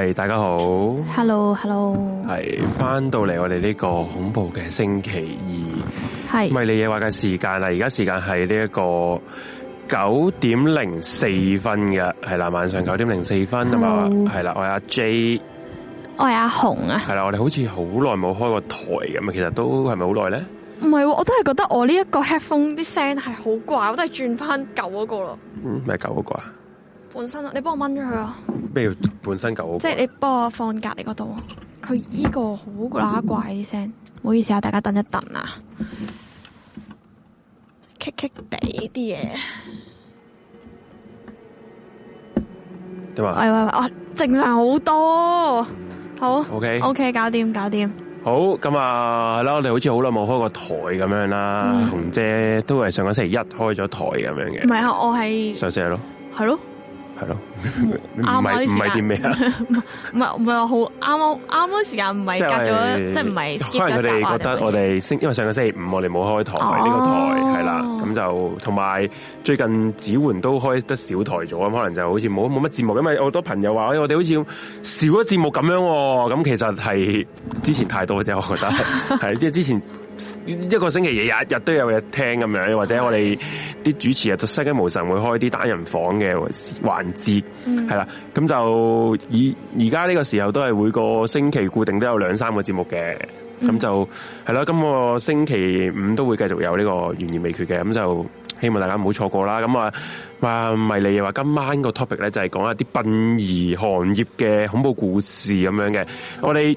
係、hey, 大家好，Hello，Hello，係翻到嚟我哋呢個恐怖嘅星期二，係迷 Hey. 你嘢話嘅時間啦。而家時間係呢一個九點零四分嘅，係啦，晚上九點零四分啊嘛，係啦 Hello.，我係阿 Jay，我係阿紅啊，係啦，我哋好似好耐冇開過台咁啊，其實都係咪好耐咧？唔係，我都係覺得我呢一個 headphone 啲聲係好怪，我都係轉翻舊嗰個咯。嗯，咩舊嗰個啊？本身啊，你幫我掹咗佢啊！咩？本身狗好，即係你幫我放隔籬嗰度。佢呢個好乸怪啲聲，唔好意思啊，大家等一等啊，棘棘地啲嘢。點啊？係係、哎哎哎、正常好多。好。OK OK，搞掂搞掂。好，咁啊，啦，我哋好似好耐冇開過台咁樣啦。紅姐都係上個星期一開咗台咁樣嘅。唔係啊，我係上星期咯。係咯。係咯，唔係唔係啲咩啊？唔係唔係話好啱啱啱啱時間唔係隔咗，就係、即係唔係？可能佢哋覺得我哋星，因為上個星期五我哋冇開台呢、oh. 個台係啦，咁就同埋最近指煥都開得少台咗，咁可能就好似冇冇乜節目，因為好多朋友話：，我哋好似少咗節目咁樣。咁其實係之前太多啫，我覺得係即係之前。一個星期日日日都有嘢聽咁樣，或者我哋啲主持又就失驚無神，會開啲單人房嘅環節，係啦、嗯，咁就而而家呢個時候都係每個星期固定都有兩三個節目嘅，咁、嗯、就係啦。今個星期五都會繼續有呢個懸疑未決嘅，咁就希望大家唔好錯過啦。咁啊啊，米尼又話今晚個 topic 咧就係講一啲殯儀行業嘅恐怖故事咁樣嘅，嗯、我哋。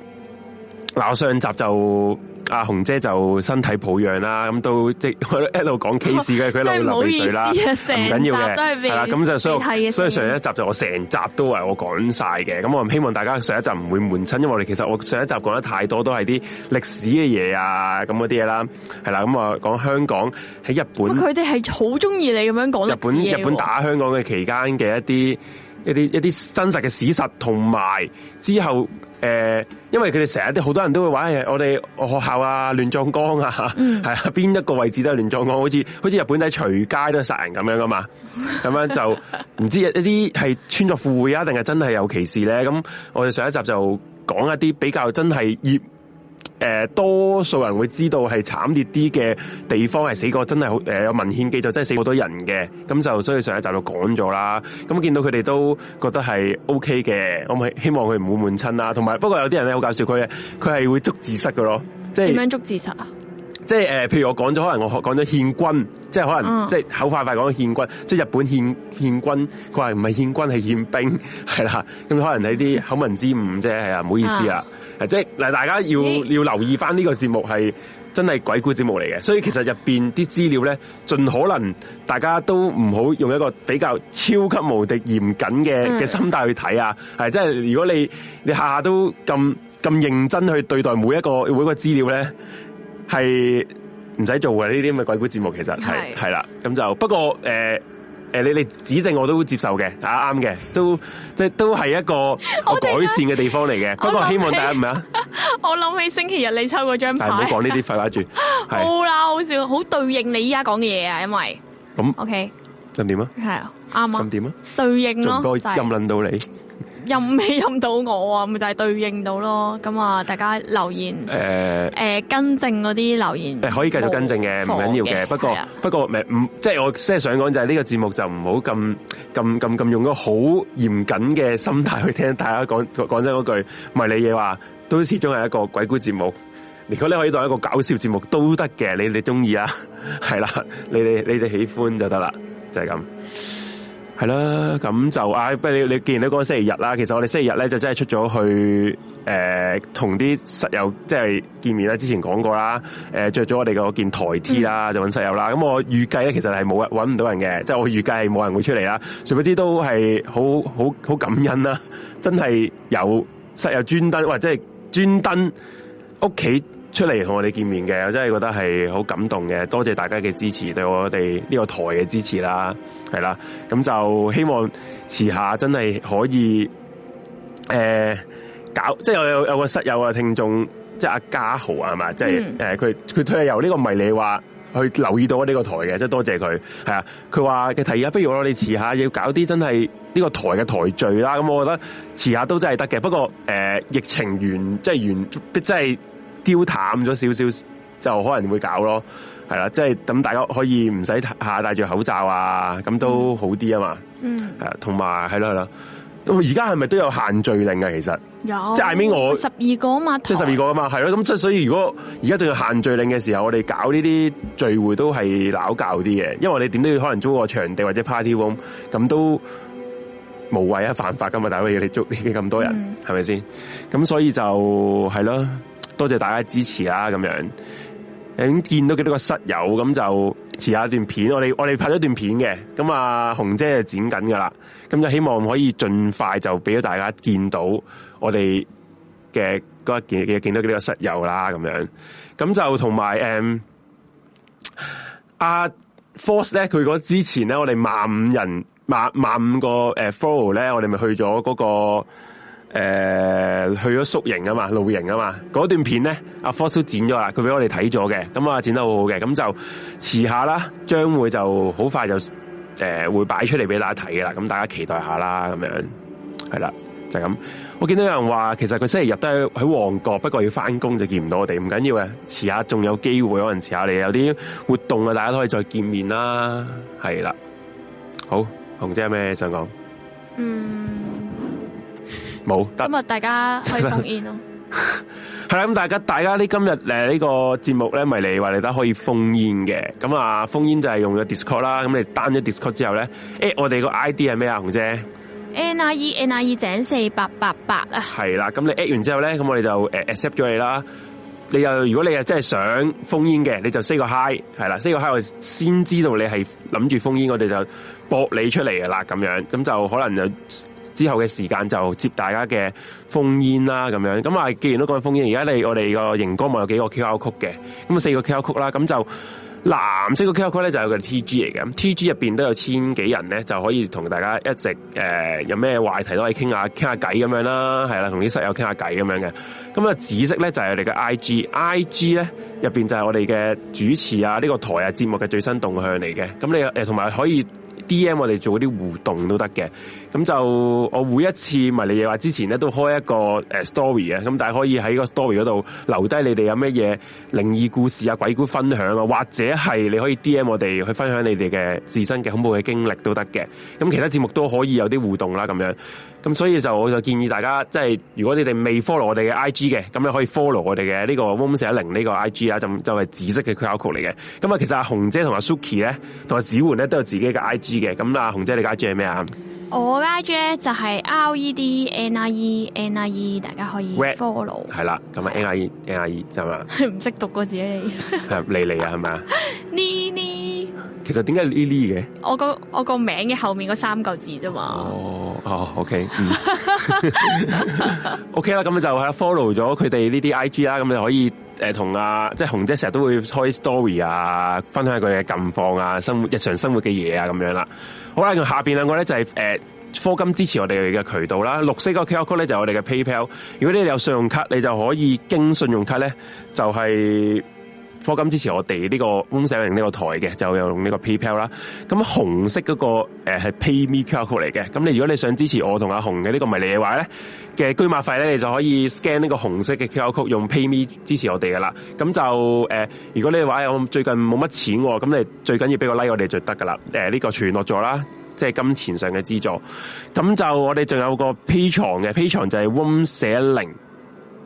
嗱，上集就阿紅、啊、姐就身體抱恙啦，咁都即係一路講 case 嘅，佢、啊、一路流鼻水啦，唔緊要嘅，係啦，咁沒、啊、就所以，所以上一集就我成集都係我講晒嘅，咁我希望大家上一集唔會悶親，因為我哋其實我上一集講得太多都係啲歷史嘅嘢啊，咁嗰啲嘢啦，係啦，咁啊講香港喺日本，佢哋係好中意你咁樣講、啊、日本日本打香港嘅期間嘅一啲。一啲一啲真實嘅事實，同埋之後誒、呃，因為佢哋成日啲好多人都會玩嘅、哎，我哋學校啊亂葬崗啊，係、嗯、啊，邊一個位置都係亂葬崗，好似好似日本仔隨街都殺人咁樣噶嘛，咁樣， 樣就唔知一啲係穿鑿附會啊，定係真係有其事咧？咁我哋上一集就講一啲比較真係熱。誒、呃，多數人會知道係慘烈啲嘅地方係死過真係好，誒、呃、有文獻記載真係死好多人嘅，咁就所以上一集就講咗啦。咁見到佢哋都覺得係 O K 嘅，我希望佢唔會悶親啦。同埋不過有啲人咧好搞笑，佢佢係會捉字蝨㗎咯，即係點樣捉字蝨啊？即係誒、呃，譬如我講咗，可能我講咗憲軍，即係可能、嗯、即係口快快講憲軍，即係日本憲、憲軍，佢話唔係憲軍係憲兵，係啦。咁可能你啲口文之誤啫，係啊，唔好意思啊。啊誒，即係嗱，大家要要留意翻呢個節目係真係鬼故節目嚟嘅，所以其實入邊啲資料咧，盡可能大家都唔好用一個比較超級無敵嚴謹嘅嘅心態去睇啊！係即係如果你你下下都咁咁認真去對待每一個每一個資料咧，係唔使做嘅。呢啲咁嘅鬼故節目，其實係係啦，咁就不過誒。呃誒，你你指正我都會接受嘅，大家啱嘅，都即係都係一個個改善嘅地方嚟嘅。不過希望大家唔好，我諗起星期日你抽嗰張牌，但係唔好講呢啲廢話住，好喇，好笑，好對應你依家講嘅嘢啊，因為咁 OK，咁點啊？係啊，啱啊，咁點啊？對應咯，唔該，任論到你。任未任到我啊，咪就係、是、對應到咯。咁啊，大家留言誒誒、呃呃，更正嗰啲留言誒、呃，可以繼續跟正嘅，唔緊要嘅。不過的不過，唔即係我即係想講就係呢個節目就唔好咁咁咁咁用咗好嚴謹嘅心態去聽。大家講講真嗰句，唔係你嘢話，都始終係一個鬼故節目。如果你可以當一個搞笑節目都得嘅，你你中意啊，係 啦，你你你哋喜歡就得啦，就係、是、咁。係啦，咁就啊，不如你你見到嗰個星期日啦，其實我哋星期日咧就真係出咗去誒，同啲室友即係見面啦。之前講過啦，誒着咗我哋嗰件台 T 啦，就搵室友啦。咁我預計咧，其實係冇搵唔到人嘅，即係我預計冇人會出嚟啦。誰不知都係好好好感恩啦，真係有室友專登或者係專登屋企。呃出嚟同我哋見面嘅，我真係覺得係好感動嘅，多謝大家嘅支持，對我哋呢個台嘅支持啦，係啦，咁就希望遲下真係可以，誒、呃、搞，即係有有有個室友啊聽眾，即係阿嘉豪啊，係嘛，嗯、即係誒佢佢係由呢個迷你話去留意到呢個台嘅，即係多謝佢，係啊，佢話嘅提議啊，不如我哋遲下要搞啲真係呢個台嘅台聚啦，咁、嗯、我覺得遲下都真係得嘅，不過誒、呃、疫情完，即係完，即係。丟淡咗少少，就可能會搞咯，係啦、啊，即係咁大家可以唔使下戴住口罩啊，咁都好啲啊嘛。嗯，係啊，同埋係啦係啦。咁而家係咪都有限聚令嘅、啊？其實有，即係 I mean 我十二個啊嘛，即係十二個啊嘛，係咯堂。咁即係所以，如果而家仲有限聚令嘅時候，我哋搞呢啲聚會都係攋教啲嘅，因為我哋點都要可能租個場地或者 party room，咁都無謂啊，犯法㗎嘛，大家要你捉呢啲咁多人，係咪先？咁、啊、所以就係咯。是啊。多謝大家支持啦、啊，咁樣，咁見到幾多個室友咁就遲下一段片，我哋我哋拍咗段片嘅，咁啊紅姐就剪緊噶啦，咁就希望可以盡快就俾到大家見到我哋嘅嗰日見到幾多個室友啦，咁樣，咁就同埋誒阿 Force 咧，佢嗰、嗯啊、之前咧、呃，我哋萬五人萬萬五個誒 Follow 咧，我哋咪去咗嗰、那個。誒、呃，去咗宿營啊嘛，露營啊嘛，嗰段片咧，阿、啊、Fort 剪咗啦，佢俾我哋睇咗嘅，咁、嗯、啊剪得好好嘅，咁就遲下啦，將會就好快就誒、呃、會擺出嚟俾大家睇嘅啦，咁大家期待下啦，咁樣係啦，就咁、是。我見到有人話，其實佢星期日都喺旺角，不過要翻工就見唔到我哋，唔緊要嘅，遲下仲有機會，可能遲下嚟有啲活動啊，大家都可以再見面啦，係啦。好，紅姐有咩想講？嗯。冇，今日大家可以封煙咯。 係啦，咁大家大家呢，今日誒呢個節目咧咪嚟話嚟得可以封煙嘅。咁啊封煙就係用咗 Discord 啦。咁你 down 咗 Discord 之後咧，add 我哋個 ID 係咩啊？紅姐 NRE NRE 井四八八八啊。係啦，咁你 add 完之後咧，咁我哋就誒 accept 咗你啦。你又如果你又真係想封煙嘅，你就 say 個 hi 係啦的，say 個 hi 我先知道你係諗住封煙，我哋就駁你出嚟噶啦。咁樣咁就可能就。之後嘅時間就接大家嘅封煙啦，咁樣咁啊！既然都講封煙，而家你我哋個熒光幕有幾個 Q R 曲嘅。咁啊四個 Q R 曲啦，咁就藍色個 Q R 曲咧就有佢哋 T G 嚟嘅，T 咁 G 入面都有千幾人咧，就可以同大家一直、呃、有咩話題都可以傾下傾下偈咁樣啦，係啦，同啲室友傾下偈咁樣嘅。咁、那、啊、個、紫色咧就係、是、我哋嘅 I G，I G 咧入面就係我哋嘅主持啊，呢、這個台啊，節目嘅最新動向嚟嘅。咁你同埋可以 D M 我哋做啲互動都得嘅。咁就我每一次迷你夜話之前咧都開一個 story 啊。咁但係可以喺個 story 嗰度留低你哋有乜嘢靈異故事啊、鬼故分享啊，或者係你可以 D M 我哋去分享你哋嘅自身嘅恐怖嘅經歷都得嘅。咁其他節目都可以有啲互動啦，咁樣。咁所以就我就建議大家，即係如果你哋未 follow 我哋嘅 I G 嘅，咁你可以 follow 我哋嘅呢個 w o m 四一零呢個 I G 啊，就就係紫色嘅 QR Code 嚟嘅。咁啊，其實阿、啊、紅姐同阿、啊、Suki 咧同埋、啊、子媛咧都有自己嘅 I G 嘅。咁啊，紅姐你嘅 I G 係咩啊？我嘅 I G 咧就係 R E D N I E N I E，大家可以 follow 係啦，咁 啊 N I E N I E 就啫嘛，唔識讀個字嚟，你嚟啊係嘛，呢呢， 其實點解呢呢嘅？我個我個名嘅後面嗰三個字啫嘛，哦哦，OK，OK 啦，咁啊就係 follow 咗佢哋呢啲 I G 啦，咁就可以。誒同阿即係洪姐成日都會開 story 啊，分享佢嘅近況啊，生活日常生活嘅嘢啊咁樣啦。好、啊、啦，下面兩個咧就係、是、誒、呃、科金支持我哋嘅渠道啦。綠色個 QR code 咧就係我哋嘅 PayPal。如果你你有信用卡，你就可以經信用卡咧就係、是。科金支持我哋呢、這個温寫零呢個台嘅，就有用呢個 PayPal 啦。咁紅色嗰、那個誒、係、呃、PayMe QR code 嚟嘅。咁你如果你想支持我同阿紅嘅呢個迷你嘅話咧，嘅居馬費咧，你就可以 scan 呢個紅色嘅 QR code 用 PayMe 支持我哋噶啦。咁就誒、呃，如果你話我最近冇乜錢，哦，咁你最緊要俾個 like 我哋就得噶啦。誒、呃、呢、這個全落咗啦，即係金錢上嘅資助。咁就我哋仲有個 Patreon 嘅 Patreon 就係温寫零。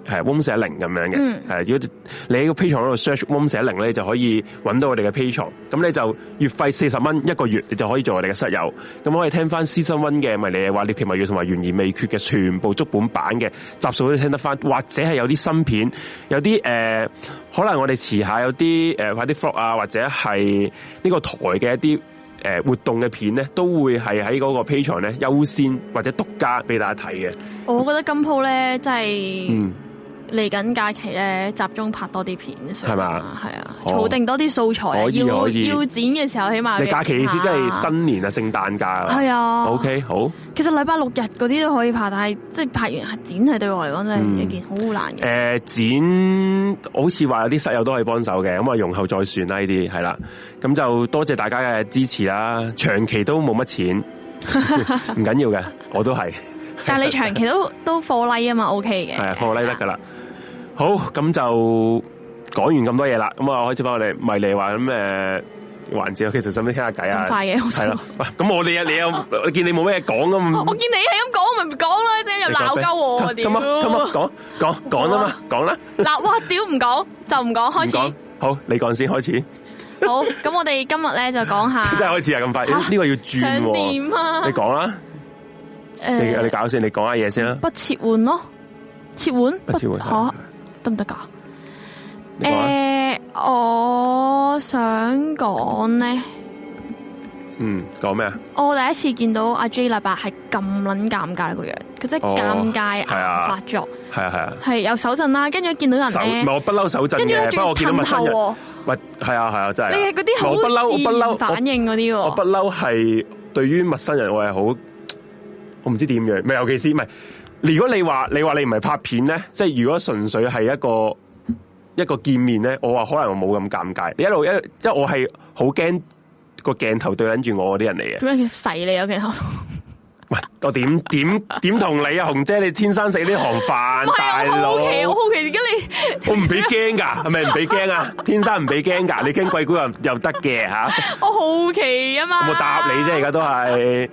係 w o 零咁樣嘅。係、嗯、如果你喺個 Patreon 嗰度 search w o 零咧，就可以揾到我哋嘅 Patreon。咁咧就月費四十蚊一個月，你就可以做我哋嘅室友。咁可以聽翻 season one 嘅。唔係你話你平埋月同埋懸而未決嘅全部足本版嘅集數都聽得翻，或者係有啲新片，有啲誒、呃，可能我哋遲下有啲誒，或啲 f r o 啊，或者係呢個台嘅一啲誒、呃、活動嘅片咧，都會係喺嗰個 Patreon 咧優先或者獨家俾大家睇嘅。我覺得金鋪咧真係。就是嗯嚟緊假期咧，集中拍多啲片，係嘛？係啊，儲定多啲素材，要要剪嘅時候，起碼你假期意思即係新年啊，聖誕假，係啊。OK，好。其實禮拜六日嗰啲都可以拍，但係即係拍完剪係對我嚟講真係一件好難嘅。誒，剪好似話有啲室友都可以幫手嘅，咁啊，容後再算啦。呢啲係啦，咁就多謝大家嘅支持啦。長期都冇乜錢，唔緊要嘅，我都係。但係你長期都都貨拉啊嘛，OK 嘅，係貨拉得噶啦。好，咁就講完咁多嘢啦。咁啊，開始返我哋迷你話咁誒環節，我其實使唔使傾下偈啊？快嘢。好，係咯。咁我哋啊，你又見你冇咩講咁。我見你係咁講，咪唔講咯，一陣又鬧交喎，點？講講講啊嘛，講啦。嗱，哇，屌唔講就唔講，開始。好，你講先，開始。好，咁我哋今日咧就講下。即係開始啊！咁快，呢個要轉。上電啊！你講啦。誒，你搞先，你講下嘢先啦。不切換咯，切換不切換？得唔得噶？誒、欸，我想講咧，嗯，講咩啊？我第一次見到阿 J 立白係咁撚尷尬個樣，佢真係尷尬發作，係啊係啊，係、啊啊、有手震啦。跟住見到人手，唔係我不嬲手震嘅，我見到陌生人，唔係係啊係啊，真係、啊、你係嗰啲好不嬲反應嗰啲，我不嬲係對於陌生人我係好，我唔知點樣，唔尤其是唔係。如果你話你話你唔係拍片咧，即係如果純粹係一個一個見面咧，我話可能我冇咁尷尬。你一路一因為我係好驚個鏡頭對緊住我嗰啲人嚟嘅。咩叫洗你有鏡頭？ 喂，我點點點同你啊，紅姐，你天生死呢行飯是大佬哥。我好奇，我好奇，而家你 我唔俾驚噶，係咪唔俾驚啊？天生唔俾驚噶，你驚鬼古又又得嘅吓。我好奇啊嘛。有冇答你啫？而家都係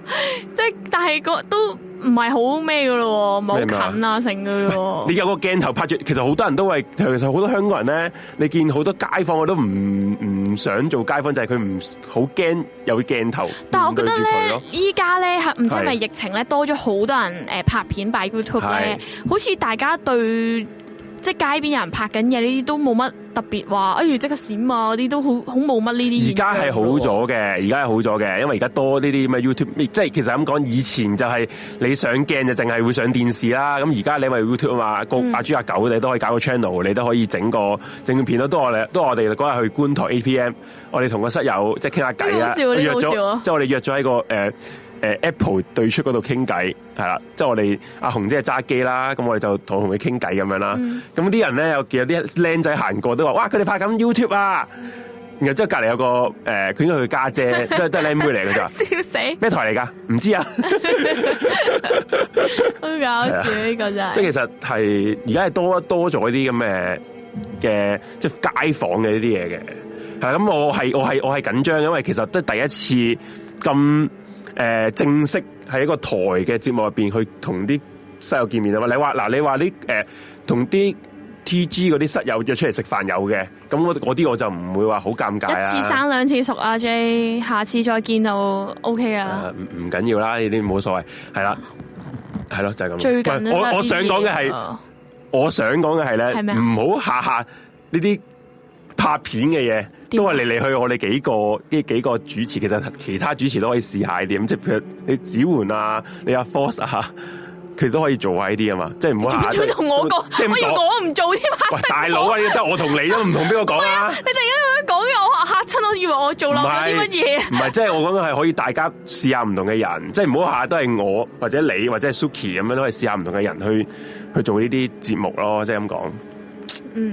即係，但係個都。唔係好咩嘅咯，冇近啊成嘅咯。你有個鏡頭拍住，其實好多人都係，其實好多香港人咧，你見好多街坊，我都唔唔想做街坊，就係佢唔好驚有鏡頭。但係我覺得咧，依家咧唔知係咪疫情咧是多咗好多人誒拍片擺 YouTube 呢，是好似大家對。即係街邊有人拍緊嘢，呢啲都冇乜特別話，哎呀即刻閃啊！嗰啲都好好冇乜呢啲。而家係好咗嘅，而家係好咗嘅，因為而家多呢啲咩 YouTube，即係其實咁講，以前就係你上鏡就淨係會上電視啦。咁而家你話 YouTube 啊嘛，個、嗯、阿豬阿狗你都可以搞個 channel，你都可以整個整個片咯。都我哋都我哋嗰日去觀塘 APM，我哋同個室友即係傾下偈啦。約咗，即係了我哋約咗喺個誒。呃誒，Apple 對出嗰度傾偈係啦，即係，就是，我哋阿紅姐係揸機啦，咁我哋就同同佢傾偈咁樣啦。咁啲、嗯、人咧又見有啲靚仔行過都話，哇！佢哋拍緊 YouTube 啊。嗯、然後即係隔籬有個誒，佢、呃、應該係佢家姐， 都係靚妹嚟嘅咋。笑死！咩台嚟噶？唔知啊。好搞笑呢個咋。即係其實係而家係多多咗啲咁嘅嘅即係街訪嘅呢啲嘢嘅。係咁，我係我係我係緊張，因為其實都係第一次咁。誒、呃，正式喺一個台嘅節目入邊去同啲室友見面啊嘛！你話嗱、呃，你話呢，誒、呃，同啲 T G 嗰啲室友約出嚟食飯有嘅，咁我啲我就唔會話好尷尬呀。一次生兩次熟啊 J，下次再見到 O K 啦，唔緊要啦，呢啲冇所謂，係啦，係咯，就係咁。最近我我想講嘅係，我想講嘅係咧，唔好下下呢啲。拍片嘅嘢都係嚟嚟去，我哋幾個啲幾個主持，其實其他主持都可以試下啲。即係譬如你指煥啊，你阿 Force 啊，佢都可以做下呢啲啊嘛，即係唔好下。仲要同我講，即係我唔做添。喂，大佬啊，得我同你都唔同邊個講啊？你突然間咁樣講，跟住我吓親，我以為我做咯，啲乜嘢？唔係，即係我講緊係可以大家試下唔同嘅人，即係唔好下都係我或者你或者係 Suki 咁樣都可以試下唔同嘅人去去做呢啲節目咯，即係咁講。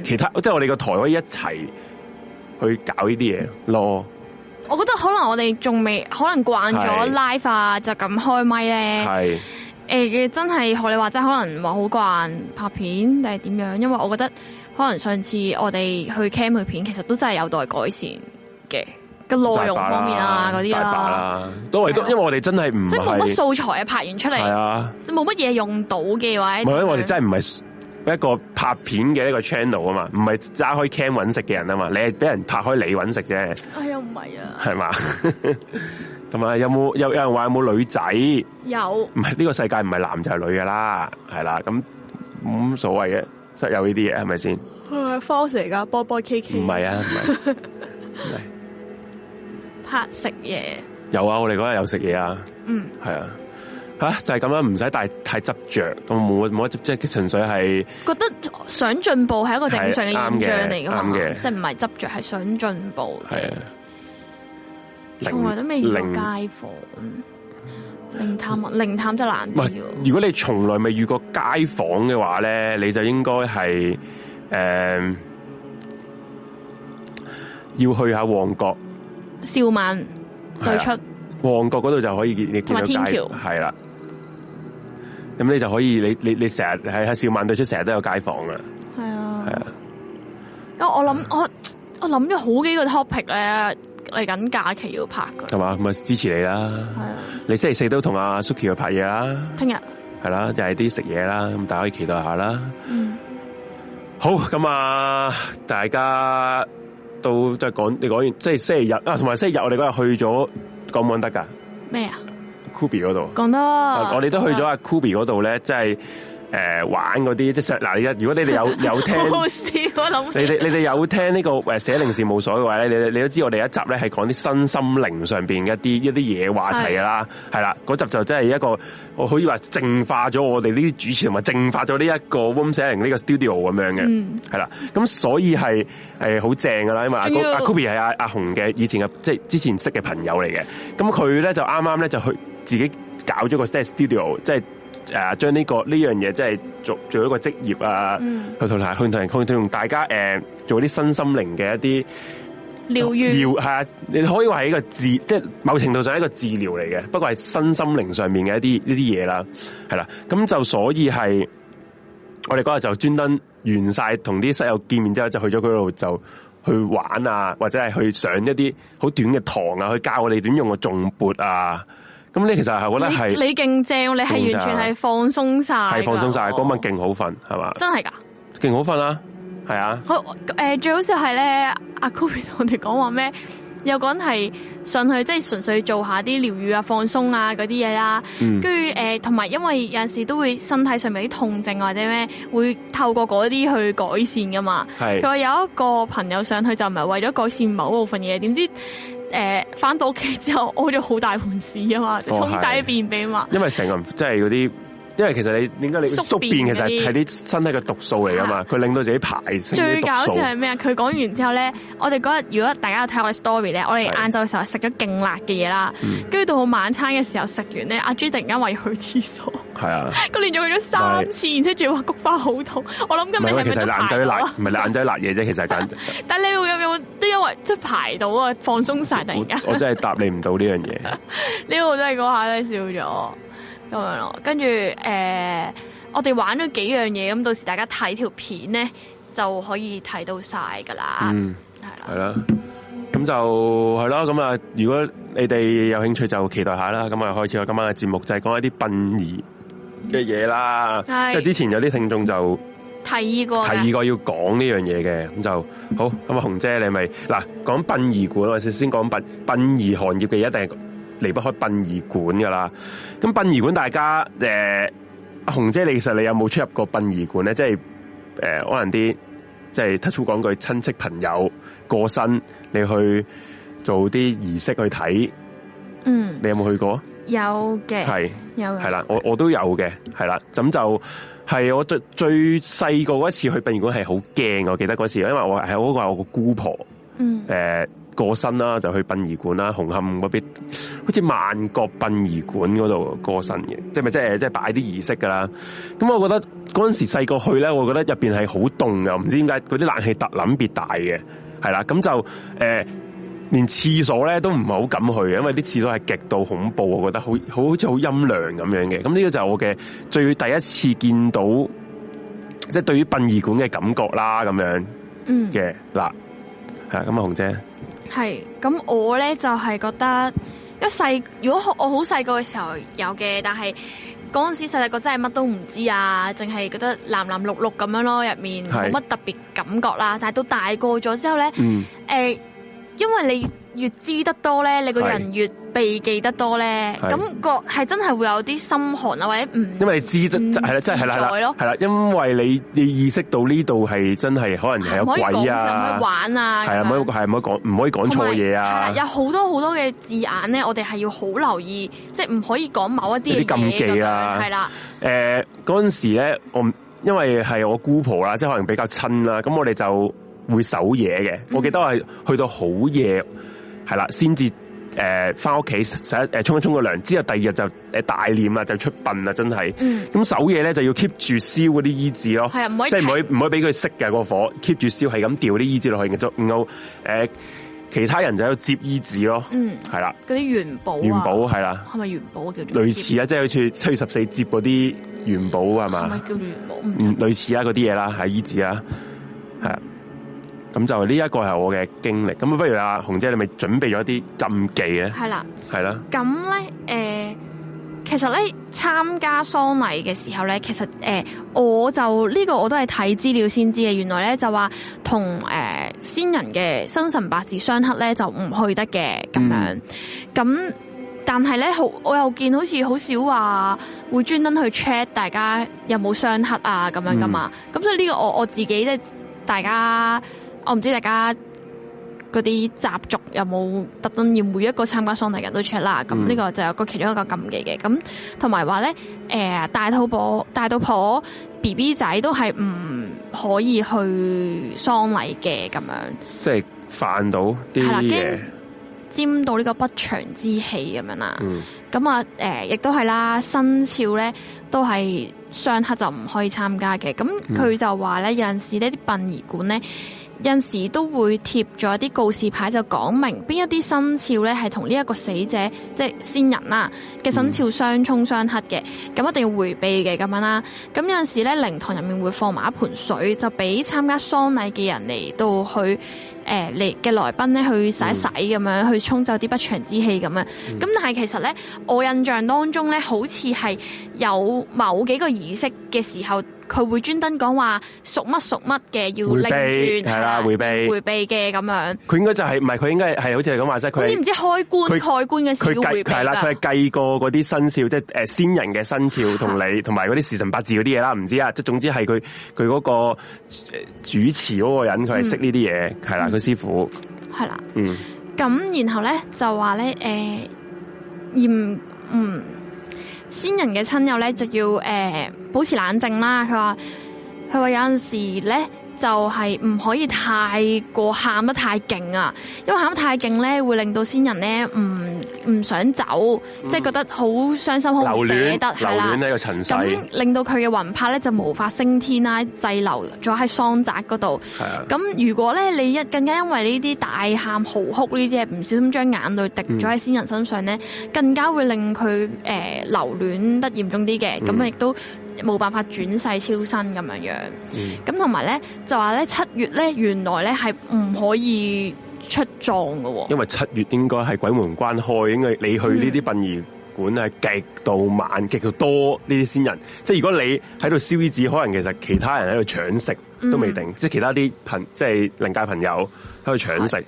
其他即係我哋個台可以一齊去搞呢啲嘢咯。囉我覺得可能我哋仲未可能慣咗 live 啊就咁開咪咧。係誒，真係學你話齋，可能話好慣拍片定係點樣？因為我覺得可能上次我哋去 cam 嘅片，其實都真係有待改善嘅，個內容方面啊嗰啲啦。都係都因為我哋真係唔即係冇乜素材啊，拍完出嚟係啊，冇乜嘢用到嘅話，或者我哋真係唔係。一個拍片嘅一個 channel 啊嘛，唔係揸開 cam 揾食嘅人啊嘛，你係俾人拍開你揾食啫。哎呀，唔係啊。係嘛是吧？同 埋有冇有有人話有冇女仔？有。唔係呢個世界唔係男就係女噶啦，係啦，咁咁所謂嘅室友呢啲嘢係咪先？係咪 f o r 嚟噶波波 KK。唔係、哎、 啊，唔係。 唔係拍食嘢。有啊，我哋嗰日有食嘢啊。嗯。係啊。吓就係咁樣，唔使太太執着，我冇冇一即係純粹係覺得想進步係一個正常嘅現象嚟噶嘛，即係唔係執着係想進步。係啊，從來都未遇過街坊靈探啊，靈探就難啲。如果你從來未遇過街坊嘅話咧，你就應該係誒要去下旺角。少曼對出旺角嗰度就可以見天橋係啦。咁你就可以，你你你成日喺喺兆萬對出，成日都有街訪噶。係是啊，係是啊。因為我諗是、啊、我我諗咗好幾個 topic 咧，嚟緊假期要拍噶。係嘛，咁啊支持你啦。係啊，你星期四都同阿 Suki 去拍嘢啦天。聽、啊、日係啦，就係啲食嘢啦。咁大家可以期待下啦。嗯、好，咁啊，大家都即係講你講完，即係星期日啊，同埋星期日我哋嗰日去咗，講唔得噶。咩啊？吧 Kobe 嗰度，講得吧，我哋都去咗阿 Kobe 嗰度咧，即係。誒、呃、玩嗰啲即係嗱，你一如果你哋有有聽， 我諗起。你哋你哋有聽呢個誒寫靈事務所嘅話咧，你你都知我哋一集咧係講啲身心靈上邊一啲一啲嘢話題啦，係啦是的，嗰集就真係一個我可以話淨化咗我哋呢啲主持同埋淨化咗呢一個寫靈呢個 studio 咁樣嘅，係啦、嗯，咁所以係誒好正噶啦，因為、啊要 啊、阿阿 Kobe 係阿阿紅嘅以前嘅即係之前識嘅朋友嚟嘅，咁佢咧就啱啱咧就去自己搞咗個 stand studio，即、就、係、是。誒，將呢，啊，這個呢樣嘢，即係做做一個職業啊，嗯，去同人去同人共同大家誒、呃、做啲身心靈嘅一啲療愈，療係院啊，你可以話係一個治，即係某程度上係一個治療嚟嘅，不過係身心靈上面嘅一啲呢啲嘢啦，係啦，啊。咁就所以係我哋嗰日就專登完晒同啲室友見面之後，就去咗嗰度就去玩啊，或者係去上一啲好短嘅堂啊，去教我哋點用個重撥啊。咁呢？你其實係我覺得係你勁正，你係完全係放鬆晒。係放鬆晒。嗰、哦、晚勁好瞓，係嘛？真係噶，勁好瞓啦、啊，係啊好、呃！最好笑係咧，阿、啊、Kobe 同我哋講話咩？有個人係上去，即、就、係、是、純粹做下啲療癒啊、放鬆啊嗰啲嘢啦。啊、嗯，跟住誒，同埋因為有陣時都會身體上面啲痛症或者咩，會透過嗰啲去改善噶嘛。係，佢話有一個朋友上去就唔係為咗改善某部分嘢，點知？誒，翻到屋企之後屙咗好大盆屎啊嘛，即係公仔便便嘛。因為成日即係嗰啲。就是 因為其實你點解你宿便其實係啲身體嘅毒素嚟噶嘛？佢令到自己排，最搞笑係咩啊？佢講完之後咧，我哋嗰日如果大家有睇我嘅 story 咧，我哋晏晝嘅時候食咗勁辣嘅嘢啦，跟住到晚餐嘅時候食完咧，阿朱突然間話要去廁所，係啊，佢連續去咗三次，而且仲要話菊花好痛。我諗咁你咪排咯。唔係你辣，唔係你仔辣嘢啫，其實簡直。但係你有冇都因為即係排到啊，放鬆晒突然間。我真係答你唔到呢樣嘢。呢個真係嗰下真係笑咗。咁樣咯，跟住，呃、我哋玩咗幾樣嘢，咁到時大家睇條片咧，就可以睇到曬噶啦。嗯，係啦，咁就係咯，咁啊，如果你哋有興趣就期待下啦。咁啊，開始我今晚嘅節目就係講一啲殯儀嘅嘢啦。係，因為之前有啲聽眾就提議過，提議過要講呢樣嘢嘅，咁就好。咁啊，紅姐你咪嗱講殯儀館，我先先講殯殯儀行業嘅一定。離不開殯儀館噶啦，咁殯儀館大家誒，阿、呃、紅姐你其實你有冇出入過殯儀館咧？即係誒，可能啲即係突出講句，親戚朋友過身，你去做啲儀式去睇，嗯，你有冇去過？有嘅，係有係啦，我我都有嘅，係啦，咁就係我最最細個嗰一次去殯儀館係好驚，我記得嗰時，因為我係我話我個姑婆。誒，嗯、過身啦，就去殯儀館啦，紅磡嗰邊，好似萬國殯儀館嗰度過身嘅，即係咪即係即係擺啲儀式㗎啦？咁我覺得嗰陣時細個去咧，我覺得入邊係好凍呀，唔知點解嗰啲冷氣特諗別大嘅，係啦，咁就誒、呃，連廁所咧都唔係好敢去嘅，因為啲廁所係極度恐怖，我覺得好好似好陰涼咁樣嘅。咁呢個就係我嘅最第一次見到，即、就、係、是、對於殯儀館嘅感覺啦，咁樣，嘅、嗯係咁啊，紅姐。係咁，我咧就係、是、覺得，因為細如果我好細個嘅時候有嘅，但係嗰陣時細細個真係乜都唔知啊，淨係覺得藍藍綠綠咁樣咯，入面冇乜特別感覺啦。但係到大個咗之後咧，嗯欸因為你越知得多咧，你個人越避忌得多咧，感覺，係真係會有啲心寒啊，或者唔，因為你知得係啦，真係啦，係啦是，在因為你你意識到呢度係真係可能係有鬼啊，是是玩啊，係有啊，唔好係唔好講，唔可以講錯嘢啊，有好多好多嘅字眼咧，我哋係要好留意，即係唔可以講某一啲禁忌啊，係啦，誒，嗰陣、嗯、時咧，我因為係我姑婆啦，即係可能比較親啦，咁我哋就。會守夜嘅，我記得係係去到好夜係啦，先至誒翻屋企洗誒沖一沖個涼，之後第二日就誒大殮啊，就出殯啦真係。咁、嗯嗯、守夜咧就要 keep 住燒嗰啲衣紙咯，係啊，唔可,可以，即係唔可以唔、那個、可以俾佢熄嘅個火，keep 住燒係咁掉啲衣紙落去嘅，都唔好，誒其他人就喺度接衣紙咯，嗯，係啦的，嗰啲元寶、啊，元寶係啦，係咪元寶叫類似,類似啊？即係好似七月十四接嗰啲元寶係嘛？唔係叫元寶，類似啊嗰啲嘢啦，係衣紙啊，係啊。咁就呢一個係我嘅經歷。咁不如阿紅姐，你咪準備咗啲禁忌呢？係啦的，係啦的。咁咧、呃，其實咧參加喪禮嘅時候咧，其實、呃、我就呢、呢個我都係睇資料先知嘅。原來咧就話同、呃、先人嘅生辰八字相克咧，就唔去得嘅咁樣。咁、嗯、但係咧，好我又見好似好少話會專登去 check 大家有冇相克啊咁樣噶嘛。咁、嗯、所以呢個我我自己即係大家。我唔知大家嗰啲習俗有冇特登要每一個參加喪禮人都出啦。咁呢個就有個其中一個禁忌嘅。咁同埋話咧，大肚婆、大肚婆 B B 仔都係唔可以去喪禮嘅，咁樣即係犯到啲嘢，沾到呢個不祥之氣咁樣啦。咁啊、嗯呃，亦都係啦，生肖咧都係相剋就唔可以參加嘅。咁佢就話咧，有陣時呢啲殯儀館咧。有陣時都會貼咗啲告示牌，就講明邊一啲生肖咧係同呢一個死者即係、就是、先人啦、啊、嘅生肖相沖相克嘅，咁、嗯、一定要回避嘅咁樣啦。咁有陣時咧，靈堂入面會放埋一盆水，就俾參加喪禮嘅人嚟到去誒嚟嘅來賓咧去洗一洗咁、嗯、樣，去沖走啲不祥之氣咁樣。咁、嗯、但係其實咧，我印象當中咧，好似係有某幾個儀式嘅時候。佢會專登講話屬乜屬乜嘅，要擰轉係啦，回避回避嘅咁樣。佢應該就係唔係佢應該係好似係咁話曬佢。唔知開棺，蓋棺嘅時要回避。係啦，佢係計過嗰啲生肖，即係先人嘅生肖同你同埋嗰啲時辰八字嗰啲嘢啦，唔知啊，即係總之係佢佢嗰個主持嗰個人，佢係識呢啲嘢，係、嗯、啦，佢師傅係、嗯、啦嗯、呃，嗯，咁然後咧就話咧誒，驗嗯。先人嘅親友咧就要誒、欸、保持冷靜啦，佢話佢話有陣時咧，就係唔可以太過喊得太勁啊，因為喊得太勁咧，會令到先人咧唔唔想走，嗯、即係覺得好傷心捨，好唔捨得係啦。咁了令到佢嘅魂魄咧就無法升天啦，滯留在那裡，咗喺喪宅嗰度。咁如果咧你一更加因為呢啲大喊嚎哭呢啲唔小心將眼淚滴咗喺先人身上咧，嗯、更加會令佢誒留戀得嚴重啲嘅。咁亦、嗯、都。冇辦法轉世超生咁樣樣，咁同埋咧就話咧七月咧原來咧係唔可以出葬噶，哦，因為七月應該係鬼門關開，應該你去呢啲殯儀館係極度晚，極度多呢啲先人，嗯、即係如果你喺度燒衣紙，可能其實其他人喺度搶食都未定，嗯、即係其他啲朋即係靈界朋友喺度搶食。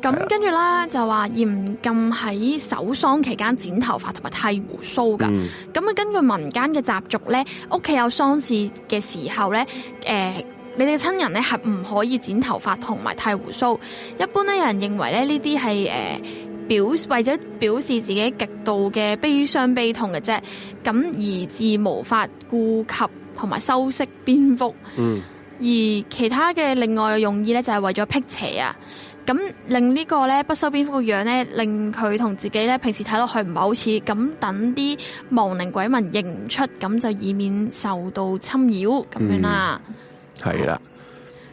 咁、嗯嗯、跟住啦，就話嚴禁喺守喪期間剪頭髮同埋剃鬍鬚噶。咁啊、嗯，根據民間嘅習俗咧，屋企有喪事嘅時候咧，誒、呃，你哋親人咧係唔可以剪頭髮同埋剃鬍鬚。一般咧，有人認為咧、呃，呢啲係誒表為咗表示自己極度嘅悲傷悲痛嘅啫。咁而至無法顧及同埋修飾邊幅。嗯。而其他嘅另外用意咧，就係為咗辟邪啊。咁令呢個咧不修邊幅個樣咧，令佢同自己咧平時睇落去唔係好似咁，等啲亡靈鬼魂認唔出，咁就以免受到侵擾咁樣啦。係啦、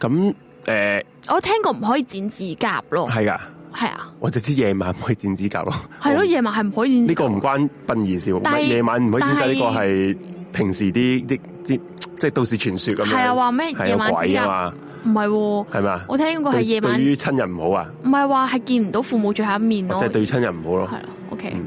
嗯，咁誒，欸、我聽過唔可以剪指甲咯。係噶的，係啊，我就知夜晚唔可以剪指甲咯。係咯的，不夜晚係唔可以剪指甲。呢個唔關殯儀事，但夜晚唔可以剪指甲呢但個係平時啲啲即係都市傳說咁樣。係啊，話咩的夜晚指甲？唔係，係咪啊？係咪我聽過係夜晚對，對於親人唔好啊？唔係話係見唔到父母最後一面咯，啊，即係對親人唔好咯，啊。係啦，OK。嗯、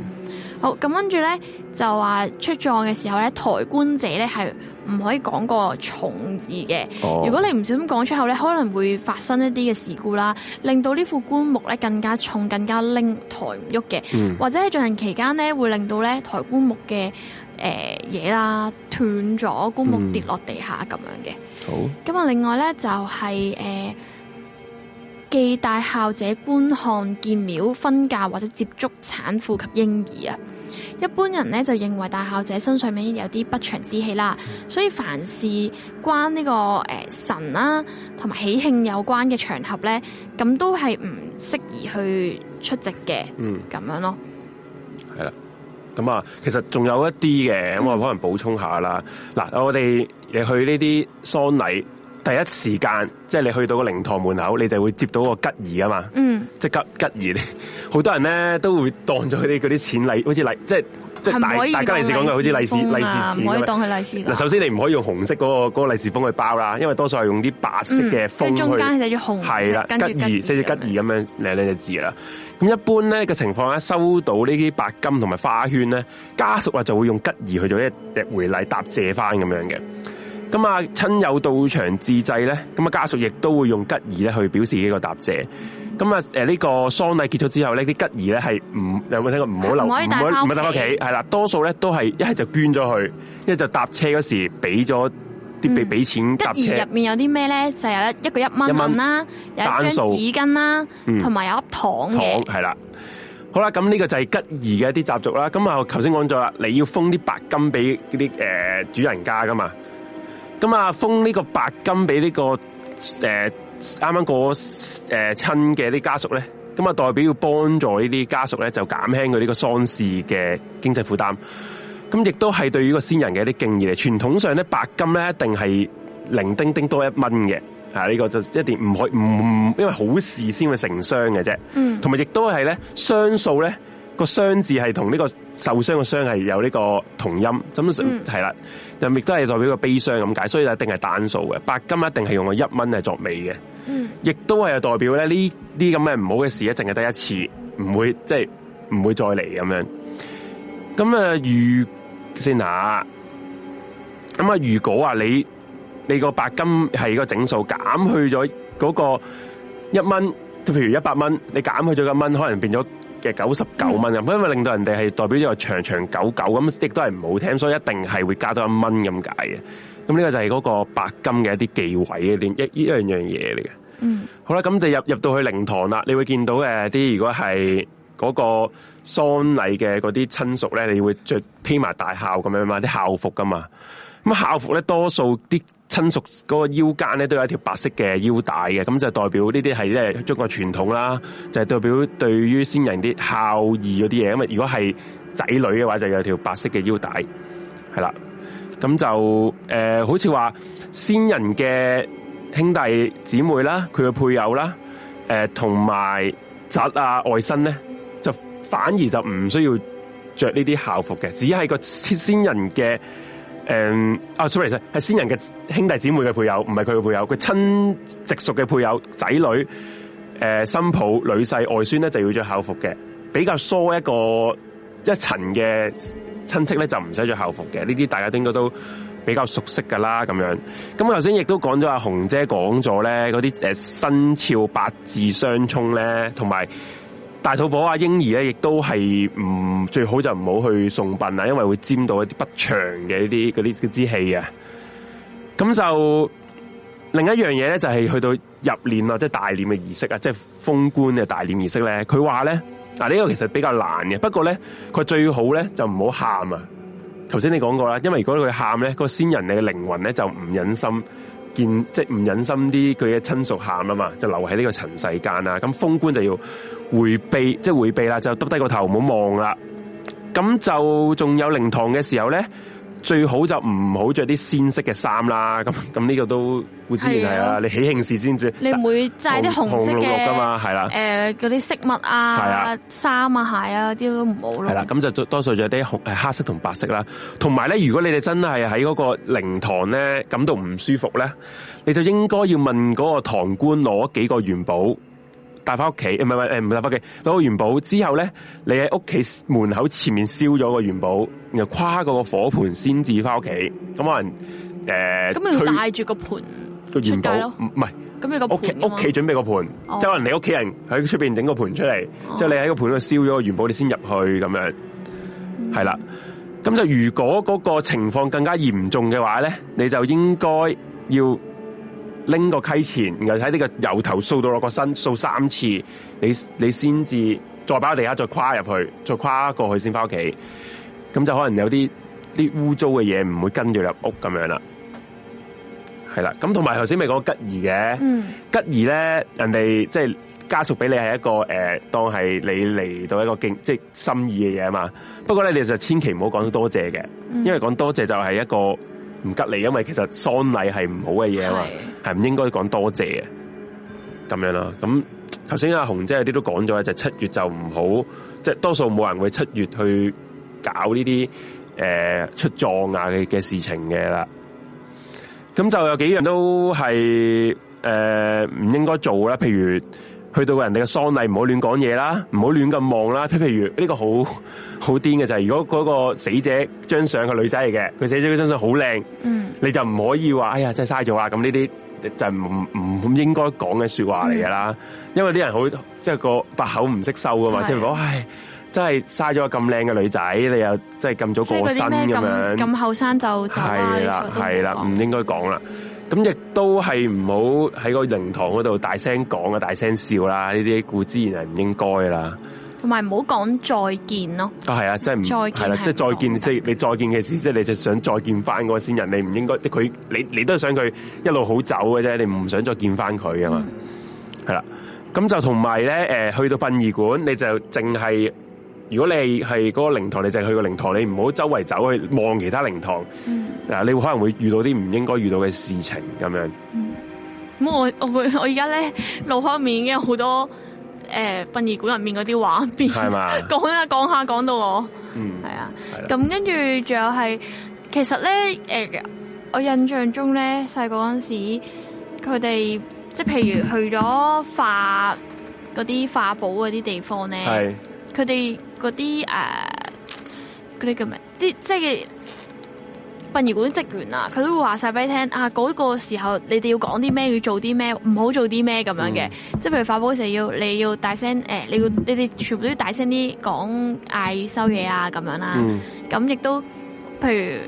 好，咁跟住咧就話出葬嘅時候咧，抬棺者咧係。唔可以講個重字嘅，oh. 如果你唔小心講出口咧，可能會發生一啲嘅事故啦，令到呢副棺木咧更加重、更加拎抬唔喐嘅，mm. 或者喺進行期間咧會令到咧抬棺木嘅誒嘢啦斷咗，斷了棺木跌、mm. 落地下咁樣嘅。好。咁啊，另外咧就係、是、誒。呃忌大孝者觀看見廟婚嫁或者接觸產婦及嬰兒啊，一般人咧就認為大孝者身上面有啲不祥之氣啦，嗯、所以凡是關呢、這個誒、呃、神啦同埋喜慶有關嘅場合咧，咁都係唔適宜去出席嘅。嗯，咁樣咯，係啦，咁啊，其實仲有一啲嘅，咁我可能補充一下啦。嗱、嗯，我哋亦去呢啲喪禮。第一時間，即、就、係、是、你去到個靈堂門口，你就會接到那個吉儀啊嘛，嗯、即係吉吉儀好 多人咧都會當咗佢哋嗰啲錢像禮，好似禮即係即係大大吉利是講嘅，好似利是利是錢嘅。嗱，首先你唔可以用紅色嗰、那個利是封去包啦，因為多數係用啲白色嘅封即係中間寫住紅色，啦去，了吉儀寫住吉儀咁樣、嗯、兩兩隻字啦。咁一般咧嘅情況咧，收到呢啲白金同埋花圈咧，家屬啊就會用吉儀去做一隻回禮答謝翻咁樣嘅。咁啊，親友到場致祭咧，咁啊，家屬亦都會用吉儀咧去表示呢個答謝。咁啊、嗯，呢個喪禮結束之後呢，啲吉儀咧係唔有冇聽過，唔好留唔好唔好留喺屋企係啦，多數咧都係一係就捐咗去，一係就搭車嗰時俾咗啲俾俾錢搭車。入面有啲咩咧？就有一一個一蚊啦，一蚊有一張紙巾啦，同埋、嗯、有粒糖嘅係啦。好啦，咁呢個就係吉儀嘅一啲習俗啦。咁啊，頭先講咗啦，你要封啲白金俾嗰啲主人家噶嘛。咁啊，封呢個帛金俾，這個呃那個呃，呢個誒啱啱過誒親嘅啲家屬咧，咁、嗯、啊代表要幫助呢啲家屬咧，就減輕佢呢個喪事嘅經濟負擔，咁亦都係對於個先人嘅一啲敬意嚟。傳統上咧，帛金咧一定係零丁丁多一蚊嘅，吓、啊、呢、這個就一定唔可以唔因為好事先會成雙嘅啫。嗯，同埋亦都係咧，雙數咧個雙字係同呢個。受傷嘅傷係有呢個同音，咁係啦，又亦都係代表個悲傷咁解，所以一定係單數嘅。白金一定係用個一蚊嚟作尾嘅，亦、嗯、都係代表咧呢啲咁嘅唔好嘅事，一淨係得一次，唔會即係唔會再嚟咁樣。咁啊、呃，如先吓，咁啊，如果啊你你個白金係個整數，減去咗嗰個一蚊，譬如一百蚊，你減去咗一蚊，可能變咗。嘅九十九蚊咁，因為令到人哋係代表呢個長長久久，咁，亦都係唔好聽，所以一定係會加多一蚊咁解嘅。咁呢個就係嗰個白金嘅一啲忌位嘅一依一樣嘢嚟嘅。嗯，好啦，咁就入入到去靈堂啦，你會見到誒啲如果係嗰個喪禮嘅嗰啲親屬咧，你會着披埋大孝咁樣嘛，啲校服㗎嘛。咁校服咧多數啲。親屬嗰個腰間咧都有一條白色嘅腰帶嘅，咁就代表呢啲係即係中國傳統啦，就係、是、代表對於先人啲孝義嗰啲嘢。咁啊，如果係仔女嘅話，就有條白色嘅腰帶，係啦。咁就誒、呃，好似話先人嘅兄弟姊妹啦，佢嘅配偶啦，誒、呃，同埋侄啊外甥咧，就反而就唔需要着呢啲孝服嘅，只係個先人嘅。誒，啊、um, oh，sorry，係先人嘅兄弟姊妹嘅配偶，唔係佢嘅配偶，佢親直屬嘅配偶仔女，誒、呃，新抱女婿外孫咧就要着孝服嘅，比較疏一個一層嘅親戚咧就唔使着孝服嘅。呢啲大家應該都比較熟悉噶啦，咁樣咁。我頭先亦都講咗，阿紅姐講咗咧，嗰啲誒生肖八字相沖咧，同、呃、埋。大肚婆啊，嬰兒咧，亦都係唔最好就唔好去送殯啦，因為會沾到一啲不祥嘅一啲嗰啲嗰啲氣啊。咁就另一樣嘢咧，就係去到入殮啊，即係大殮嘅儀式啊，即係封棺嘅大殮儀式咧。佢話咧，嗱呢個其實比較難嘅，不過咧，佢最好咧就唔好喊啊。頭先你講過啦，因為如果佢喊咧，個先人嘅靈魂咧就唔忍心。見即唔忍心啲佢嘅親屬喊啊嘛，就留喺呢個塵世間啊。咁封官就要回避，即係回避啦，就耷低個頭唔好望啦。咁就仲有靈堂嘅時候咧。最好就唔好着啲鮮色嘅衫啦，咁咁呢個都固然係啦、啊。哎、呀你喜慶事先至，你唔會戴啲紅色嘅。紅紅綠綠噶嘛，係啦、啊。嗰啲飾物啊、衫啊、啊、鞋啊啲都唔好咯。係啦、啊，咁就多數着啲紅誒黑色同白色啦。同埋咧，如果你哋真係喺嗰個靈堂咧感到唔舒服咧，你就應該要問嗰個堂官攞幾個元寶。帶翻屋企，唔係唔係，唔係帶翻屋企攞個元寶之後咧，你喺屋企門口前面燒咗個元寶，然後跨過，呃、個火盆先至翻屋企。咁可能誒，咁你帶住個盆個元寶，唔係咁你個屋屋企準備個盆，即係可能你屋企人喺出邊整，哦、個盆出嚟，即係你喺個盆度燒咗個元寶，你先入去咁樣。係啦、嗯，咁就如果嗰個情況更加嚴重嘅話咧，你就應該要。拎個溪錢，然後喺呢個由頭掃到落個身掃三次，你你先至再把地下，再跨入去，再跨過去先翻屋企，咁就可能有啲啲污糟嘅嘢唔會跟住入屋咁樣啦。係啦，咁同埋頭先咪講吉儀嘅，嗯、吉儀咧人哋即係家屬俾、就是、你係一個誒、呃，當係你嚟到一個敬即係心意嘅嘢啊嘛。不過咧，你就千祈唔好講多謝嘅，因為講多謝就係一個。唔吉利，因為其實喪禮係唔好嘅嘢啊嘛，係唔的應該講多謝嘅，咁樣啦。咁頭先阿紅姐有啲都講咗，就七月就唔好，即係多數冇人會七月去搞呢啲誒出葬啊嘅嘅事情嘅啦。咁就有幾樣都係誒唔應該做啦，譬如。去到人哋嘅喪禮，唔好亂講嘢啦，唔好亂咁望啦。譬譬如呢、這個好好癲嘅就係、是，如果嗰個死者張相係女仔嚟嘅，佢死者嘅張相好靚，嗯、你就唔可以話，哎呀，真係嘥咗啦。咁呢啲就唔唔唔應該講嘅說話嚟噶啦，嗯、因為啲人好即係個把口唔識收㗎嘛，即係如果，唉。真係嘥咗個咁靚嘅女仔，你又真係咁早過身咁樣。咁後生就係啦，係啦的，唔應該講啦。咁亦 都係唔好喺個靈堂嗰度大聲講啊，大聲笑啦，呢啲固之然係唔應該啦。同埋唔好講再見咯。啊，係啊，即係唔係啦，即係再見即係、就是、你再見嘅事，即係你就想再見翻個先人，你唔應該佢你你都係想佢一路好走嘅啫，你唔想再見翻佢㗎嘛？係啦、嗯，咁就同埋咧，誒，去到殯儀館你就淨係。如果你係係嗰個靈堂，你就去個靈堂，你唔好周圍走去望其他靈堂。嗱、嗯，你會可能會遇到啲唔應該遇到嘅事情咁樣。咁、嗯、我我我而家咧，路方面已經有好多誒、呃、殯儀館入面嗰啲畫面。係嘛嗎？講下講下講到我。嗯。係啊。咁跟住仲有係，其實咧誒、呃，我印象中咧細個嗰陣時候佢哋，佢哋即係譬如去咗化嗰啲化寶嗰啲地方咧。係是。佢哋。嗰啲誒，嗰啲叫咩？啲、呃、即係殯儀館啲職員啊，佢都會話晒俾你聽啊！嗰、嗰個時候你哋要講啲咩？要做啲咩？唔好做啲咩咁樣嘅。嗯、即係譬如化寶嘅時候，要你要大聲誒、呃！你要你哋全部都要大聲啲講，嗌收嘢啊咁樣啦、啊。咁亦、嗯、都譬如誒，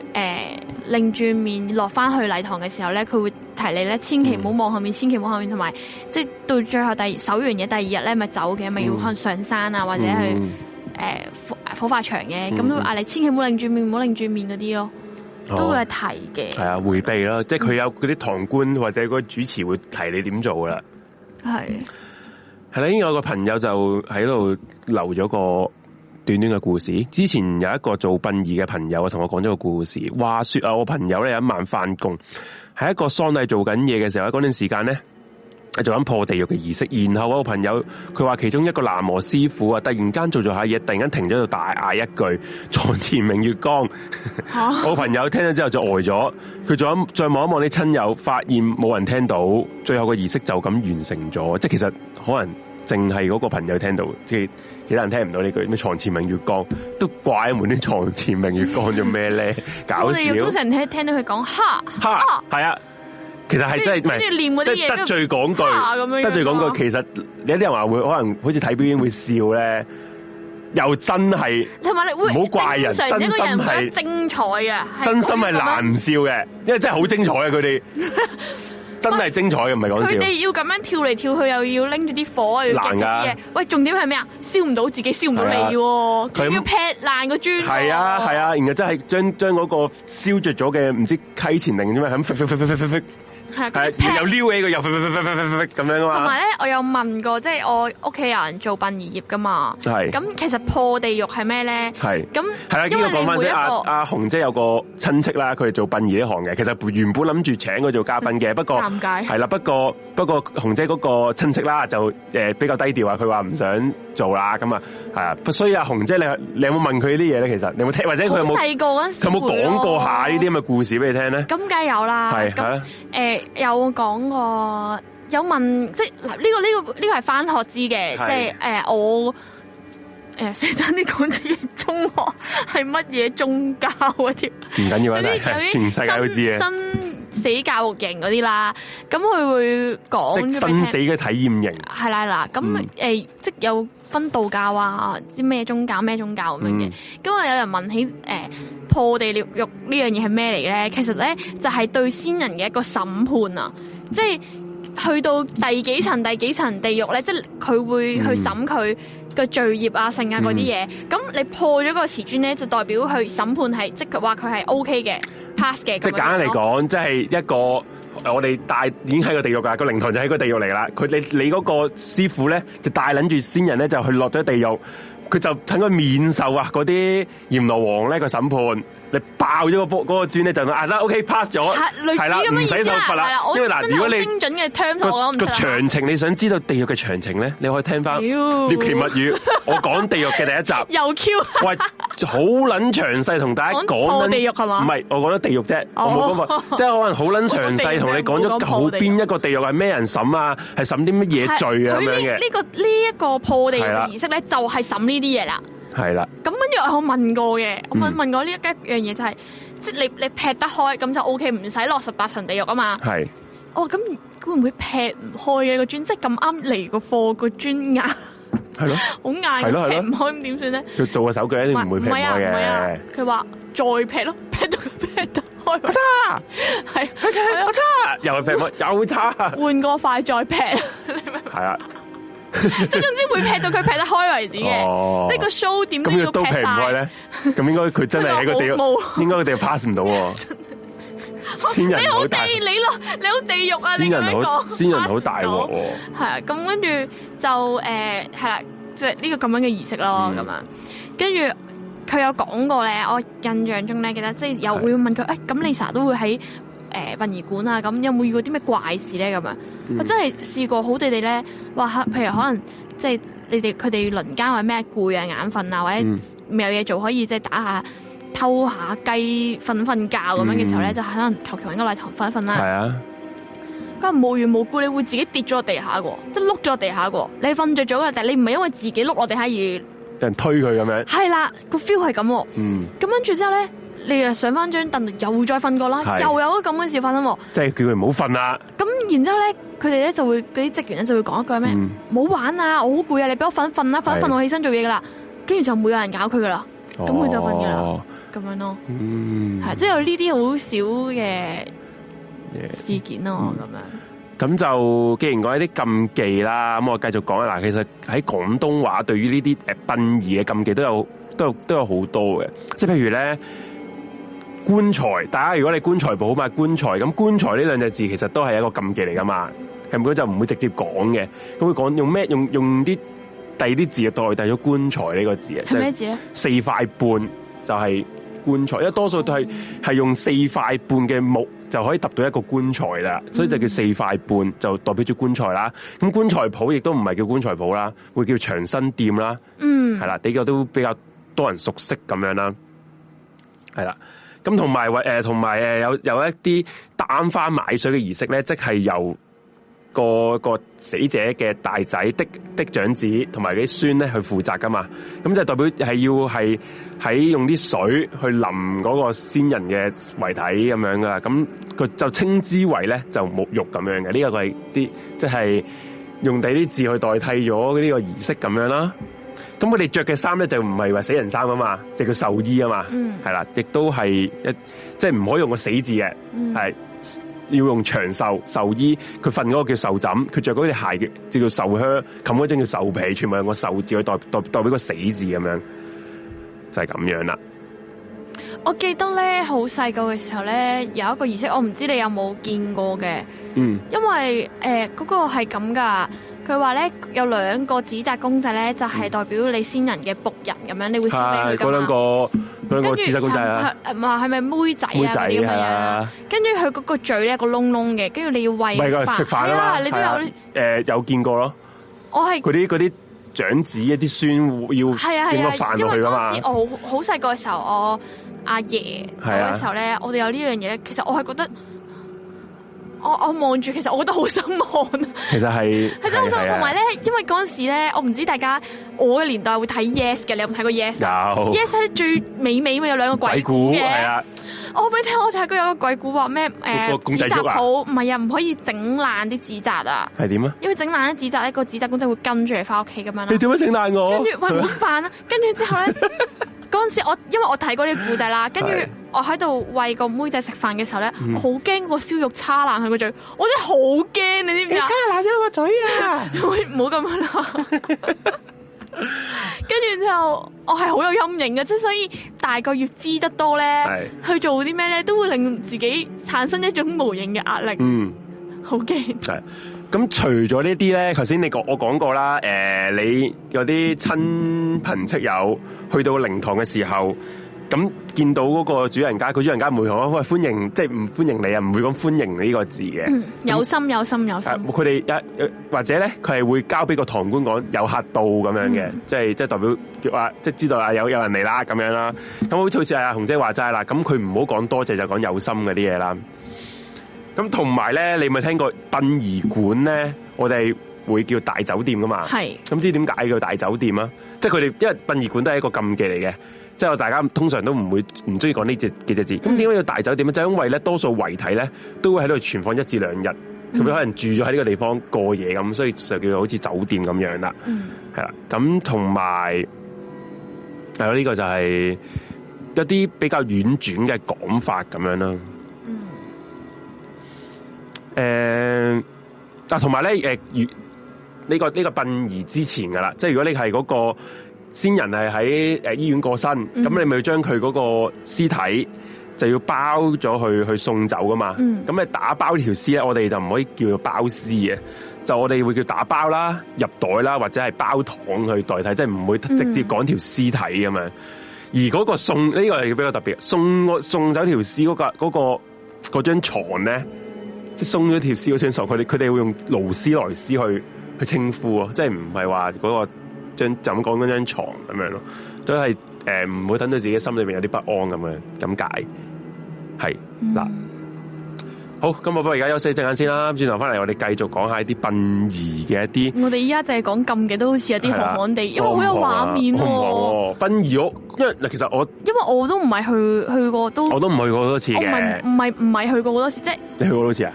擰轉面落翻去禮堂嘅時候咧，佢會提你咧，千祈唔好望後面，嗯、千祈唔好後面。同埋即係到最後第二，守完嘢，第二日咧咪走嘅，咪、嗯、要可能上山啊，或者去。嗯誒、嗯，火化場嘅，咁啊你千祈唔好擰住面，唔好擰住面嗰啲咯，都會係提嘅。係啊、哦，回避囉。嗯、即係佢有嗰啲堂官或者個主持會提你點做㗎喇。係的，係啦，因為我有個朋友就喺度留咗個短短嘅故事。之前有一個做殯儀嘅朋友啊，同我講咗個故事。話說啊，我朋友咧有一晚返工，喺一個喪禮做緊嘢嘅時候，嗰段時間咧。做緊破地獄嘅儀式，然後個朋友佢話，其中一個南無師傅啊，突然間做做下嘢，突然間停咗喺度，大嗌一句床前明月光。 我朋友聽咗之後就呆咗，佢再再望一望啲親友，發現冇人聽到，最後個儀式就咁完成咗。即係其實可能淨係嗰個朋友聽到，即係其他人聽唔到呢句咩床前明月光，都怪門啲床前明月光做咩咧？搞笑！我哋要通常聽聽到佢講，哈」。「 哈」。係啊。其實係真係唔係，即係得罪講句，得罪講句。其實有啲人話會可能，好似睇表演會笑咧，又真係。你話你唔好怪人，真心係精彩啊！真心係難唔笑嘅，因為真係好精彩啊！佢哋真係精彩，唔係講笑。佢哋要咁樣跳嚟，跳去，又要拎住啲火啊，要驚啲嘢。喂，重點係咩啊？燒唔到自己，燒唔到你，佢要劈爛個磚。係啊係啊，然後真係將將嗰個燒着咗嘅唔知溪前定點啊，咁係又撩起佢，又咁樣啊！同埋咧，我有問過，即係我屋企人做殯儀業噶嘛？係咁是，其實破地獄係咩咧？係咁是，係啦那，因為講返先，阿洪紅姐有個親戚啦，佢係做殯儀一行嘅。其實原本諗住請佢做嘉賓嘅，不過尷尬係啦。不過不過，洪姐嗰個親戚啦，就、呃、誒比較低調啊，佢話唔想。做啦咁啊，係啊，所以阿紅姐，即係你，你有冇問佢啲嘢咧？其實你有冇聽，或者佢有冇細個嗰陣，佢有冇講過下呢啲咁嘅故事俾你聽咧？咁梗係有啦，係啊，誒，有講過，有問，即係嗱，呢個呢個呢個係翻學知嘅，即係誒我誒寫真啲講自己中學係乜嘢宗教啊？嗰啲唔緊要啊，全世界都知啊，生死教育型嗰啲啦，咁佢會講，生死嘅體驗型係啦嗱，咁誒即係有。分道教啊，知咩宗教咩宗教咁樣嘅，咁啊、嗯、有人問起誒、呃、破地獄，獄呢樣嘢係咩嚟嘅咧？其實咧就係、是、對先人嘅一個審判啊，即係去到第幾層第幾層地獄咧，即係佢會去審佢嘅罪孽啊、性啊嗰啲嘢。咁、嗯、你破咗個瓷磚咧，就代表去審判係即係話佢係 O K 嘅 pass 嘅。即係、OK、簡單嚟講，即、就、係、是、一個。我哋大已經喺個地獄㗎，個靈堂就喺個地獄嚟啦。佢你嗰個師傅呢，就帶捻住先人呢，就去落咗地獄。佢就喺佢面受啊，嗰啲閻羅王呢個審判。你爆咗個波，嗰個磚咧就啊啦 OK pass 咗，係啦，唔使受罰啦。因為嗱，如果你精準嘅 time 個個詳情，你想知道地獄嘅詳情咧，你可以聽翻《獵奇物語》，我講地獄嘅第一集。又 Q？喂，好捻詳細同大家講地獄係嘛？唔係，我講咗地獄啫，我冇講過，即係可能好捻詳細同你講咗好邊一個地獄係咩人審啊，係審啲乜嘢罪咁樣嘅。呢個呢一個破地獄儀式咧，就係審呢啲嘢啦。係啦，咁跟住我問過嘅，我問問我呢一一樣嘢就係，即係你你劈得開咁就 O K，唔使落十八層地獄啊嘛。係，哦咁會唔會劈唔開嘅個磚？即係咁啱嚟個貨個磚硬，係囉，好硬，劈唔開咁點算呢？佢做個手腳一定唔會劈得開嘅。佢話再劈囉，劈到佢劈得開。我差，係佢劈，我差，又劈開又差，換個塊再劈。係啊。即係總之會劈到佢劈得開為止嘅，即係個 show 點都劈唔開咧。咁應該佢真係喺個地，應該佢哋 pass 唔到喎。先人好地，你咯，你好地獄啊！先人好，先人好大鑊喎。係啊，咁跟住就誒，係啦，即係呢個咁樣嘅儀式咯，咁樣。跟住佢有講過咧，我印象中咧，記得即係又會問佢，誒，咁你成日都會喺。誒，殯儀館啊，咁有冇遇過啲咩怪事咧？咁樣、嗯、我真係試過好地地咧，話譬如可能即係你哋佢哋輪間話咩攰啊、眼瞓啊，或者未有嘢做，可以即係打下偷下雞，瞓瞓覺咁樣嘅時候咧，嗯、就可能求其個禮堂瞓一瞓啦。係啊，咁是、啊、無緣無故你會自己跌咗個地下個，即係碌咗個地下個，你瞓着咗啦，但係你唔係因為自己碌落地下而，有人推佢咁樣。係啦，個 feel 係咁。嗯，咁跟住之後咧。你又上翻張凳，又再瞓過啦，是又有咁嘅事發生，即係叫佢唔好瞓啦。咁然之後咧，佢哋咧就會嗰啲職員咧就會講一句咩？唔好，嗯、玩啊！我好攰啊！你俾我瞓瞓啦，瞓瞓是我起身做嘢噶啦。跟住就冇人搞佢噶啦，咁佢、哦、就瞓噶啦，咁、嗯、樣咯。即係、就是、有呢啲好少嘅事件咯，咁、嗯、樣。咁、嗯、就既然講一啲禁忌啦，咁我繼續講啊嗱。其實喺廣東話對於呢啲誒 b e 嘅禁忌都有都有都有好多嘅，即係譬如咧。棺材，大家如果你棺材鋪買棺材咁，棺材呢兩隻字其實都係一個禁忌嚟噶嘛，係咪？咁就唔會直接講嘅，咁佢講用咩？用用啲第啲字啊代替咗棺材呢個字啊係咩字咧？四塊半就係棺材，因為多數都係係、嗯、用四塊半嘅木就可以揼到一個棺材啦，所以就叫四塊半就代表住棺材啦。咁棺材鋪亦都唔係叫棺材鋪啦，會叫長生店啦。嗯，係啦，呢個都比較多人熟悉咁樣啦，係啦。咁同埋，喂，誒，同埋，誒，有有一啲擔幡買水嘅儀式咧，即係由個個死者嘅大仔的的長子同埋啲孫咧去負責噶嘛，咁就代表係要係喺用啲水去淋嗰個先人嘅遺體咁樣噶啦，咁佢就稱之為咧就沐浴咁樣嘅，呢個係啲即係用第啲字去代替咗呢個儀式咁樣啦。咁我哋着嘅衫咧就唔係話死人衫啊嘛，即係叫壽衣啊嘛，係啦、嗯，亦都係一即係唔可以用個死字嘅，係、嗯、要用長壽壽衣。佢瞓嗰個叫壽枕，佢着嗰對鞋嘅即叫壽靴，冚嗰張叫壽被，全部用個壽字去代代代表個死字咁樣，就係、是、咁樣啦。我記得咧，好細個嘅時候咧，有一個儀式，我唔知你有冇見過嘅，嗯，因為誒嗰、呃嗰個係咁噶。佢話咧，有兩個紙紮公仔咧，就係、是、代表你先人嘅僕人咁樣，嗯、你會燒俾佢咁啦。係嗰兩個，兩個紙紮公仔啊？唔係，係咪妹仔啊？妹仔啊！啊跟住佢嗰個嘴咧，嗰個窿窿嘅，跟住你要餵飯。食飯啊嘛你都有誒、啊呃，有見過咯。我係嗰啲嗰啲長子一啲孫要點乜飯佢啊嘛。啊我好細個嘅時候，我阿爺嗰個時候咧，我哋有呢樣嘢。其實我係覺得。我我望住，其實我覺得好心寒。其實係係真好心寒，同埋咧，因為嗰陣時咧，我唔知大家我嘅年代會睇 Yes 嘅，你有冇睇過 Yes？有 Yes 最美美嘛，有兩個鬼故係啊！我俾你聽，我睇過有個鬼故話咩誒？紙紮鋪唔係啊，唔可以整爛啲紙紮啊！係點啊？因為整爛啲紙紮咧，個紙紮公仔會跟住嚟翻屋企咁樣。你點樣整爛我？跟住會唔會犯啊？跟住之後咧，嗰陣時我因為我睇過啲故仔啦，跟住。我喺度餵個妹仔食飯嘅時候咧，好驚個燒肉叉爛佢個嘴，我真係好驚，你知唔知啊？叉爛咗個嘴啊！唔好咁啦。跟住之後我係好有陰影嘅，即係所以大個要知得多咧，是去做啲咩咧，都會令自己產生一種無形嘅壓力。嗯，好驚。係咁，除咗呢啲咧，頭先你講我講過啦，誒、呃，你有啲親朋戚友去到靈堂嘅時候。咁見到嗰個主人家，佢、那個、主人家唔會講喂歡迎，即係唔歡迎你啊，唔會咁歡迎你呢個字嘅，嗯。有心有心有心，佢哋有或者咧，佢係會交俾個堂官講有客到咁樣嘅，嗯，即係即係代表叫即係知道有有人嚟啦咁樣啦。咁好似好似阿紅姐話齋啦，咁佢唔好講多謝，就講有心嗰啲嘢啦。咁同埋咧，你咪聽過殯儀館咧？我哋會叫大酒店噶嘛？咁是知點解叫大酒店啊？即係佢哋因為殯儀館都係一個禁忌嚟嘅。即係大家通常都唔會唔中意講呢隻幾隻字，咁點解要大酒店咧？就係、因為咧，多數遺體咧都會喺度存放一至兩日，咁、嗯、可能住咗喺呢個地方過夜咁，所以就叫做好似酒店咁樣啦。係啦、嗯，咁同埋，係咯，呢個就係一啲比較婉轉嘅講法咁樣啦。嗯，還有。誒、這個，嗱，同埋咧，誒，呢個呢個殯儀之前噶啦，即係如果你係嗰、嗰個。先人係喺醫院過身，咁、嗯、你咪要將佢嗰個屍體就要包咗去去送走噶嘛？咁、嗯、你打包條屍咧，我哋就唔可以叫做包屍嘅，就我哋會叫打包啦、入袋啦，或者係包糖去代替，即係唔會直接講條屍體咁樣。嗯、而嗰個送呢、呢個係比較特別，送送走條屍嗰、嗰個嗰張床咧，即、就、係、係、送咗條屍嗰張牀，佢哋佢哋會用勞斯萊斯去去稱呼啊，即係唔係話嗰個。就咁講緊張床咁樣咯，都係誒唔會等到自己心裏邊有啲不安咁嘅咁解，係嗱、嗯、好，咁我不如而家休息一陣間先啦，轉頭翻嚟我哋繼續講下一啲殯儀嘅一啲，我哋依家就係講咁嘅，都好似有啲寒寒哋，了因為有好有畫面、啊？紅紅殯儀屋，因為其實我因為我都唔係去去過，都我都唔去過好多次嘅，唔係唔係去過好多次，即係你去過好多次啊？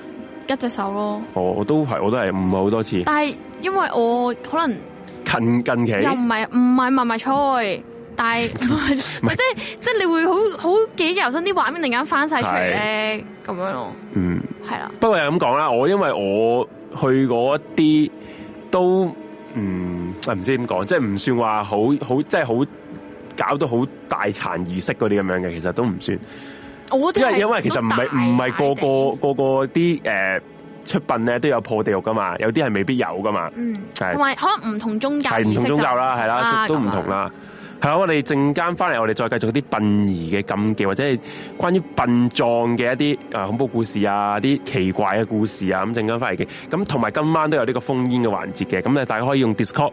一隻手咯，我我都係我都係唔係好多次，但係因為我可能。近近期又唔係唔係埋埋菜， 但係即係即係你會好好記憶猶新，啲畫面突然間翻晒出嚟咁樣咯。嗯，係啦。不過又咁講啦，我因為我去過一啲都，唔、嗯、唔知點講，即係唔算話好好，即係好搞到好大殘儀式嗰啲咁樣嘅，其實都唔算。我那因為因為其實唔係唔係個個個個啲誒。出殯咧都有破地獄噶嘛，有啲係未必有噶嘛，嗯，係同埋可能唔同宗教，係唔同宗教啦，係啦、啊，都唔同啦。係啦，我哋陣間翻嚟，我哋再繼續啲殯儀嘅禁忌，或者係關於殯葬嘅一啲誒恐怖故事啊，啲奇怪嘅故事啊。咁陣間翻嚟嘅，咁同埋今晚都有呢個封煙嘅環節嘅。咁咧，大家可以用 Discord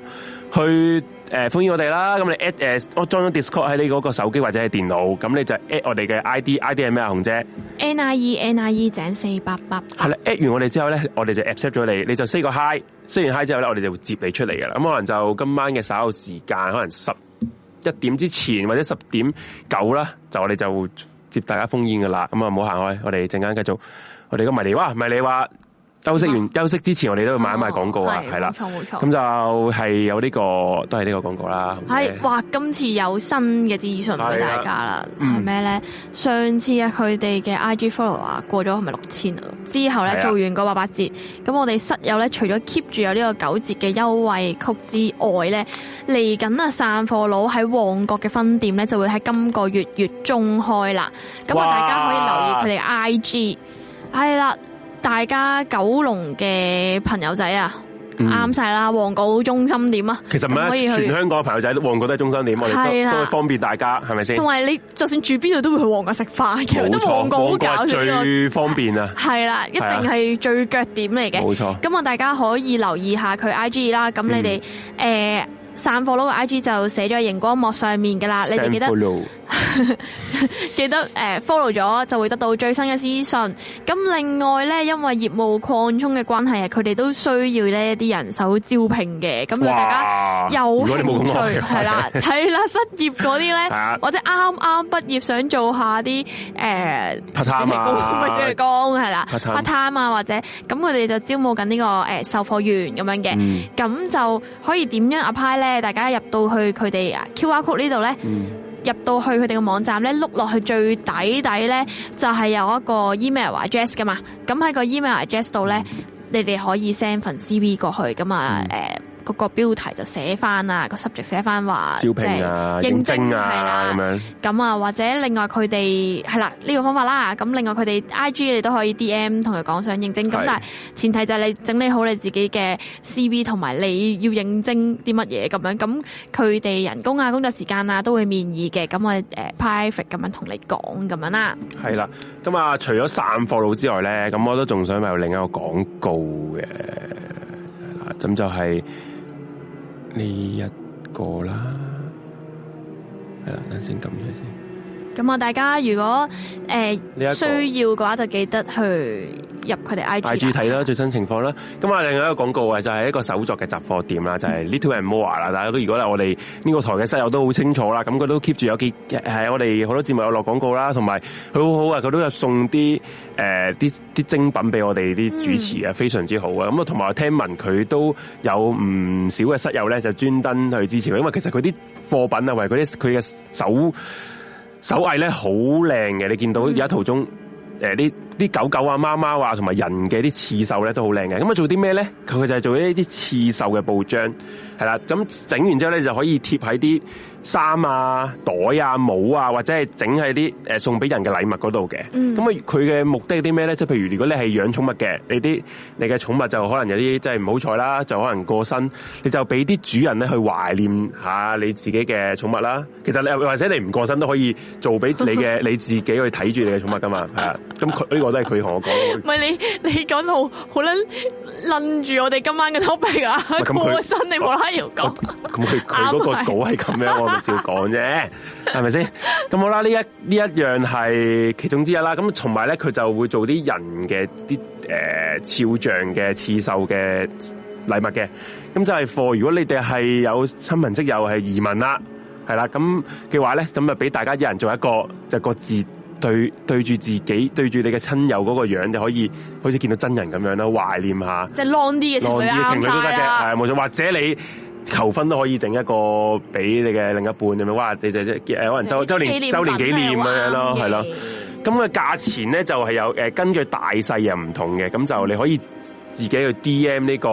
去誒封煙我哋啦。咁你 at 誒我裝咗 Discord 喺你嗰個手機或者係電腦，咁你就 at 我哋嘅 ID，ID 係咩啊？紅姐 NIE NIE 井四八八。係啦，at 完我哋之後咧，我哋就 accept 咗你，你就 say 個 hi，say 完 hi 之後咧，我哋就會接你出嚟噶啦。咁可能就今晚嘅稍後時間，可能十。一點之前或者十點九啦，就我哋就接大家烽煙嘅啦，咁啊唔好行開，我哋陣間繼續。我哋個迷你哇，迷你話。休息完休息之前，我哋都要買一買廣告啊，係啦、哦。冇錯，冇錯。咁對了 就係有呢、這個，都係呢個廣告啦。係，哇！今次有新嘅資訊俾大家啦，係咩咧？嗯、上次啊，佢哋嘅 I G follow 啊，過咗係咪六千？之後咧，做完個八八折，咁對了 我哋室友咧，除咗 keep 住有呢個九折嘅優惠曲之外咧，嚟緊啊，散貨佬喺旺角嘅分店咧，就會喺今個月月中開啦。咁啊，大家可以留意佢哋 I G，係啦。大家九龍嘅朋友仔啊，啱晒啦！旺角中心點啊？其實唔可以全香港嘅朋友仔，旺角都係中心點，我哋都，對了 都方便大家，係咪先？同埋你就算住邊度都會去旺角食飯嘅，都旺角好搞最方便啊，係啦，一定係最腳點嚟嘅。冇錯。咁我大家可以留意下佢 I G 啦，咁你哋誒散貨嗰個 I G 就寫咗喺熒光幕上面噶啦，你哋記得。 記得誒 follow 咗就會得到最新嘅資訊。咁另外咧，因為業務擴充嘅關係啊，佢哋都需要一啲人手招聘嘅。咁大家有興趣係啦，係啦， 失業嗰啲咧，或者啱啱畢業想做下啲誒，咩工啊，咩工係啦，part time 啊，啊啊或者咁佢哋就招募緊呢個誒售貨員咁樣嘅。咁、嗯、就可以點樣 apply 咧？大家入到去佢哋 QR code 呢度咧。嗯入到去佢哋嘅網站咧，碌落去最底底咧，就係有一個 email address 噶嘛。咁喺個 email address 度咧，你哋可以 send 份 CV 過去㗎嘛，誒、嗯。個個標題就寫翻啦，個 subject，寫翻話招聘啊、應徵啊咁樣。咁啊吧，或者另外佢哋係啦呢個方法啦。咁另外佢哋 I G 你都可以 D M 同佢講想應徵。咁是的 但係前提就係你整理好你自己嘅 C V 同埋你要應徵啲乜嘢咁樣。咁佢哋人工啊、工作時間啊都會面議嘅。咁我誒 private 咁樣同你講咁樣啦。係啦，咁啊除咗散貨佬之外咧，咁我都仲想有另一個廣告嘅。咁就係、係。呢一個啦，係啦，等陣先撳住先。咁啊，大家如果誒、呃、需要嘅話，就記得去入佢哋 I G 睇住啦，最新情況啦。咁啊，另外一個廣告啊，就係一個手作嘅雜貨店啦，嗯、就係 Little and More 啦。大家都如果我哋呢個台嘅室友都好清楚啦。咁佢都 keep 住有幾，係我哋好多節目有落廣告啦，同埋佢好好啊，佢都有送啲誒啲啲精品俾我哋啲主持啊，嗯、非常之好啊。咁啊，同埋聽聞佢都有唔少嘅室友咧，就專登去支持，因為其實佢啲貨品啊，或者啲佢嘅手。手藝咧好靚嘅，你見到而家途中啲啲、嗯呃、狗狗啊、貓貓啊同埋人嘅啲刺繡咧都好靚嘅，咁啊做啲咩咧？佢佢就係做一啲刺繡嘅布章，係啦，咁整完之後咧就可以貼喺啲。衫啊、袋啊、帽啊，或者係整喺啲誒送俾人嘅禮物嗰度嘅。咁啊、嗯，佢嘅目的係啲咩咧？即係譬如如果你係養寵物嘅，你啲你嘅寵物就可能有啲即係唔好彩啦，就可能過身，你就俾啲主人咧去懷念下你自己嘅寵物啦。其實你或者你唔過身都可以做俾你嘅你自己去睇住你嘅寵物噶嘛。啊，咁佢呢個都係佢同我講。唔係你你講好好撚住我哋今晚嘅 topic 啊，過身你無啦啦又講。咁佢佢嗰個稿係咁樣 照講啫，係咪先？咁好啦，呢一呢一樣係其中之一啦。咁同埋咧，佢就會做啲人嘅啲誒肖像嘅刺繡嘅禮物嘅。咁就係貨。如果你哋係有親朋戚友係移民啦，係啦，咁嘅話咧，咁就俾大家一人做一個就各自對對住自己，對住你嘅親友嗰個樣就可以，好似見到真人咁樣啦，懷念下。即係 long 啲嘅情侶，情侶都得嘅，係冇錯。或者你。求婚都可以整一個俾你嘅另一半咁樣，哇！你就即可能周週年週念年紀念咁樣咯，係咯。咁嘅、那個、價錢咧就係有根據大細又唔同嘅。咁就你可以自己去 D M 呢、這個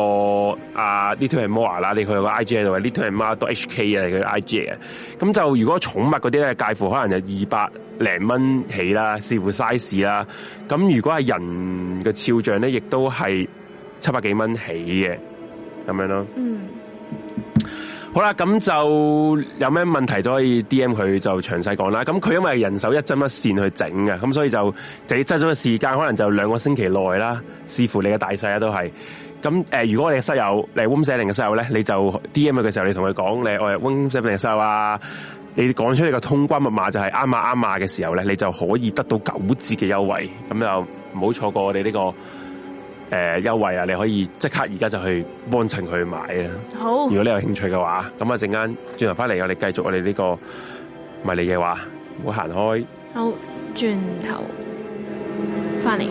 啊呢 m o r 亞啦，你去個 I G 喺度 l 呢條 o 摩亞 HK 啊，佢 I G 啊。咁、hmm. 就，就如果寵物嗰啲咧，介乎可能就二百零蚊起啦，視乎 size 啦。咁如果係人嘅肖像咧，亦都係七百幾蚊起嘅咁樣咯。嗯、mm。Hmm. 好啦，咁就有咩問題都可以 DM 佢就詳細講啦。咁佢因為人手一針一線去整嘅，咁所以就即係擠咗個時間，可能就兩個星期內啦，視乎你嘅大細啦都係。咁、呃、如果你室友你 w 誒温舍玲嘅室友咧，你就 DM 佢嘅時候，你同佢講，你我係温舍玲嘅室友啊。你講出你個通關密碼就係啱碼啱碼嘅時候咧，你就可以得到九折嘅優惠。咁就唔好錯過我哋呢、呢個。誒、呃、優惠啊！你可以即刻而家就去幫襯佢買啊！好，如果你有興趣嘅話，咁一陣間轉頭翻嚟我哋繼續我哋呢、呢個迷你嘅話，唔好行開。好，轉頭翻嚟。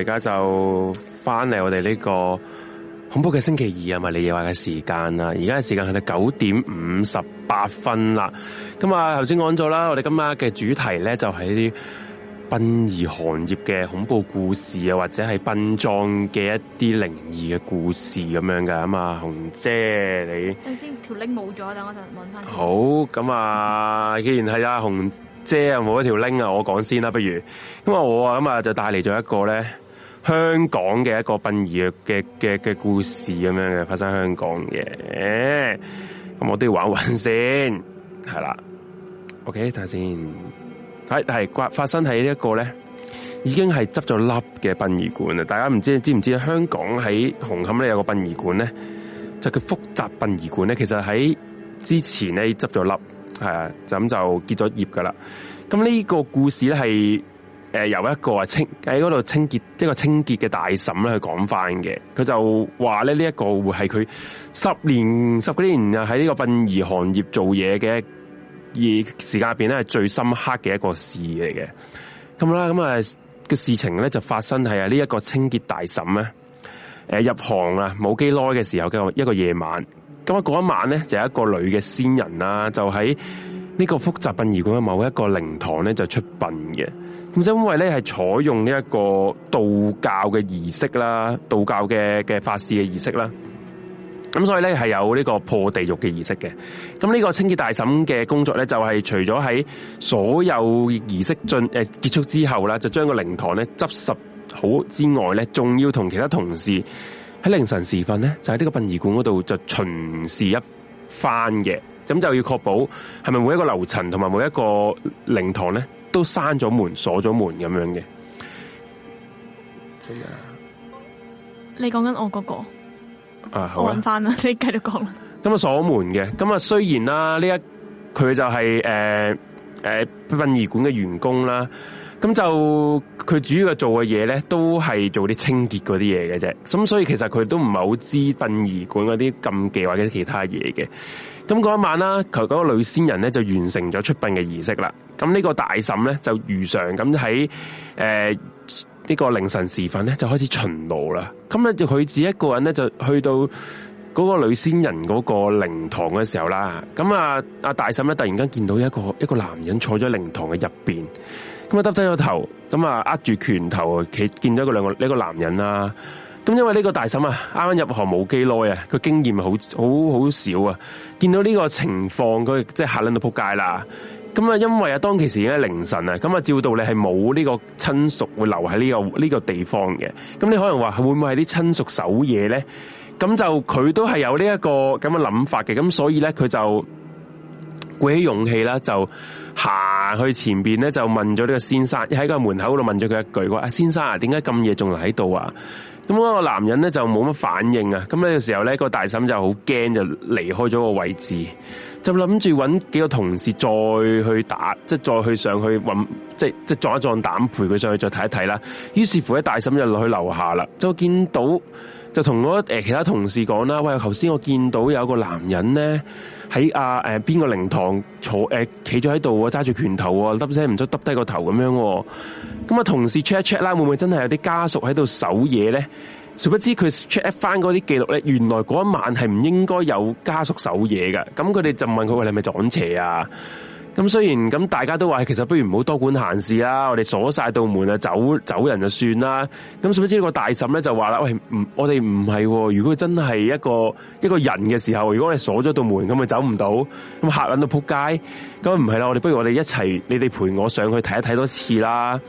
而家就翻嚟我哋呢個恐怖嘅星期二啊嘛，你話嘅時間啦，而家嘅時間係到九點五十八分啦。咁啊，頭先講咗啦，我哋今晚嘅主題咧就係啲殯儀行業嘅恐怖故事啊，或者係殯葬嘅一啲靈異嘅故事咁樣噶啊嘛，紅姐你等條先，條 link 冇咗，等我就搵翻。好，咁啊， 既然係阿紅姐啊冇一條拎啊，link, 我講先啦，不如咁啊，我啊咁啊就帶嚟咗一個咧。香港嘅一個殯儀嘅嘅嘅故事咁樣嘅，發生香港嘅。咁、yeah、我都要玩一玩先，係啦。OK，睇下先，係係發生喺呢一個咧，已經係執咗笠嘅殯儀館啦。大家唔知知唔知香港喺紅磡咧有個殯儀館咧，就叫複雜殯儀館咧，其實喺之前咧執咗笠，係啊，就咁就結咗業噶啦。咁呢個故事咧係。是誒，由一個啊清喺嗰度清潔，即個清潔嘅大嬸咧去講翻嘅。佢就話咧呢一個會係佢十年十幾年啊喺呢個殯儀行業做嘢嘅而時間入邊咧係最深刻嘅一個事嚟嘅。咁啦，咁啊個事情咧就發生係啊呢一個清潔大嬸咧誒入行啊冇幾耐嘅時候嘅一個夜晚。咁啊嗰一晚咧就有一個女嘅先人啦，就喺呢個複雜殯儀館嘅某一個靈堂咧就出殯嘅。咁就因為咧係採用呢一個道教嘅儀式啦，道教嘅嘅法事嘅儀式啦，咁所以咧係有呢個破地獄嘅儀式嘅。咁呢個清潔大嬸嘅工作咧，就係除咗喺所有儀式進誒結束之後咧，就將個靈堂咧執拾好之外咧，仲要同其他同事喺凌晨時分咧，就喺呢個殯儀館嗰度就巡視一番嘅。咁就要確保係咪每一個樓層同埋每一個靈堂咧，都閂咗門，鎖咗門咁樣嘅。你講緊我嗰個啊，好翻啦，你繼續講啦。咁啊，鎖門嘅。咁啊，雖然啦，呢一佢就係誒誒殯儀館嘅員工啦。咁就佢主要做嘅嘢咧，都係做啲清潔嗰啲嘢嘅啫。咁所以其實佢都唔係好知殯儀館嗰啲禁忌或者其他嘢嘅。咁嗰晚啦，佢、那、嗰個女先人咧就完成咗出殯嘅儀式啦。咁呢個大嬸咧就如常咁喺誒呢個凌晨時分咧就開始巡邏啦。咁咧就佢自己一個人咧就去到嗰個女先人嗰個靈堂嘅時候啦。咁啊阿大嬸咧突然間見到一個一個男人坐咗靈堂嘅入邊，咁啊耷低個頭，咁啊握住拳頭，企見到一個兩個呢個男人啦。咁因為呢個大嬸啊，啱啱入行冇幾耐啊，佢經驗好好好少啊，見到呢個情況佢即係嚇撚到扑街啦。咁啊，因為啊，當其時已經凌晨啊，咁啊，照道理係冇呢個親屬會留喺呢個呢個地方嘅。咁你可能話會唔會係啲親屬守夜咧？咁就佢都係有呢一個咁嘅諗法嘅。咁所以咧，佢就鼓起勇氣啦，就行去前邊咧，就問咗呢個先生喺個門口度問咗佢一句：話先生啊，點解咁夜仲嚟喺度啊？咁嗰個男人咧就冇乜反應啊，咁呢個時候咧個大嬸就好驚，就離開咗個位置，就諗住搵幾個同事再去打，即係再去上去搵，即係即係撞一撞膽陪佢上去再睇一睇啦。於是乎咧，大嬸就落去樓下啦，就見到。就同嗰其他同事講啦，喂，頭先我見到有個男人咧喺邊個靈堂坐企咗喺度喎，揸、呃、住拳頭喎，粒聲唔出，耷低個頭咁樣喎。咁、嗯、啊同事 check 一 check 啦，會唔會真係有啲家屬喺度守夜咧？誰不知佢 check 翻嗰啲記錄咧，原來嗰一晚係唔應該有家屬守夜㗎。咁佢哋就問佢話：你係咪撞邪啊？咁雖然咁大家都話，其實不如唔好多管閒事啦，我哋鎖晒道門啊，走走人就算啦。咁，所以使知個大嬸咧就話啦？喂，唔我哋唔係，如果真係一個一個人嘅時候，如果你鎖咗道門，咁咪走唔到，咁吓撚到扑街。咁唔係啦，我哋不如我哋一齊，你哋陪我上去睇一睇多次啦。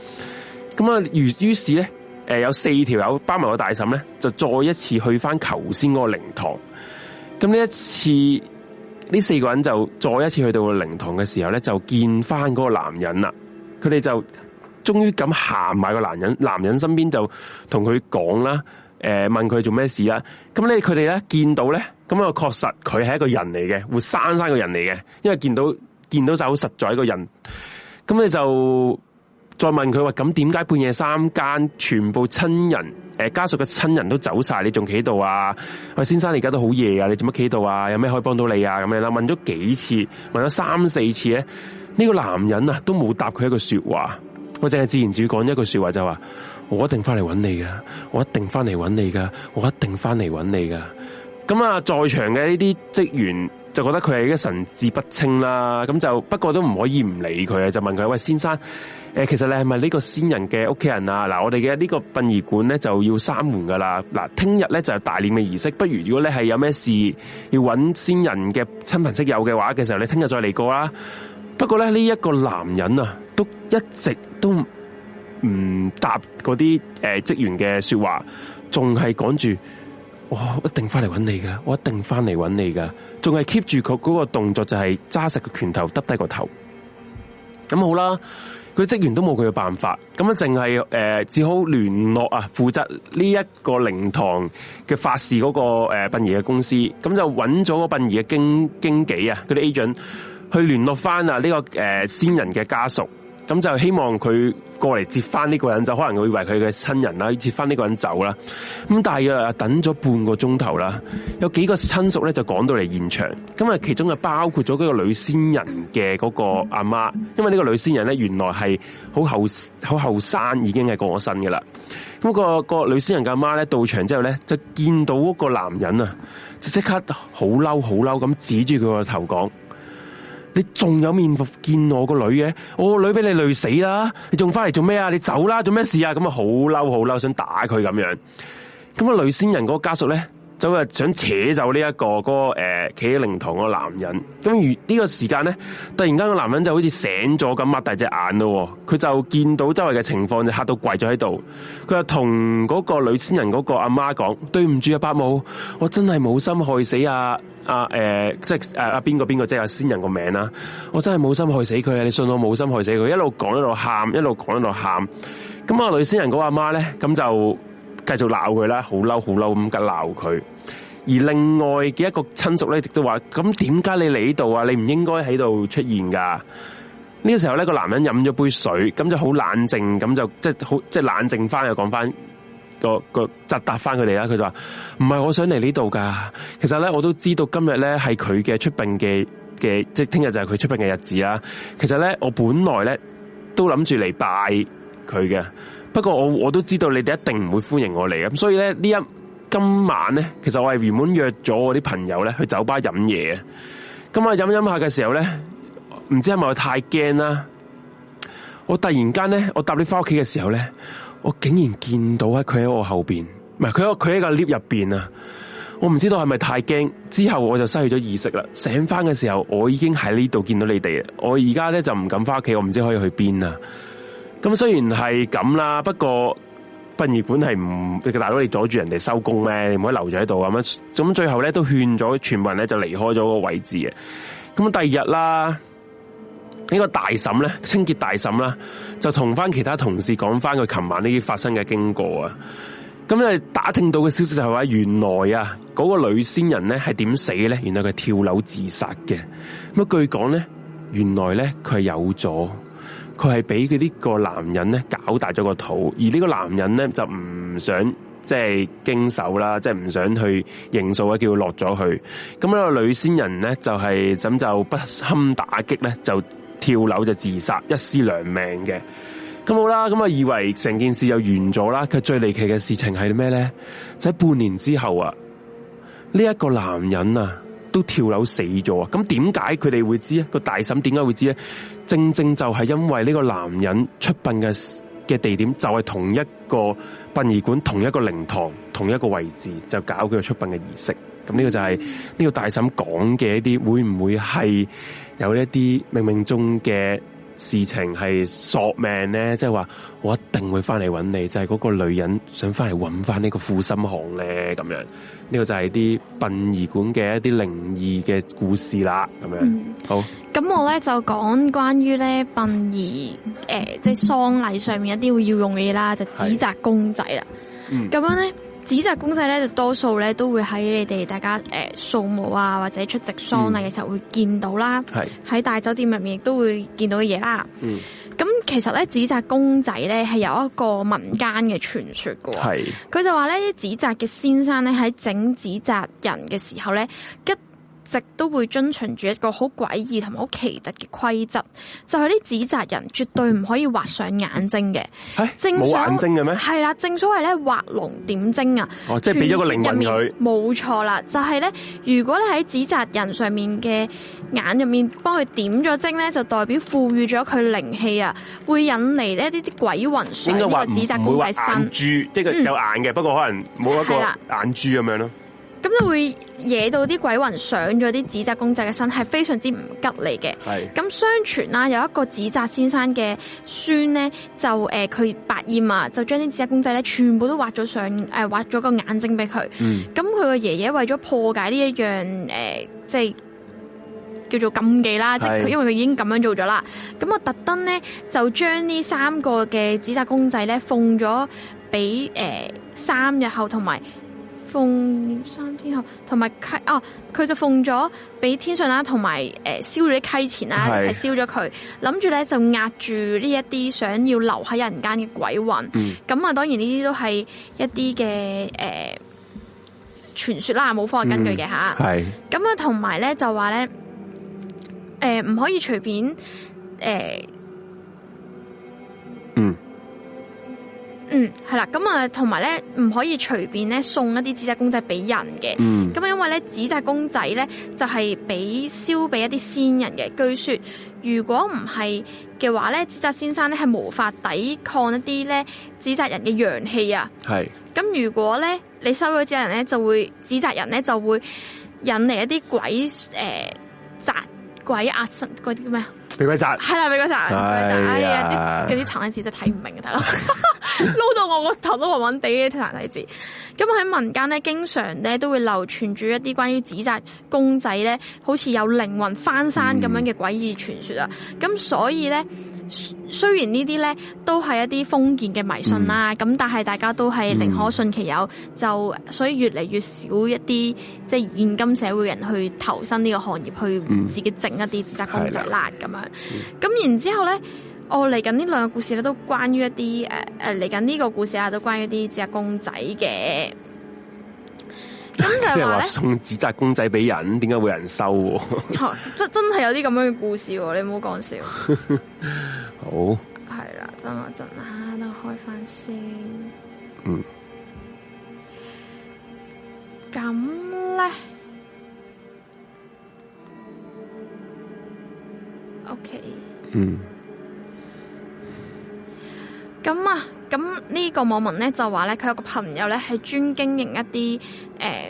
咁啊，於於是咧，誒、呃、有四條友包埋我大嬸咧，就再一次去翻求先嗰個靈堂。咁呢一次。呢四個人就再一次去到個靈堂嘅時候呢，就見翻嗰個男人啦。佢哋就終於敢行埋個男人，男人身邊就同佢講啦，誒，問佢做咩事啦。咁呢佢哋呢見到呢，咁啊確實佢係一個人嚟嘅，活生生嘅人嚟嘅，因為見到見到就好實在一個人。咁你就再問佢話，咁點解半夜三更全部親人？誒家屬嘅親人都走晒，你仲企喺度啊？喂，先生，你而家都好夜啊，你做乜企喺度啊？有咩可以幫到你啊？咁樣啦，問咗幾次，問咗三四次咧，呢個男人啊都冇答佢一句説話，我淨係自言自語講一句説話就話，我一定翻嚟揾你噶，我一定翻嚟揾你噶，我一定翻嚟揾你噶。咁啊，在場嘅呢啲職員就覺得佢係一神志不清啦，咁就不過都唔可以唔理佢啊，就問佢，喂，先生。誒，其實咧，係咪呢個先人嘅屋企人啊？嗱，我哋嘅呢個殯儀館咧就要閂門噶啦。嗱，聽日咧就係大殮嘅儀式，不如如果你係有咩事要揾先人嘅親朋戚友嘅話嘅時候，你聽日再嚟過啦。不過咧，呢、這、一個男人啊，都一直都唔答嗰啲誒職員嘅說話，仲係講住，我一定翻嚟揾你噶，我一定翻嚟揾你噶，仲係 keep 住佢嗰個動作，就係揸實個拳頭，耷低個頭。咁好啦。佢職員都冇佢嘅辦法，咁、呃、啊，淨係誒只好聯絡啊，負責呢一個靈堂嘅法事、嗰個誒殯儀嘅公司，咁就揾咗個殯儀嘅經經紀啊，嗰啲 agent 去聯絡翻啊呢個誒、呃、先人嘅家屬。咁就希望佢過嚟接翻呢個人就可能會以為佢嘅親人啦，接翻呢個人走啦。咁但係等咗半個鐘頭啦，有幾個親屬咧就趕到嚟現場，咁啊其中就包括咗嗰個女先人嘅嗰個阿媽，因為呢個女先人咧原來係好後好後生，已經係過咗身噶啦。咁、嗰個、嗰個女先人嘅阿媽咧到場之後咧，就見到嗰個男人啊，就即刻好嬲好嬲咁指住佢個頭講。你仲有面服見我個女嘅？我個女俾你累死啦！你仲返嚟做咩啊？你走啦！做咩事啊？咁啊好嬲好嬲，想打佢咁樣。咁啊呂仙人嗰個家屬咧？想扯走呢、這、一個、嗰個誒，企喺靈堂嘅個男人。咁如呢個時間咧，突然間個男人就好似醒咗咁，擘大隻眼咯。佢就見到周圍嘅情況，就嚇到跪咗喺度。佢就同嗰個女仙人嗰個阿媽講，對唔住啊，伯母，我真係冇心害死阿阿誒，即係誒阿邊個邊個即係阿仙人個名啦。我真係冇心害死佢啊！你信我冇心害死佢，一路講一路喊，一路講一路喊。咁啊，嗰個、女仙人嗰個阿媽咧，咁就繼續鬧佢啦，好嬲好嬲咁嘅鬧佢。而另外嘅一個親屬咧，亦都話：咁點解你嚟呢度啊？你唔應該喺度出現噶。呢個時候咧，個男人飲咗杯水，咁就好冷靜，咁就即係好即係冷靜翻，又講翻個個質答翻佢哋啦。佢就話：唔係我想嚟呢度噶，其實咧我都知道今日咧係佢嘅出殯嘅嘅，即係聽日就係佢出殯嘅日子啦。其實咧我本來咧都諗住嚟拜佢嘅，不過我我都知道你哋一定唔會歡迎我嚟咁，所以咧呢一今晚咧，其實我係原本約咗我啲朋友咧去酒吧飲嘢。今晚飲飲下嘅時候咧，唔知係咪我太驚啦？我突然間咧，我搭你翻屋企嘅時候咧，我竟然見到喺佢喺我後邊，唔係佢喺佢喺個 lift 入邊啊！我唔知道係咪太驚，之後我就失去咗意識啦。醒翻嘅時候，我已經喺呢度見到你哋啊！我而家咧就唔敢翻屋企，我唔知可以去邊啊！咁雖然係咁啦，不過。殯儀館係唔，大佬你阻住人哋收工咩？你唔可以留咗喺度咁樣，咁最後咧都勸咗全部人咧就離開咗個位置啊。咁第二日啦，呢個大嬸咧，清潔大嬸啦，就同翻其他同事講翻佢琴晚呢啲發生嘅經過啊。咁咧打聽到嘅消息就係話，原來啊嗰個女先人咧係點死嘅咧？原來佢跳樓自殺嘅。咁啊，據講咧，原來咧佢係有咗。佢係俾佢呢個男人咧搞大咗個肚，而呢個男人咧就唔想即係、就是、經手啦，即係唔想去認數啊，叫佢落咗去。咁、那、呢個女先人咧就係、是、咁就不堪打擊咧，就跳樓就自殺，一屍兩命嘅。咁好啦，咁啊以為成件事就完咗啦。佢最離奇嘅事情係咩咧？就喺半年之後啊，呢、這、一個男人啊都跳樓死咗啊！咁點解佢哋會知啊？那個大嬸點解會知咧？正正就係因為呢個男人出殯嘅嘅地點就係同一個殯儀館，同一個靈堂、同一個位置就搞佢嘅出殯嘅儀式，咁呢個就係呢個大嬸講嘅一啲，會唔會係有一啲冥冥中嘅？事情係索命咧，即係話我一定會翻嚟揾你，就係、是、嗰個女人想翻嚟揾翻呢個負心漢咧，咁樣呢個就係啲殯儀館嘅一啲靈異嘅故事啦，咁樣、嗯、好。咁我咧就講關於咧殯儀誒，即係喪禮上面一啲會要用嘅嘢啦，就是、紙紮公仔啦，咁、嗯、樣咧。嗯紙紮公仔咧，就多數咧都會喺你哋大家誒掃墓啊，呃、或者出席喪禮嘅時候會見到啦。喺、嗯、大酒店入面亦都會見到嘅嘢啦。咁、嗯、其實咧，紙紮公仔咧係有一個民間嘅傳說嘅。係佢、嗯、就話咧，紙紮嘅先生咧喺整紙紮人嘅時候咧，吉直都會遵循住一個好詭異同埋好奇特嘅規則，就係啲紙紮人絕對唔可以畫上眼睛嘅。欸，係冇眼睛嘅咩？係啦，正所謂咧，畫龍點睛啊！哦，即係俾咗個靈魂佢。冇錯啦，就係咧，如果你喺紙紮人上面嘅眼入面幫佢點咗睛咧，就代表賦予咗佢靈氣啊，會引嚟呢一啲啲鬼魂。呢個紙紮唔會畫眼珠，即係佢有眼嘅，不過可能冇一個眼珠咁樣咯。咁就會惹到啲鬼魂上咗啲紙紮公仔嘅身，係非常之唔吉利嘅。係咁是，相傳啦，有一個紙紮先生嘅孫咧，就佢，呃，百厭啊，就將啲紙紮公仔咧全部都畫咗上誒，畫咗，呃，個眼睛俾佢。咁佢個爺爺為咗破解呢一樣，呃，即係叫做禁忌啦，是即係因為佢已經咁樣做咗啦。咁我特登咧就將呢三個嘅紙紮公仔咧奉咗俾三日後同埋。奉三天後，同埋契，哦、啊，佢就奉咗俾天上啦，同埋誒燒咗啲溪錢啦，一齊燒咗佢，諗住咧就壓住呢一啲想要留喺人間嘅鬼魂。咁啊、嗯，當然呢啲都係一啲嘅誒傳說啦，冇科學根據嘅吓。係咁啊，同埋咧就話咧，誒、呃、唔可以隨便誒。呃嗯，係啦，咁啊，同埋咧，唔可以隨便咧送一啲紙紮公仔俾人嘅。嗯，咁因為咧紙紮公仔咧就係俾燒俾一啲先人嘅。據說如果唔係嘅話咧，紙紮先生咧係無法抵抗一啲咧紙紮人嘅陽氣啊。係是。咁如果咧你收咗紙紮人咧，就會紙紮人咧就會引嚟一啲鬼誒、扎、呃、鬼壓身嗰啲咩啊。俾鬼扎，係啦俾鬼扎，鬼扎，哎呀，啲嗰啲殘體字都睇唔明啊大佬！ 撈到我個頭都暈暈地啊啲殘體字。咁喺民間咧，經常咧都會流傳住一啲關於紙紮公仔咧，好似有靈魂翻山咁樣嘅詭異傳說啊，咁、嗯、所以咧。雖然呢啲呢都係一啲封建嘅迷信啦，咁、嗯、但係大家都係寧可信其有，就、嗯、所以越嚟越少一啲即係現今社會人去投身呢個行業、嗯、去自己整一啲紙紮公仔咁的樣。咁、嗯、然之後呢我嚟緊呢兩個故事呢都關於一啲誒誒嚟緊呢個故事啊都關於一啲紙紮公仔嘅。即係話送紙紮公仔俾人，點解會有人收喎？真真係有啲咁樣嘅故事，你唔好講笑。 好係啦，等我一陣啊，都開翻先。嗯。咁咧？OK。嗯。咁啊。咁呢個網民咧就話咧，佢有個朋友咧係專經營一啲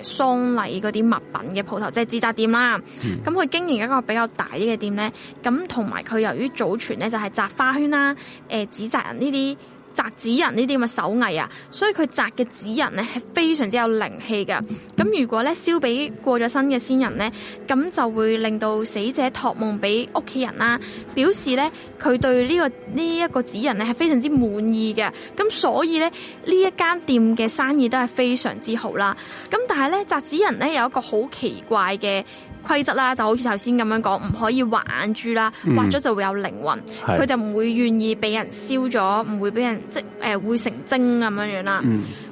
誒喪禮嗰啲物品嘅鋪頭，即係紙紮店啦。咁佢、嗯、經營一個比較大啲嘅店咧，咁同埋佢由於祖傳咧就係紮花圈啦、誒紙紮人呢啲。紮紙人呢啲咁嘅手藝啊，所以佢紮嘅紙人呢，係非常之有靈氣嘅。咁如果呢燒俾過咗身嘅先人呢，咁就會令到死者托夢俾屋企人啦，表示呢、這個，佢對呢個呢一個紙人呢，係非常之滿意嘅。咁所以呢，呢一間店嘅生意都係非常之好啦。咁但係呢，紮紙人呢，有一個好奇怪嘅。規則啦，就好似頭先咁樣講，唔可以畫眼珠啦，畫咗就會有靈魂，佢、嗯、就唔會願意俾人燒咗，唔會俾人即係誒會成精咁樣樣啦。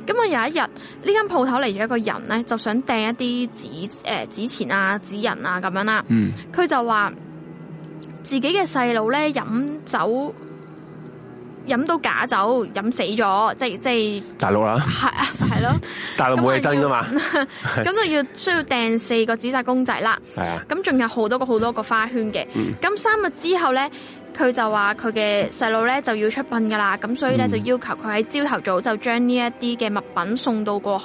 咁啊、嗯、有一日呢間鋪頭嚟咗一個人咧，就想訂一啲紙誒紙錢啊、紙人啊咁樣啦。佢、嗯、就話自己嘅細路咧飲酒。飲到假酒，飲死咗，即係即係大佬啦。係啊，係咯，大佬冇嘢真噶嘛。咁就要需要訂四個紙紮公仔啦。係啊。咁仲有好多個、好多個花圈嘅。嗯。咁三日之後咧，佢就話佢嘅細路咧就要出殯噶啦。咁所以咧就要求佢喺朝頭早就將呢一啲嘅物品送到過去。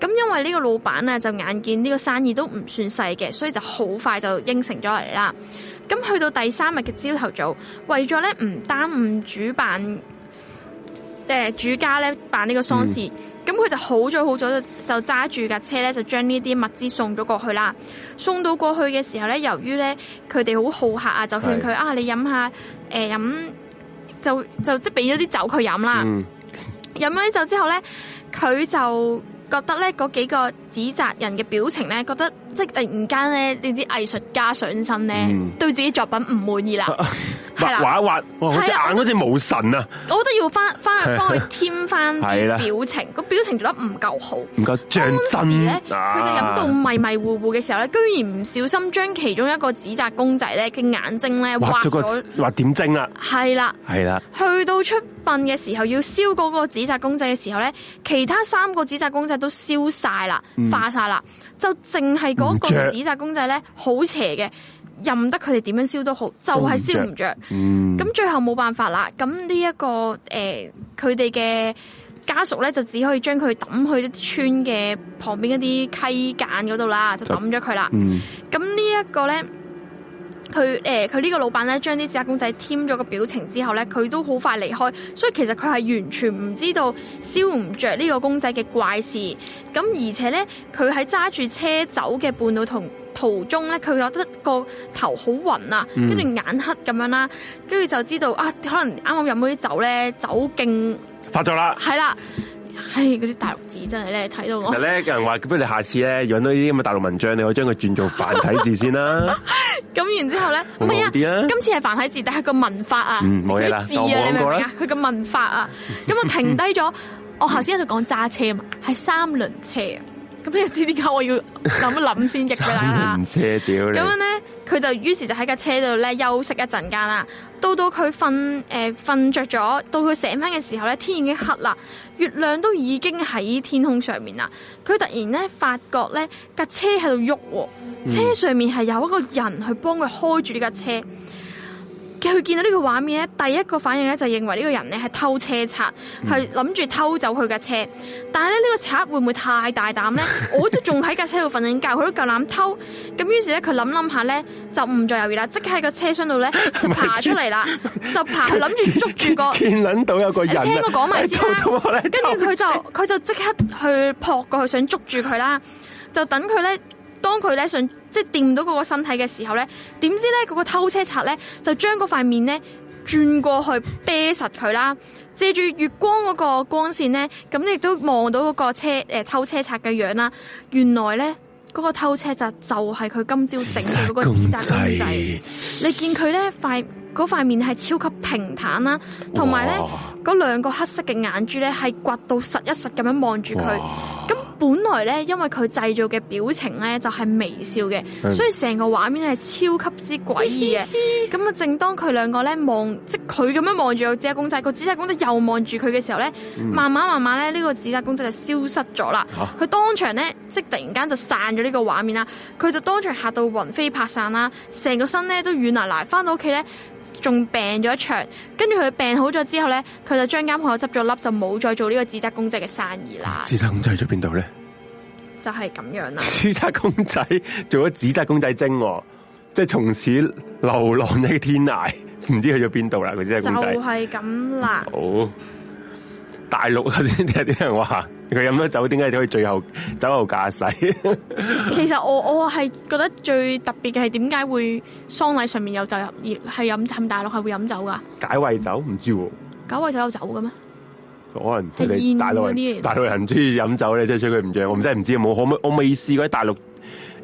咁因為呢個老闆咧就眼見呢個生意都唔算細嘅，所以就好快就應承咗嚟啦。咁去到第三日嘅朝頭早，為咗咧唔耽誤主辦，誒、呃、主家咧辦呢個喪事，咁佢、嗯、就好早好早就揸住架車咧，就將呢啲物資送咗過去啦。送到過去嘅時候咧，由於咧佢哋好好客啊，就勸佢啊，你飲下，誒、呃、飲就就即係俾咗啲酒佢飲啦。飲咗啲酒之後咧，佢就覺得咧嗰幾個。紙紮人嘅表情咧，覺得即係突然間咧，呢啲藝術家上身咧，嗯、對自己作品唔滿意、啊啊、啦，係畫一畫，隻眼嗰隻冇神啊！我覺得，我覺得要翻翻去幫佢添翻啲表情，個啦表情做得唔夠好。唔夠像真。當時咧，佢、啊、就飲到迷迷糊糊嘅時候咧，居然唔小心將其中一個紙紮公仔咧嘅眼睛咧畫咗，畫點睛啦，係啦，係啦。去到出殯嘅時候，要燒嗰個紙紮公仔嘅時候咧，其他三個紙紮公仔都燒晒啦。嗯化晒啦，就淨係嗰一個紙紮公仔咧，好邪嘅，任得佢哋點樣燒都好，就係燒唔着。咁不帥 最後冇辦法啦，咁、嗯，這個呃、呢一個誒，佢哋嘅家屬咧就只可以將佢抌去啲村嘅旁邊一啲溪澗嗰度啦，就抌咗佢啦。咁、嗯、呢一個咧。佢誒佢呢個老闆咧，將啲紙盒公仔添咗個表情之後咧，佢都好快離開，所以其實佢係完全唔知道燒唔着呢個公仔嘅怪事。咁而且咧，佢喺揸住車走嘅半路同途，途中咧，佢覺得個頭好暈啊，跟住眼黑咁樣啦，跟住就知道啊，可能啱啱飲咗啲酒咧，酒勁發作啦，係啦。係嗰啲大陸字真係咧睇到我。其實咧，有人話不如你下次咧養到呢啲咁嘅大陸文章，你可以將佢轉做繁體字先啦 呢。咁然之後咧，唔係啊，今次係繁體字，但係個文法啊，了字啊，你明唔明啊？佢個文法啊，咁我停低咗。我頭先喺度講揸車嘛，係三輪車。咁你又知點解我要諗一諗先入去啦？咁樣咧，佢就於是就喺架車度咧休息一陣間啦。到到佢瞓誒瞓着咗，到佢醒翻嘅時候咧，天已經黑啦，月亮都已經喺天空上面啦。佢突然咧發覺咧架車喺度喐，車上面係有一個人去幫佢開住呢架車。嗯嗯佢見到呢個畫面咧，第一個反應咧就認為呢個人咧係偷車賊，係諗住偷走佢架車。嗯、但係咧呢個賊會唔會太大膽咧？ 我都仲喺架車度瞓緊覺，佢都夠膽偷。咁於是咧佢諗諗下咧，就唔再猶豫啦，即刻喺個車廂度咧就爬出嚟啦，就爬諗住捉住個見諗到有個人，你聽我講埋先啦。跟住佢就佢 就即刻去撲過去想捉住佢啦，就等佢咧。當佢咧想即係掂到嗰個身體嘅時候咧，點知咧嗰個偷車賊咧就將嗰塊面咧轉過去啤實佢啦，借住月光嗰個光線咧，咁你都望到嗰個車誒、呃、偷車賊嘅樣啦。原來咧嗰個偷車賊就係佢今朝整嘅嗰個死仔，你見佢咧塊塊面係超級平坦啦，同埋咧嗰兩個黑色嘅眼珠咧係刮到實一實咁樣望住佢，咁。本來咧，因為佢製造嘅表情咧就係微笑嘅，是的 所以成個畫面係超級之詭異嘅。咁啊，正當佢兩個咧望，即佢咁樣望住個紙紮公仔，個紙紮公仔又望住佢嘅時候咧，嗯、慢慢慢慢咧呢個紙紮公仔就消失咗啦。佢、啊、當場咧即突然間就散咗呢個畫面啦。佢就當場嚇到魂飛魄散啦，成個身咧都軟埋埋，翻到屋企咧。仲病咗一場，跟住佢病好咗之後咧，佢就將間舖執咗笠，就冇再做呢個紙紮公仔嘅生意啦。紙紮公仔去咗邊度咧？就係咁樣啦。紙紮公仔做咗紙紮公仔精，即係從此流浪喺天涯，唔知去咗邊度啦。佢即係就係咁啦。好，大陸先聽啲人話。佢飲咗酒，點解你可以最後酒後駕駛？ 其實我我係覺得最特別嘅係點解會喪禮上面有酒飲？係飲浸大陸係會飲酒噶？解胃酒唔知喎。解胃酒有酒嘅咩？可能大陸啲大陸人中意飲酒咧，即係吹佢唔醉。我真係唔知道有冇，冇可我未試過喺大陸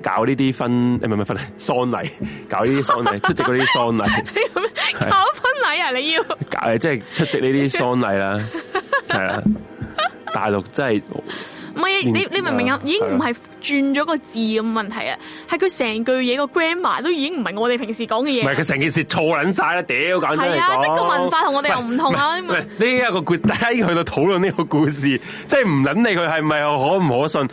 搞呢啲婚你唔係婚禮喪禮，搞呢啲喪禮出席嗰啲喪禮。 對搞婚禮啊！你要即係、 就是、出席呢啲喪禮啦，係啊。 大陸真係唔係你你明唔明啊？已經唔係轉咗個字嘅問題啊，係佢成句嘢個 grammar 都已經唔係我哋平時講嘅嘢。唔係佢成件事錯撚晒啦，屌搞出嚟！係啊，個文化我同我哋又唔同啊。呢一個故，大家依去到討論呢個故事，故事 即係唔撚理佢係咪可唔可信？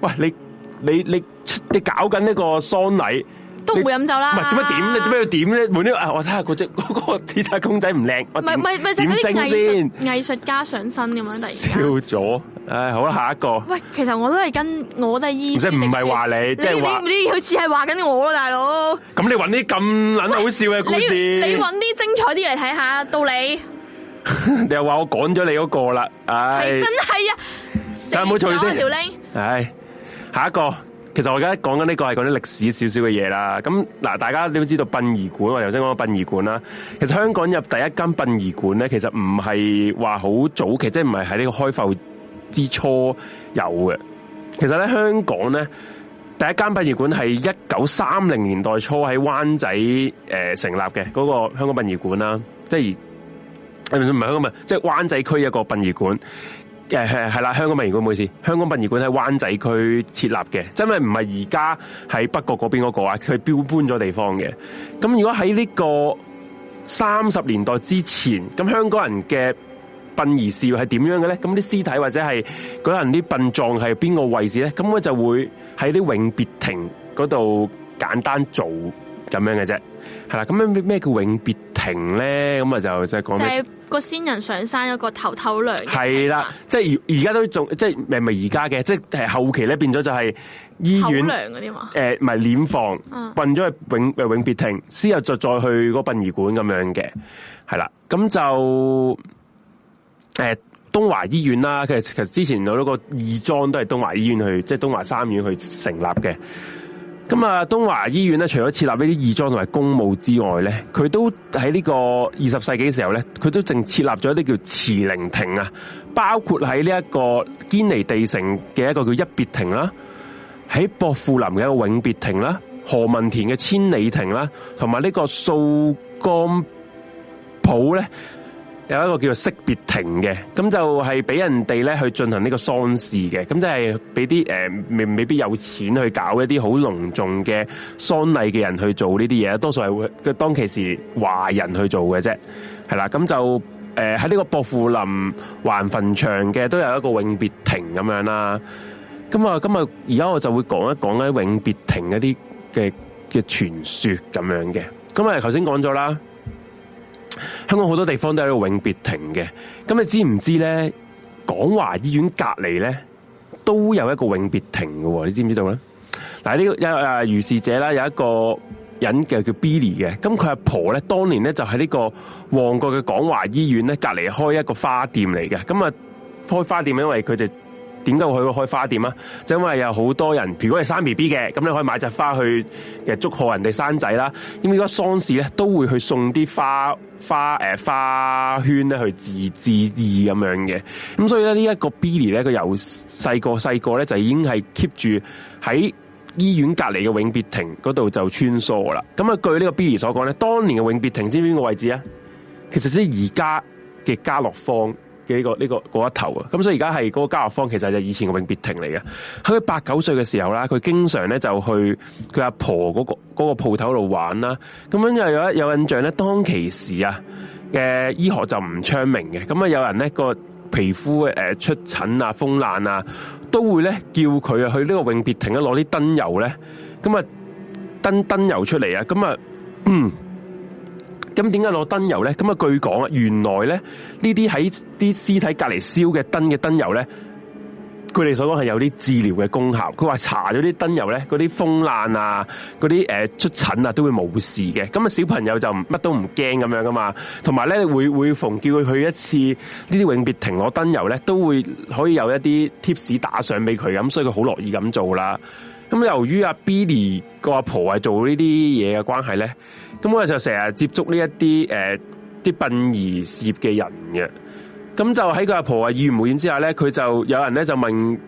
喂，你你你你搞緊呢個喪禮？都唔會飲酒啦。唔係點解點？你點解要點咧？換啲啊！我睇下嗰隻嗰個鐵塔公仔唔靚。唔係唔係，就啲藝術藝術家上身咁樣嚟。笑咗，唉，好啦，下一個。喂，其實我都係跟我都係依。即係唔係話你？即係話你你好似係話緊我咯，大佬。咁你揾啲咁撚好笑嘅故事？你揾啲精彩啲嚟睇下，到你。你又話我趕咗你嗰個啦，唉，真係啊！真係唔好嘈先。唉，下一個。其實我而家講緊呢個係講啲歷史少少嘅嘢啦。咁嗱，大家都知道殯儀館，我頭先講個殯儀館啦。其實香港入第一間殯儀館咧，其實唔係話好早期，即係唔係喺呢個開埠之初有嘅。其實咧，香港咧第一間殯儀館係一九三零年代初喺灣仔誒成立嘅嗰個香港殯儀館啦。即係唔係香港，唔係咁即係灣仔區一個殯儀館。誒係係啦，香港殯儀館唔好意思，香港殯儀館喺灣仔區設立嘅，真係唔係而家喺北角嗰邊嗰個啊，佢標搬咗地方嘅。咁如果喺呢個三十年代之前，咁香港人嘅殯儀事務係點樣嘅咧？咁啲屍體或者係嗰人啲殯葬係邊個位置咧？咁我就會喺啲永別亭嗰度簡單做咁樣嘅啫。係啦，咁樣咩叫永別？停咧，咁啊就即係講，就個先人上山個頭透涼，係啦，即係而而家都仲即係咪咪而家嘅，即係後期咧變咗就係醫院涼嗰啲嘛，誒唔係殮房，奔咗去永，永別永別亭，之後再再去嗰個殯儀館咁樣嘅，係啦，咁就誒、呃、東華醫院啦，其實其實之前有咗個義莊都係東華醫院去，即係東華三院去成立嘅。咁啊，東華醫院咧，除咗設立呢啲義莊同埋公墓之外咧，佢都喺呢個二十世紀嘅時候咧，佢都淨設立咗一啲叫慈靈亭啊，包括喺呢一個堅尼地城嘅一個叫一別亭啦，喺薄扶林嘅一個永別亭啦，何文田嘅千里亭啦，同埋呢個掃桿埔咧，有一個叫做惜別亭嘅，咁就係俾人哋咧去進行呢個喪事嘅，咁即係俾啲誒未未必有錢去搞一啲好隆重嘅喪禮嘅人去做呢啲嘢，多數係會當其時華人去做嘅啫，係啦，咁就誒喺呢個薄扶林還墳場嘅，都有一個永別亭咁樣啦。咁啊，今日而家我就會講一講咧永別亭一啲嘅嘅傳說咁樣嘅。咁啊，頭先講咗啦。香港好多地方都有一個永別亭嘅，咁你知唔知咧？港華醫院隔籬咧，都有一個永別亭嘅，你知唔知道咧？嗱、這個，呢個有啊，如是者啦，有一個人嘅叫 Billy 嘅，咁佢阿婆咧，當年咧就喺、是、呢個旺角嘅港華醫院咧隔籬開一個花店嚟嘅，咁啊，開花店因為佢哋。點解會去開花店啊？就因為有好多人，譬如果係生 B B 嘅，咁你可以買隻花去祝賀人哋生仔啦。咁如果喪事咧，都會去送啲花花誒、呃、花圈咧去致致意咁樣嘅。咁所以咧呢一個 Billy 咧，佢由細個細個咧就已經係 keep 住喺醫院隔籬嘅永別亭嗰度就穿梭啦。咁啊，據呢個 Billy 所講咧，當年嘅永別亭知唔知邊個位置啊？其實即係而家嘅家樂坊。呢、這個呢嗰、這個這個、一頭啊，咁、嗯、所以而家係嗰個嘉樂坊其實就以前個永別亭嚟嘅。喺佢八九歲嘅時候啦，佢經常咧就去佢阿婆嗰、那個嗰、那個鋪頭度玩啦。咁樣又有有印象咧，當其時啊嘅、呃、醫學就唔昌明嘅，咁啊有人咧、這個皮膚、呃、出疹啊、風爛啊，都會咧叫佢啊去呢個永別亭攞啲燈油咧，咁啊燈燈油出嚟啊，咁啊。咁點解攞燈油咧？咁啊據講啊，原來咧呢啲喺啲屍體隔籬燒嘅燈嘅燈油咧，佢哋所講係有啲治療嘅功效。佢話搽咗啲燈油咧，嗰啲風爛啊，嗰啲誒出疹啊都會冇事嘅。咁啊小朋友就乜都唔驚咁樣噶嘛。同埋咧會會逢叫佢去一次呢啲永別亭攞燈油咧，都會可以有一啲貼士打賞俾佢咁，所以佢好樂意咁做啦。咁由於阿 Billy 個阿婆係做呢啲嘢嘅關係咧，咁我就成日接觸呢一啲誒啲殯儀事業嘅人嘅，咁就喺佢阿婆意料唔意料之下咧，佢就有人咧就問。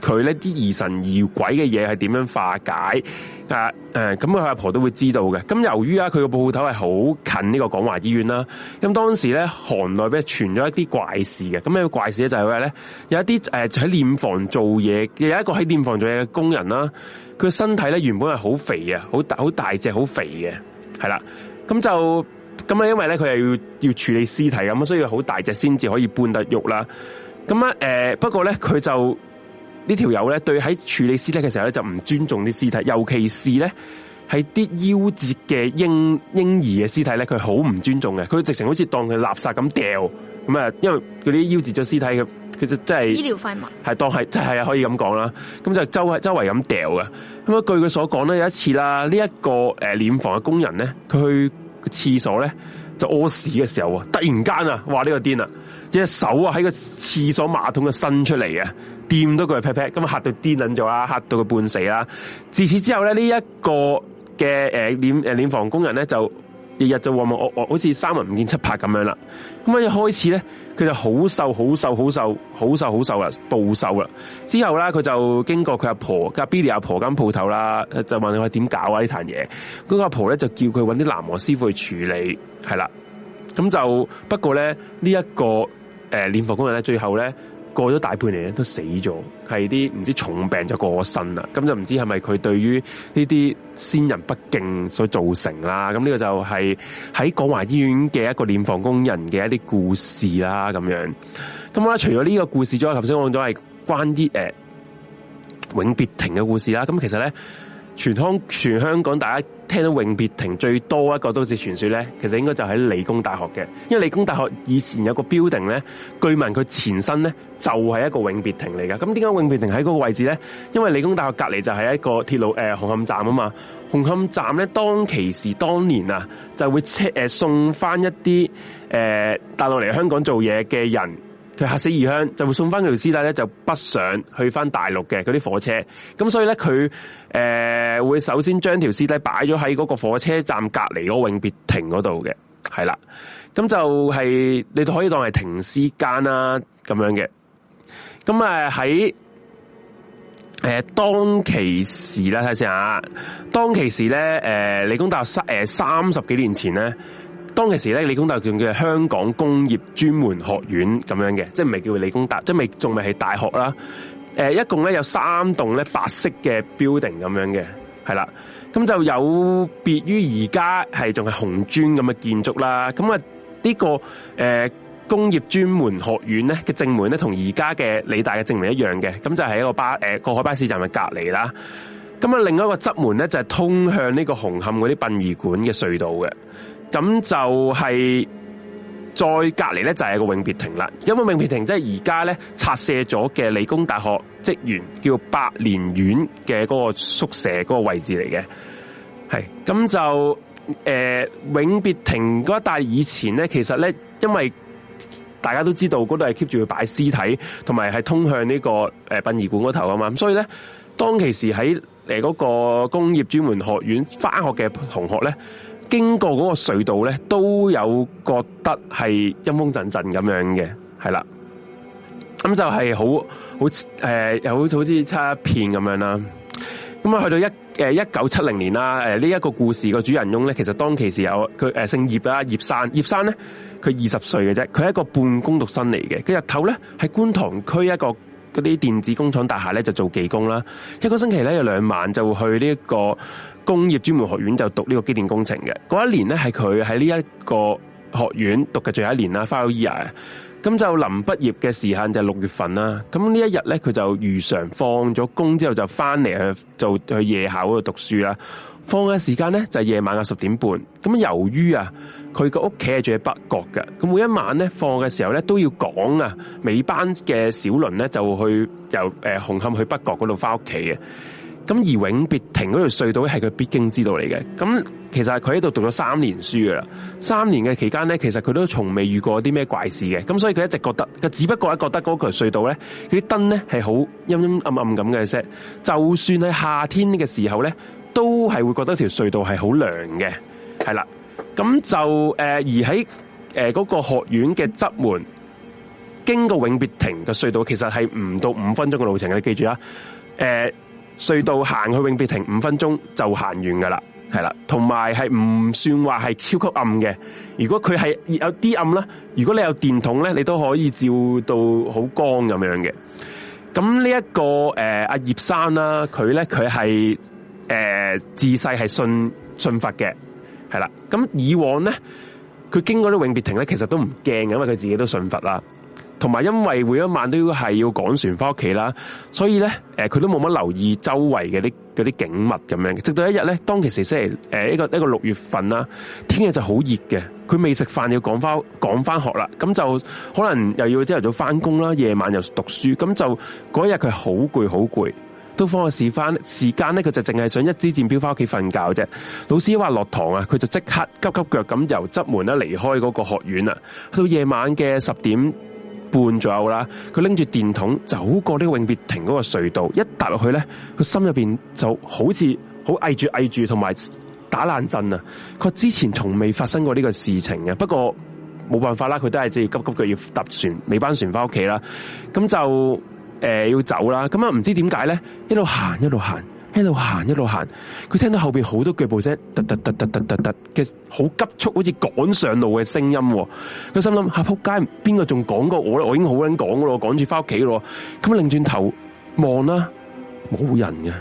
佢呢啲疑神疑鬼嘅嘢係點樣化解？咁佢阿婆都會知道嘅。咁由於啊，佢個鋪頭係好近呢個廣華醫院啦。咁、啊、當時咧，行內咧傳咗一啲怪事嘅。咁咩怪事咧？就係、就係話咧，有一啲喺殮房做嘢嘅，有一個喺殮房做嘢嘅工人啦。佢、啊、身體咧原本係好肥嘅，好大好大隻，好肥嘅，係啦。咁、嗯、就咁啊、嗯，因為咧佢係要要處理屍體咁，所以好大隻先至可以搬得喐啦。咁啊誒、呃，不過咧佢就。呢條友咧，對喺處理屍體嘅時候咧，就唔尊重啲屍體，尤其是咧係啲夭折嘅嬰嬰兒嘅屍體咧，佢好唔尊重嘅，佢直情好似當佢垃圾咁掉咁啊！因為嗰啲夭折咗屍體嘅，其實真係醫療廢物，係當係真係可以咁講啦。咁就周圍周圍咁掉嘅。咁啊，據佢所講咧，有一次啦，呢、這、一個誒殮房嘅工人咧，佢去廁所咧就屙屎嘅時候啊，突然間啊，哇呢、這個癲啊，隻手啊喺個廁所馬桶嘅伸出嚟啊！掂到佢嘅 pat pat，咁啊吓到癲捻咗啦，吓到佢半死啦。自此之後咧，呢、這、一個嘅誒殮誒殮房工人咧就日日就話我我好似三魂唔見七魄咁樣啦。咁啊一開始咧，佢就好瘦好瘦好瘦好瘦好瘦啦，暴瘦啦。之後咧，佢就經過佢阿婆隔籬阿婆間鋪頭啦，就問佢點搞啊呢壇嘢。嗰、那個阿婆咧就叫佢搵啲南無師傅去處理，係啦。咁就不過咧呢一、這個誒殮房工人咧最後咧，過咗大半年咧，都死咗，係啲唔知重病就過身啦。咁就唔知係咪佢對於呢啲先人不敬所造成啦。咁呢個就係喺廣華醫院嘅一個殮房工人嘅一啲故事啦。咁樣，咁我除咗呢個故事之外，頭先我講咗係關啲誒、呃、永別亭嘅故事啦。咁其實咧。全香全香港，大家聽到永別亭最多一個都市傳說咧，其實應該就喺理工大學嘅，因為理工大學以前有個 building 咧，據聞佢前身咧就係一個永別亭嚟噶。咁點解永別亭喺嗰個位置咧？因為理工大學隔離就係一個鐵路、呃、紅磡站啊嘛，紅磡站咧當其時當年啊就會、呃、送翻一啲誒、呃、大陸嚟香港做嘢嘅人。佢嚇死異鄉，就會送翻條屍體咧，就北上去翻大陸嘅嗰啲火車。咁所以咧，佢、呃、會首先將條屍體擺咗喺嗰個火車站隔離嗰個永別亭嗰度嘅，係啦。咁就係、是、你都可以當係停屍間啦咁樣嘅。咁啊喺當其時啦，睇先啊。當其時咧，誒、呃、理工大學三三十幾年前咧。當其時咧，理工大仲叫香港工業專門學院咁樣嘅，即係唔係叫理工大，即係仲未係大學啦。誒，一共咧有三棟咧白色嘅 building 咁樣嘅，係啦。咁就有別於而家係仲係紅磚咁嘅建築啦。咁啊、這個，呢個誒工業專門學院咧嘅正門咧，同而家嘅理大嘅正門一樣嘅，咁就係一個巴誒過、呃、海巴士站嘅隔離啦。咁啊，另外一個側門咧就係通向呢個紅磡嗰啲殯儀館嘅隧道嘅。咁就係、是、再隔籬呢，就係、是、一個永別亭啦，因為永別亭即係而家呢拆卸咗嘅理工大學職員叫百年院嘅嗰個宿舍嗰個位置嚟嘅，係咁就誒、呃、永別亭嗰一帶以前呢，其實呢，因為大家都知道嗰度係 keep 住要擺屍體，同埋係通向呢個誒殯儀館嗰頭啊嘛，咁所以呢，當其時喺誒嗰個工業專門學院翻學嘅同學呢，經過嗰個隧道咧，都有覺得係陰風陣陣咁樣嘅，係啦，咁就係好好誒，又好好似差一片咁樣啦。咁啊，去到一誒一九七零年啦，誒呢一個故事個主人翁咧，其實當其時有佢誒姓葉啦，葉山葉山咧，佢二十歲嘅啫，佢係一個半工讀生嚟嘅，佢日頭咧喺觀塘區一個。嗰啲電子工廠大廈咧就做技工啦，一個星期咧有兩晚就會去呢個工業專門學院就讀呢個機電工程嘅，嗰一年咧係佢喺呢一個學院讀嘅最後一年啦，final year。咁就臨畢業嘅時間就係六月份啦。咁呢一日咧，佢就如常放咗工之後就翻嚟去就去夜校嗰度讀書啦。放嘅時間咧就係夜晚嘅十點半。咁由於啊，佢個屋企係住喺北角嘅，咁每一晚咧放嘅時候咧都要講啊尾班嘅小輪咧就會去由誒、呃、紅磡去北角嗰度翻屋企嘅。咁而永別亭嗰條隧道係係佢必經之道嚟嘅，咁其實佢喺度讀咗三年書㗎喇，三年嘅期間呢，其實佢都從未遇過啲咩怪事嘅，咁所以佢一直覺得，佢只不過咧覺得嗰條隧道呢，佢啲燈呢係好陰陰暗暗咁嘅色，就算喺夏天嘅時時候呢，都係會覺得條隧道係好涼嘅，係啦，咁就誒、呃、而喺誒嗰個學院嘅側門，經過永別亭嘅隧道，其實係唔到五分鐘嘅路程嘅，你記住啊，誒、呃。隧道行去永別亭五分鐘就行完噶啦，係啦，同埋係唔算話係超級暗嘅。如果佢係有啲暗啦，如果你有電筒咧，你都可以照到好光咁樣嘅。咁、這個呃、呢一個誒阿葉生啦，佢咧佢係誒自細係信信佛嘅，係啦。咁以往咧，佢經過啲永別亭咧，其實都唔驚嘅，因為佢自己都信佛啦。同埋，還有因為每一晚都要係要趕船翻屋企啦，所以咧，誒佢都冇乜留意周圍嘅啲嗰啲景物咁樣。直到一日咧，當其時星期，誒一個一個六月份啦，天日就好熱嘅。佢未食飯要趕翻趕翻學啦，咁就可能又要朝頭早翻工啦，夜晚又讀書，咁就嗰日佢好攰，好攰，都放學時翻時間咧，佢就淨係想一支箭標翻屋企瞓覺啫。老師一話落堂啊，佢就即刻急急腳咁由側門咧離開嗰個學院啦。到夜晚嘅十點半左右啦，佢拎住電筒走過呢個永別亭嗰個隧道，一踏落去咧，佢心入邊就好似好翳住翳住，同埋打冷震啊！佢話之前從未發生過呢個事情嘅，不過冇辦法啦，佢都係即係急急腳要搭船尾班船翻屋企啦，咁就誒、呃、要走啦，咁啊唔知點解咧，一路行一路行。一路行一路行，佢聽到後邊好多腳步聲，突突突突突突嘅好急促，好似趕上路嘅聲音。佢心諗吓撲街，邊個仲講過我咧？我已經好緊講噶啦，趕住翻屋企噶咯。咁啊，擰轉頭望啦，冇人嘅。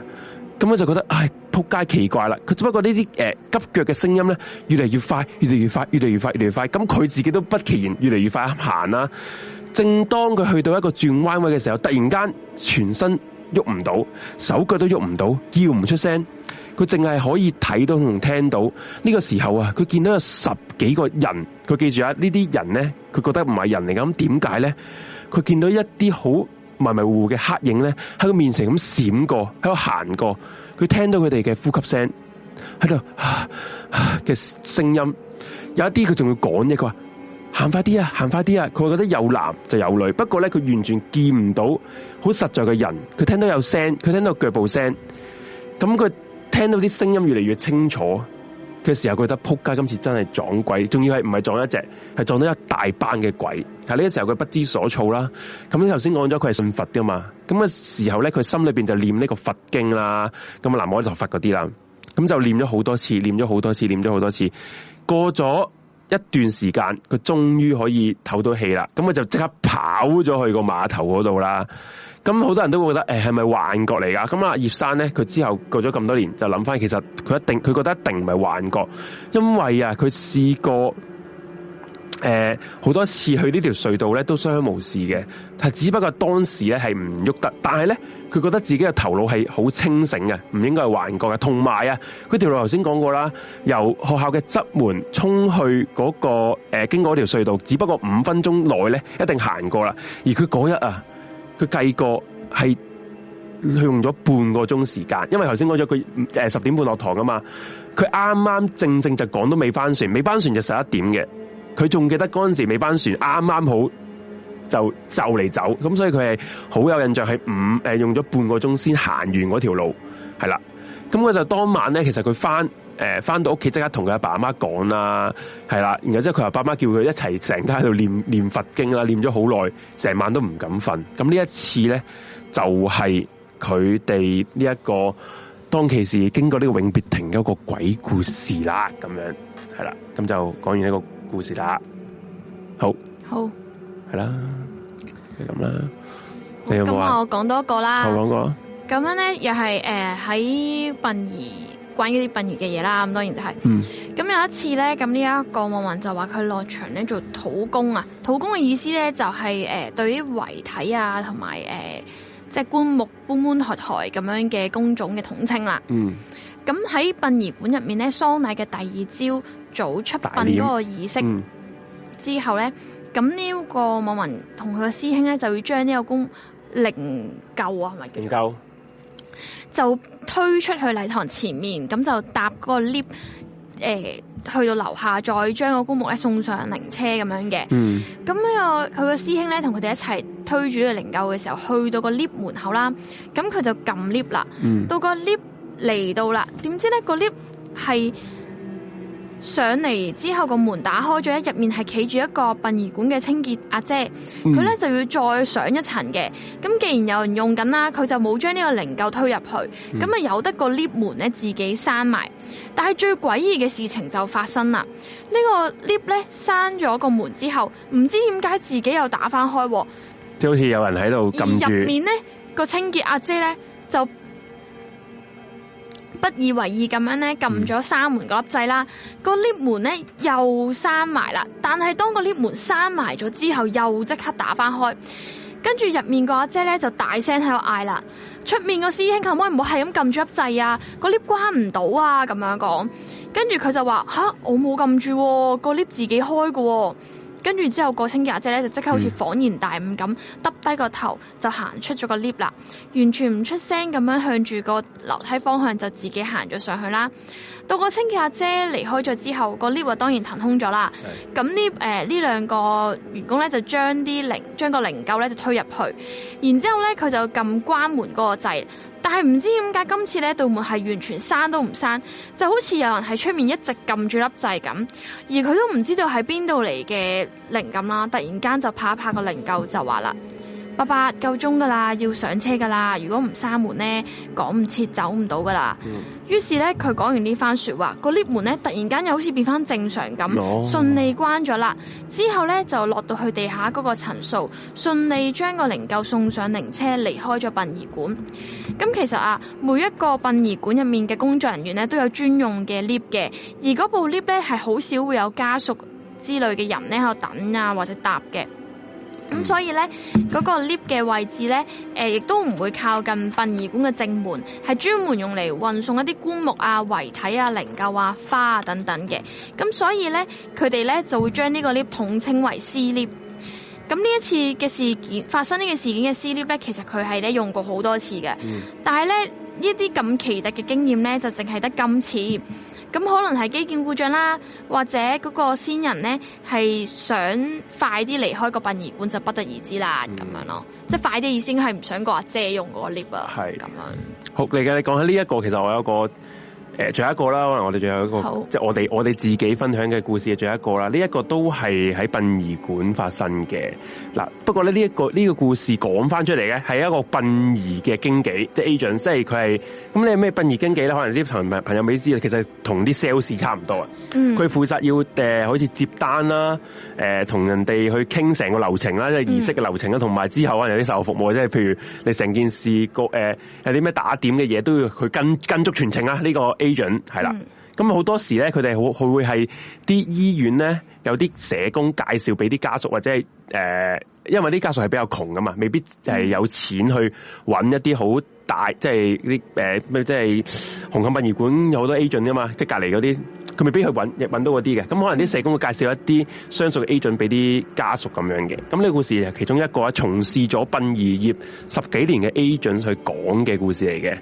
咁佢就覺得唉，撲街奇怪啦。佢只不過、呃、呢啲誒急腳嘅聲音咧，越嚟越快，越嚟越快，越嚟越快，越嚟越快。咁佢自己都不其然越嚟越快行啦、啊。正當佢去到一個轉彎位嘅時候，突然間全身。喐唔到，到，手腳都喐唔到，叫唔出聲，佢淨係可以睇到同聽到，呢個時候啊，佢見到有十幾個人，佢記住啊，這些人呢啲人咧，佢覺得唔係人嚟咁，點解咧？佢見到一啲好迷迷糊糊嘅黑影咧，喺佢面前咁閃過，喺度行過，佢聽到佢哋嘅呼吸聲，喺度啊啊嘅聲音，有一啲佢仲要講嘅，佢話。行快啲啊，行快啲啊！佢會覺得有男就有女，不過咧佢完全見唔到好實在嘅人。佢聽到有聲，佢聽到腳步聲。咁佢聽到啲聲音越嚟越清楚嘅時候，佢覺得撲街，今次真係撞鬼，仲要係唔係撞一隻，係撞到一大班嘅鬼。喺呢個時候佢不知所措啦。咁你頭先講咗佢係信佛噶嘛，咁嘅時候咧佢心裏邊就念呢個佛經啦。咁啊，南無阿彌陀佛嗰啲啦，咁就念咗好多次，念咗好多次，念咗好多次。過咗。一段時間，佢終於可以唞到氣啦，咁佢就即刻跑咗去個碼頭嗰度啦。咁好多人都會覺得誒，係咪幻覺嚟㗎？咁啊，葉生呢，佢之後過咗咁多年，就諗翻，其實佢一定佢覺得一定唔係幻覺，因為啊，佢試過。誒，好、呃、多次去呢條隧道咧，都相安無事嘅，只不過當時咧係唔喐得，但係咧佢覺得自己嘅頭腦係好清醒嘅，唔應該係幻覺嘅。同埋啊，佢條路頭先講過啦，由學校嘅側門衝去嗰、那個誒、呃，經過條隧道，只不過五分鐘內咧一定行過啦。而佢嗰日啊，佢計過係用咗半個鐘時間，因為頭先講咗佢、誒十點半落堂啊嘛，佢啱啱正正就講到未翻船，未翻船就十一點嘅。佢仲記得嗰陣時，尾班船啱啱好就就嚟走，咁所以佢係好有印象，係五用咗半個鐘先行完嗰條路，係啦。咁佢就當晚咧，其實佢翻誒翻到屋企，即刻同佢阿爸阿媽講啦，係啦。然後之後佢阿爸阿媽叫佢一齊成家喺度念念佛經啦，念咗好耐，成晚都唔敢瞓。咁呢一次咧，就係佢哋呢一個當其時經過呢個永別亭一個鬼故事啦，咁樣係啦。咁就講完呢個。故事啦，好，好，係啦，係咁啦。咁我講多個啦，講個咁樣咧，又係誒喺殯儀關於啲殯儀嘅嘢啦。咁當然就係、是，咁、嗯、有一次咧，咁呢一個網民就話佢落場咧做土工啊，土工嘅意思咧就係、是、誒、呃、對於遺體啊同埋誒即係棺木搬搬抬抬咁樣嘅工種嘅統稱啦。嗯，咁喺殯儀館入面咧，喪禮嘅第二招。早出殯嗰個儀式，嗯、之後咧，咁呢個網民同佢個師兄咧，就要將呢個公靈柩啊，係咪？靈柩就推出去禮堂前面，咁就搭嗰個 lift，誒、呃，去到樓下再將個棺木咧送上靈車咁樣嘅。嗯那、這個，咁呢個佢個師兄咧，同佢哋一齊推住呢個靈柩嘅時候，去到個 lift 門口啦，咁佢就撳 lift 啦，嗯、到個 lift 嚟到啦，點知咧，個 lift 係。上嚟之後個門打開咗，入面係企住一個殯儀館嘅清潔阿姐，佢咧、嗯、就要再上一層嘅。咁既然有人用緊啦，佢就冇將呢個靈柩推入去，咁啊由得個 lift 門咧自己閂埋。但係最詭異嘅事情就發生啦，呢、呢個 lift 咧閂咗個門之後，唔知點解自己又打翻開喎。即好似有人喺度撳住。入面呢、呢個清潔阿姐咧就不以為意咁樣咧，撳咗閂門嗰粒掣啦，個 lift 門咧又閂埋啦。但係當個 lift 門閂埋咗之後，又即刻打翻開，跟住入面個阿姐咧就大聲喺度嗌啦：出面個師兄，可唔可以唔好係咁撳住粒掣啊，個 lift 關唔到啊！咁樣講，跟住佢就話：吓，我冇撳住喎，個 lift 自己開噶喎。跟住之後個清潔阿姐咧，就即刻好似恍然大悟咁，耷低、嗯、個頭就行出咗個 lift 啦，完全唔出聲咁樣向住個樓梯方向就自己行咗上去啦。到個清潔阿姐離開咗之後，個 lift 啊當然騰空咗啦。咁呢，誒呢兩個員工咧就將啲靈，將個靈柩咧就推入去，然之後咧佢就撳關門嗰個掣。但係唔知點解今次咧道門係完全閂都唔閂，就好似有人喺出面一直撳住粒掣咁，而佢都唔知道喺邊度嚟嘅靈感啦。突然間就拍一拍個靈柩就話啦。八八夠鐘㗎啦，要上車㗎啦！如果唔閂門、嗯、門呢，趕唔切走唔到㗎啦。於是咧，佢講完呢番說話，個 lift 門咧突然間又好似變翻正常咁，哦、順利關咗啦。之後咧就落到去地下嗰個層數，順利將個靈柩送上靈車，離開咗殯儀館。咁其實啊，每一個殯儀館入面嘅工作人員咧都有專用嘅 lift 嘅，而嗰部 lift 咧係好少會有家屬之類嘅人咧喺度等啊或者搭嘅。咁、嗯、所以咧，嗰個 lift 嘅位置咧，誒，亦都唔會靠近殯儀館嘅正門，係專門用嚟運送一啲棺木啊、遺體啊、靈柩啊、花啊等等嘅。咁所以咧，佢哋咧就會將呢個 lift 統稱為屍 lift。咁呢一次嘅事件發生呢個事件嘅屍 lift 咧，其實佢係咧用過好多次嘅，但係咧呢啲咁奇特嘅經驗咧，就淨係得今次。咁可能係基建故障啦，或者嗰個先人咧係想快啲離開個殯儀館，就不得而知啦，咁、嗯、樣咯，即係快啲意思係唔想過話借用嗰個 lift 啊，係咁是樣。好你嘅，你講起呢一、這個，其實我有一個。誒，仲有一個啦，可能我哋仲有一個，好即係我哋我哋自己分享嘅故事嘅，仲有一個啦。呢一個都係喺殯儀館發生嘅嗱。不過咧、這個，呢一個呢個故事講翻出嚟嘅，係一個殯儀嘅經紀，即係 agent，即係佢係咁。那你係咩殯儀經紀咧？可能啲朋朋朋友咪知，其實同啲 sales 差唔多啊。佢負、嗯、責要誒、呃、好似接單啦，誒、呃、同人哋去傾成個流程啦，即係儀式嘅流程啦，同埋、嗯、之後可能有啲售後服務，即係譬如你成件事個誒、呃、有啲咩打點嘅嘢都要佢跟跟足全程啦。呢、這個。agent 係啦，咁好多時咧，佢哋好佢會係啲醫院咧，有啲社工介紹俾啲家屬或者係誒、呃，因為啲家屬係比較窮噶嘛，未必係有錢去揾一啲好大，即係啲誒，即係紅磡殯儀館有好多 agent 噶嘛，即係隔籬嗰啲，佢未必去揾到嗰啲嘅。咁可能啲社工會介紹一啲相熟嘅 agent 俾啲家屬咁樣嘅。咁呢個故事係其中一個啊，從事咗殯儀業十幾年嘅 agent 去講嘅故事嚟嘅。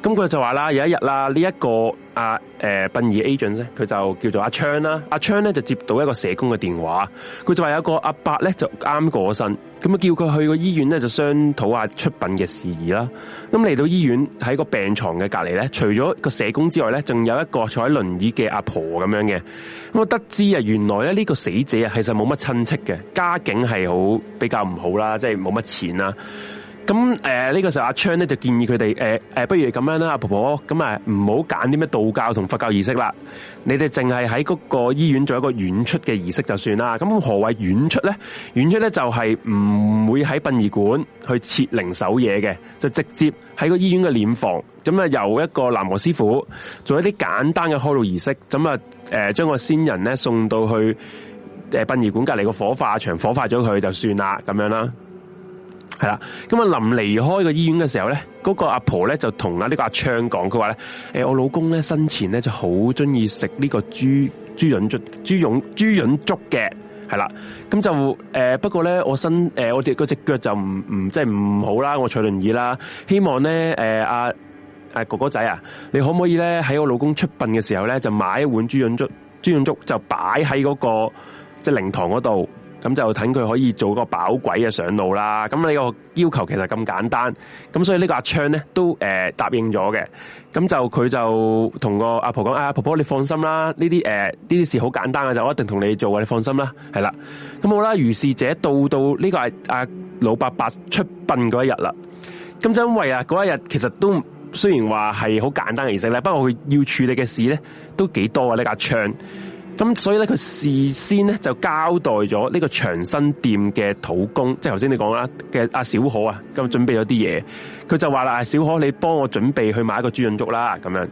咁佢就話啦，有一日啦，呢、這、一個阿誒殯儀 agent 咧，佢、啊呃、就叫做阿昌啦，阿、啊、昌咧就接到一個社工嘅電話，佢就話有一個阿伯咧就啱過身，咁啊叫佢去個醫院咧就商討下出殯嘅事宜啦。咁嚟到醫院喺個病床嘅隔籬咧，除咗個社工之外咧，仲有一個坐喺輪椅嘅阿婆咁樣嘅。咁我得知啊，原來咧呢個死者啊，其實冇乜親戚嘅，家境係好比較唔好啦，即係冇乜錢啦。咁誒，呢、呃，這個時候阿昌咧就建議佢哋誒誒，不如咁樣啦，阿婆婆，咁啊唔好揀啲咩道教同佛教儀式啦，你哋淨係喺嗰個醫院做一個遠出嘅儀式就算啦。咁何謂遠出咧？遠出咧就係唔會喺殯儀館去設靈守夜嘅，就直接喺個醫院嘅殮房，咁、呃、啊由一個喃嘸師傅做一啲簡單嘅開路儀式，咁啊誒將個先人咧送到去誒殯儀館隔籬個火化場火化咗佢就算啦，咁樣啦。係啦，咁啊，臨離開個醫院嘅時候咧，嗰個阿婆咧就同啊呢個阿昌講，佢話咧，誒，我老公咧生前咧就好中意食呢個豬豬潤粥，豬潤豬潤粥嘅，係啦，咁就誒，不過咧我身誒我哋嗰隻腳就唔唔即係唔好啦，我坐輪椅啦，希望咧誒阿阿哥哥仔啊，你可唔可以咧喺我老公出殯嘅時候咧就買一碗豬潤粥，豬潤粥就擺喺嗰個即係靈堂嗰度。咁就等佢可以做個飽鬼嘅上路啦。咁你個要求其實咁簡單，咁所以呢個阿昌咧都、呃、答應咗嘅。咁就佢就同個阿婆講，啊婆婆，你放心啦，呢啲誒呢啲事好簡單嘅，就我一定同你做，你放心啦。係啦，咁好啦，如是者到到呢個係阿、啊、老伯伯出殯嗰一日啦。咁就因為啊嗰一日其實都雖然話係好簡單嘅儀式咧，不過佢要處理嘅事咧都幾多啊呢個阿昌。咁所以咧，佢事先咧就交代咗呢個長生店嘅土工，即係頭先你講啦嘅阿小可啊，咁、啊、準備咗啲嘢，佢就話啦：阿小可，你幫我準備去買一個豬潤粥啦。咁樣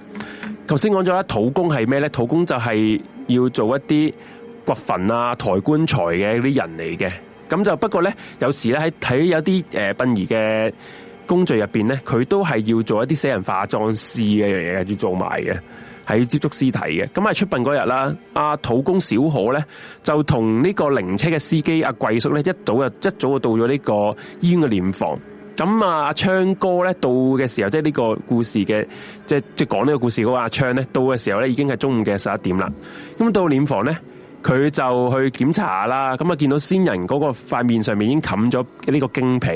頭先講咗啦，土工係咩咧？土工就係要做一啲掘墳啊、抬棺材嘅啲人嚟嘅。咁就不過咧，有時咧喺睇有啲誒、呃、殯儀嘅工序入面咧，佢都係要做一啲死人化妝師嘅樣嘢，跟住做埋嘅。喺接觸屍體嘅，咁啊出殯嗰日啦，阿土工小可咧就同、啊、呢個靈車嘅司機阿貴叔咧一早就一早就到咗呢個醫院嘅殮房。咁啊阿昌哥咧到嘅時候，即係呢個故事嘅即係即係講呢個故事嗰個阿昌咧到嘅時候咧已經係中午嘅十一點啦。咁到殮房咧，佢就去檢查啦。咁啊見到先人嗰個塊面上面已經冚咗呢個經皮，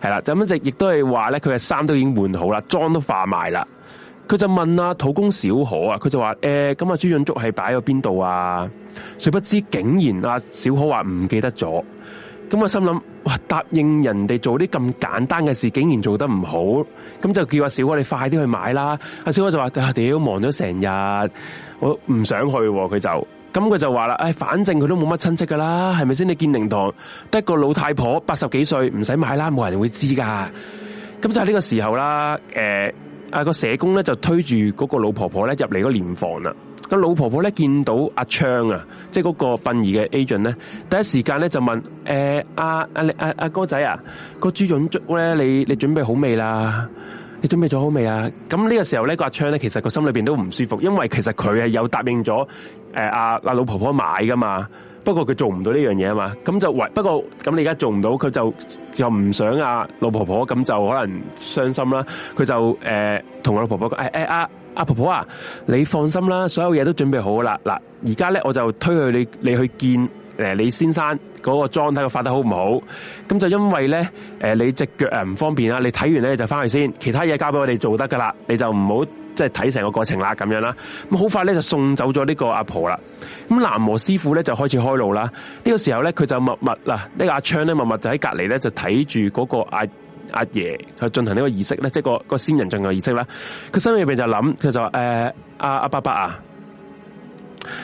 係啦，咁就亦都係話咧，佢嘅衫都已經換好啦，妝都化埋啦。佢就問阿土公小可啊，佢就話：誒、欸，咁啊朱潤竹係擺喺邊度啊？誰不知竟然阿、啊、小可話唔記得咗，咁我心諗：哇！答應人哋做啲咁簡單嘅事，竟然做得唔好，咁就叫阿小可你快啲去買啦。阿小可就話：屌、啊！你都忙咗成日，我唔想去、啊。佢就咁，佢就話啦：誒、欸，反正佢都冇乜親戚噶啦，係咪先？你見靈堂得個老太婆八十幾歲，唔使買啦，冇人會知噶。咁就喺呢個時候啦，誒、欸。啊、那個社工咧就推住嗰個老婆婆咧入嚟個殮房啦。個老婆婆咧見到阿、啊、昌啊，即係嗰個殯儀嘅 agent 咧，第一時間咧就問：誒阿阿阿阿哥仔啊，個豬潤粥咧你你準備好未啦？你準備咗好未啊？咁呢個時候咧，那個昌、啊、咧其實個心裏邊都唔舒服，因為其實佢係有答應咗誒阿阿老婆婆買噶嘛。不過佢做唔到呢樣嘢啊嘛，咁就唯不過咁你而家做唔到，佢就就唔想呀。老婆婆咁就可能傷心啦。佢就誒同我老婆婆講哎誒阿阿婆婆啊，你放心啦，所有嘢都準備好啦。嗱，而家咧我就推佢你你去見誒李、呃、先生嗰個妝睇佢化得好唔好。咁就因為咧、呃、你隻腳唔方便啦，你睇完咧就翻去先，其他嘢交俾我哋做得噶啦，你就唔好。即係睇成個過程啦，咁樣啦，咁好快咧就送走咗呢個阿婆啦。咁南無師父咧就開始開路啦。呢個時候咧，佢就默默啦呢個阿昌咧默默就喺隔籬咧就睇住嗰個阿阿爺去進行呢個儀式咧，即係個個仙人進嘅儀式啦。佢心裏邊就諗，佢就話誒阿阿伯伯啊，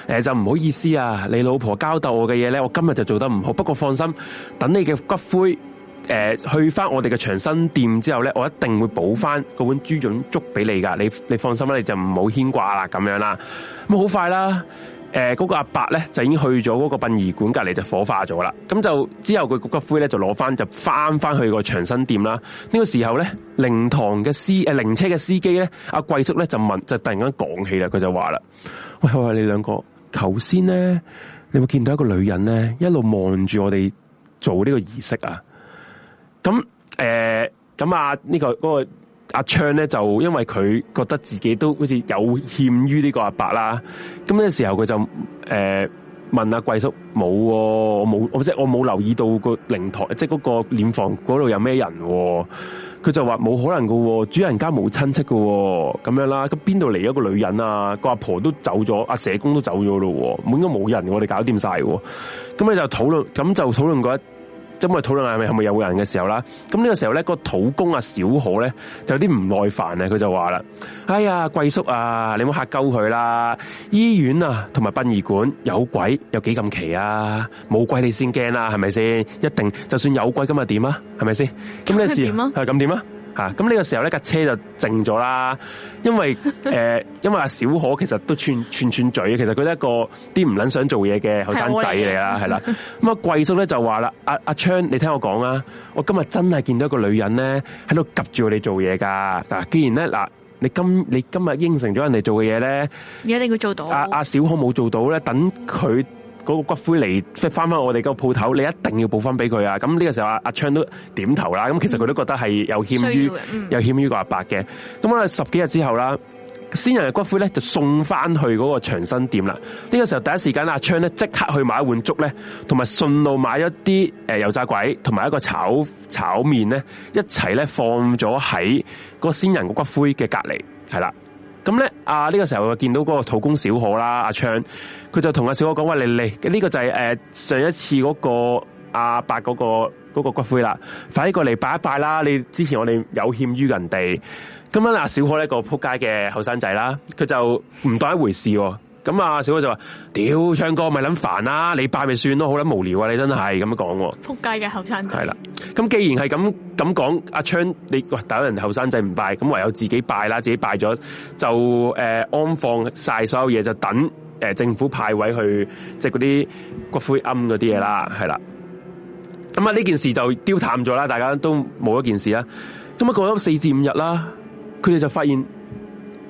誒就唔好意思啊，你老婆交代我嘅嘢咧，我今日就做得唔好，不過放心，等你嘅骨灰。誒、呃，去翻我哋嘅長生店之後咧，我一定會補翻嗰碗豬腫粥俾你噶，你你放心啦，你就唔好牽掛啦，咁樣啦。咁好快啦，誒、呃，嗰、那個阿伯咧就已經去咗嗰個殯儀館隔籬就火化咗啦。咁就之後佢骨骨灰咧就攞翻就翻翻去個長生店啦。呢、這個時候咧靈堂嘅司誒靈、呃、車嘅司機咧阿貴叔咧就問就突然間講起啦，佢就話啦，喂喂，你兩個頭先咧，你有冇見到一個女人咧一路望住我哋做呢個儀式啊？咁誒，咁阿呢個嗰個阿昌咧，就因為佢覺得自己都好似有欠於呢個阿伯啦。咁呢個時候佢就誒、嗯、問阿貴叔冇、哦，我冇，我即係我冇留意到個靈台，即係嗰個殮房嗰度有咩人、哦。佢就話冇可能喎、哦，主人家冇親戚喎、哦。」咁樣啦。咁邊度嚟一個女人啊？個阿婆，婆都走咗，阿、啊、社工都走咗咯、哦，應該冇人。我哋搞掂晒、哦。咁你就討論，咁就討論過一。咁我哋討論係咪係咪有人嘅時候啦，咁呢個時候咧，個土工啊小可咧就有啲唔耐煩啊，佢就話啦：哎呀，貴叔啊，你唔好嚇鳩佢啦，醫院啊同埋殯儀館有鬼有幾咁奇啊？冇鬼你先驚啦，係咪先？一定就算有鬼咁又點啊？係咪先？咁咩事啊？係咁點啊？啊吓，咁呢個時候咧架車就靜咗啦，因為誒、 呃，因為阿小可其實都串串串嘴，其實佢係一個啲唔捻想做嘢嘅後生仔嚟啦，係啦、 嗯。咁啊，貴叔咧就話啦，阿阿昌，你聽我講啊，我今日真係見到一個女人咧喺度急住我哋做嘢噶。嗱、啊，既然咧嗱，你今你今日應承咗人哋做嘅嘢咧，你一定要做到啊。阿、啊、阿小可冇做到咧，等佢。嗰個骨灰嚟，即係翻翻我哋個鋪頭，你一定要報翻俾佢啊！咁呢個時候，阿阿昌都點頭啦。咁其實佢都覺得係有欠於，嗯、有欠於個阿伯嘅。咁咧，十幾日之後啦，先人嘅骨灰咧就送翻去嗰個長生店啦。呢、呢個時候第一時間，阿昌咧即刻去買一碗粥咧，同埋順路買一啲誒油炸鬼，同埋一個炒炒麵咧，一齊咧放咗喺個先人個骨灰嘅隔籬，係啦。咁咧，啊呢、這個時候就見到嗰個土工小可啦，阿昌佢就同阿小可講，喂，你，嚟，呢、這個就係、是、誒、呃、上一次嗰、那個阿伯嗰個嗰、那個骨灰啦，快啲過嚟拜一拜啦！你之前我哋有欠於人哋，咁樣阿小可呢、那個撲街嘅後生仔啦，佢就唔當一回事喎、喔。咁啊，小可就話：屌，昌哥咪諗煩啦，你拜咪算咯，啊，好捻無聊啊！你真係咁樣講，啊，撲街嘅後生仔。係啦，咁既然係咁咁講，阿昌，你喂，等人後生仔唔拜，咁唯有自己拜啦，自己拜咗就誒、呃、安放晒所有嘢，就等誒、呃、政府派位去，即係嗰啲骨灰庵嗰啲嘢啦，係啦。咁啊，呢件事就丟淡咗啦，大家都冇一件事啦。咁啊，過咗四至五日啦，佢哋就發現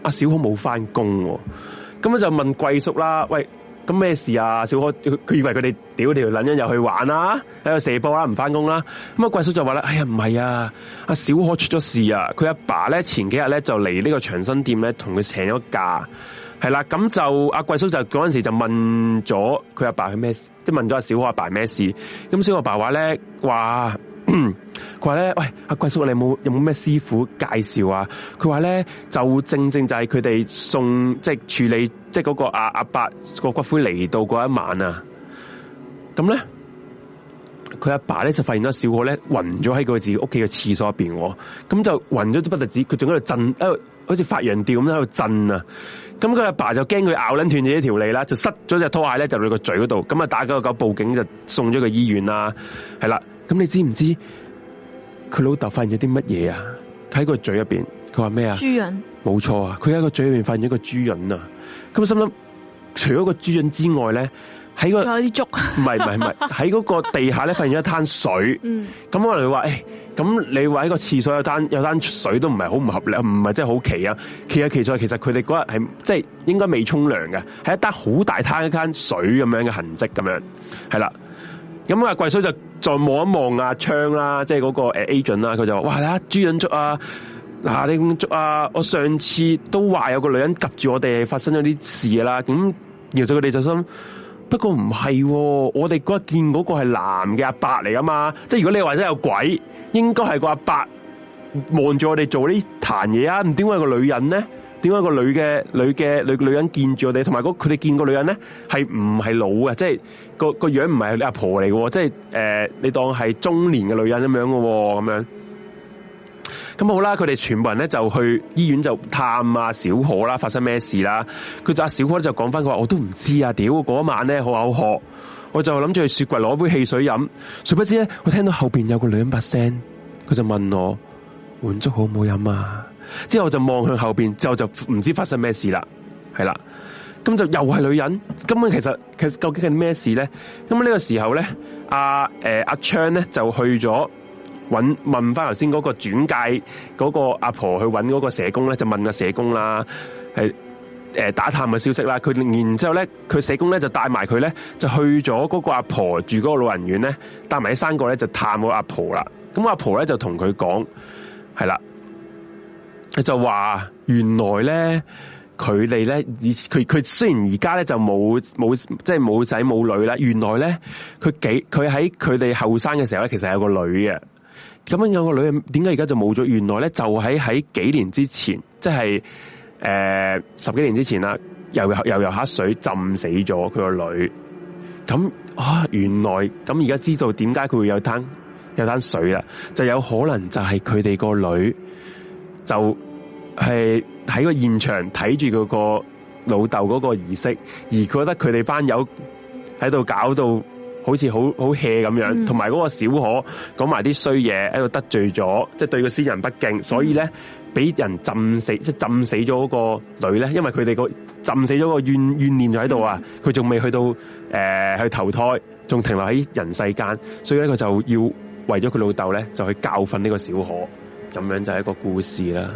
阿、啊、小可冇翻工。咁就問貴叔啦，喂，咁咩事啊？小可佢以為佢哋屌條撚因又去玩啦、啊，喺度射波啦、啊，唔翻工啦。咁啊，貴叔就話啦，哎呀，唔係啊，阿小可出咗事啊。佢阿爸咧前幾日咧就嚟呢個長生店咧，同佢請咗假，係啦。咁就阿貴叔就嗰陣時就問咗佢阿爸佢咩事，即係問咗阿小可阿爸咩事。咁小可阿爸話咧話。佢話咧，喂，阿貴、啊、叔，你有冇有冇咩師傅介紹啊？佢話咧就正正就係佢哋送即係處理即係嗰個阿阿伯個骨灰嚟到嗰一晚啊，咁咧佢阿爸咧就發現咗小可咧暈咗喺佢自己屋企嘅廁所入邊，咁就暈咗啲不特止，佢仲喺度震，喺、呃、好似發羊吊咁喺度震啊！咁佢阿爸就驚佢咬捻斷自己條脷啦，就塞咗隻拖鞋咧就佢個嘴嗰度，咁啊打嗰個狗報警就送咗去醫院、啊、啦，係啦，咁你知唔知？佢老豆發現咗啲乜嘢啊？喺個嘴入邊，佢話咩啊？豬潤人，冇錯啊！佢喺個嘴入邊發現一個豬潤啊！咁心諗，除咗個豬潤之外咧，喺個仲有啲粥，唔係唔係唔係，喺個地下咧發現一灘水。咁我哋話，誒，咁、欸、你話喺個廁所有攤有攤水都唔係好唔合理，唔係真係好奇啊？奇在奇在，其實佢哋嗰日係即係應該未沖涼嘅，係一攤好大灘一攤水咁樣嘅痕跡咁樣，係啦、嗯。咁啊，貴嫂就再望一望阿昌啦，即係嗰個誒 agent 啦，佢就話，哇，阿朱仁足啊，嗱、啊，丁足啊！我上次都話有個女人及住我哋，發生咗啲事啦。咁，然後佢哋就心，不過唔係、哦，我哋嗰日見嗰個係男嘅阿伯嚟噶嘛，即係如果你話真有鬼，應該係個阿伯望住我哋做呢壇嘢，啊，唔點解有個女人呢？點解個女嘅、女嘅、女女人見住我哋？同埋佢哋見過個女人咧，係唔係老啊？即係個、那個樣唔係你阿婆嚟嘅，即係誒、呃、你當係中年嘅女人咁樣嘅咁樣。咁好啦，佢哋全部人咧就去醫院就探阿小可啦，發生咩事啦？佢就阿小可就講翻佢話，我都唔知啊！屌，嗰晚咧好口渴，我就諗住去雪櫃攞杯汽水飲，殊不知咧我聽到後邊有個女人把聲，佢就問我，碗粥好唔好飲啊？之後就望向後邊，之後就唔知道發生咩事啦，係啦，咁就又係女人。咁樣其實其實究竟係咩事咧？咁呢個時候咧，阿誒阿昌咧就去咗揾問翻頭先嗰個轉介嗰個阿婆，婆去揾嗰個社工咧，就問阿社工啦，係誒、呃、打探嘅消息啦。佢然之後咧，佢社工咧就帶埋佢咧，就去咗嗰個阿婆，婆住嗰個老人院咧，帶埋啲生果咧就探個阿婆啦。咁、嗯、阿婆咧就同佢講係啦。就話原來咧，佢哋咧，以佢佢雖然而家咧就冇冇即係冇仔冇女啦。原來咧，佢幾佢喺佢哋後生嘅時候咧，其實有個女嘅。咁樣有個女，點解而家就冇咗？原來咧就喺喺幾年之前，即係誒、呃、十幾年之前啦，又又又下水浸死咗佢個女。咁啊，原來咁而家知道點解佢會有灘有灘水啦，就有可能就係佢哋個女。就係喺個現場睇住嗰個老豆嗰個儀式，而佢覺得佢哋班友喺度搞到好似好好 hea 咁樣，同埋嗰個小可講埋啲衰嘢，喺度得罪咗，即、就、係、是、對個先人不敬，所以咧俾人浸死，即、就、係、是、浸死咗個女咧，因為佢哋個浸死咗個怨怨念就喺度啊，佢仲未去到誒、呃、去投胎，仲停留喺人世間，所以咧佢就要為咗佢老豆咧就去教訓呢個小可。咁樣就係一個故事啦。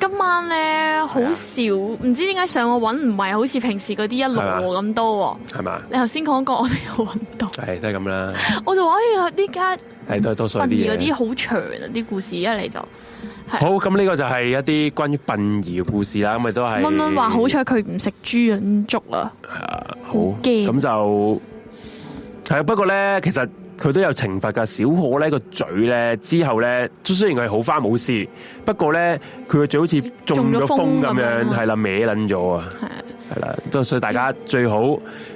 今晚咧好少，唔、啊、知點解上我搵唔係好似平時嗰啲一籮咁多係咪？你頭先講過我哋有搵唔到，係都係咁啦。我，不這 我就話哎呀，呢家係都係多數啲嗰啲好長啊啲故事，一嚟就好。咁呢個就係一啲關於殯儀嘅故事啦。咁咪都係。蚊蚊話好彩佢唔食豬潤粥啊。係啊，好驚咁怕就係。不過咧，其實。佢都有懲罰噶，小可咧個嘴咧之後咧，雖然佢好翻冇事，不過咧佢個嘴好似中咗風咁樣，係啦歪撚咗啊，係啦的，所以大家最好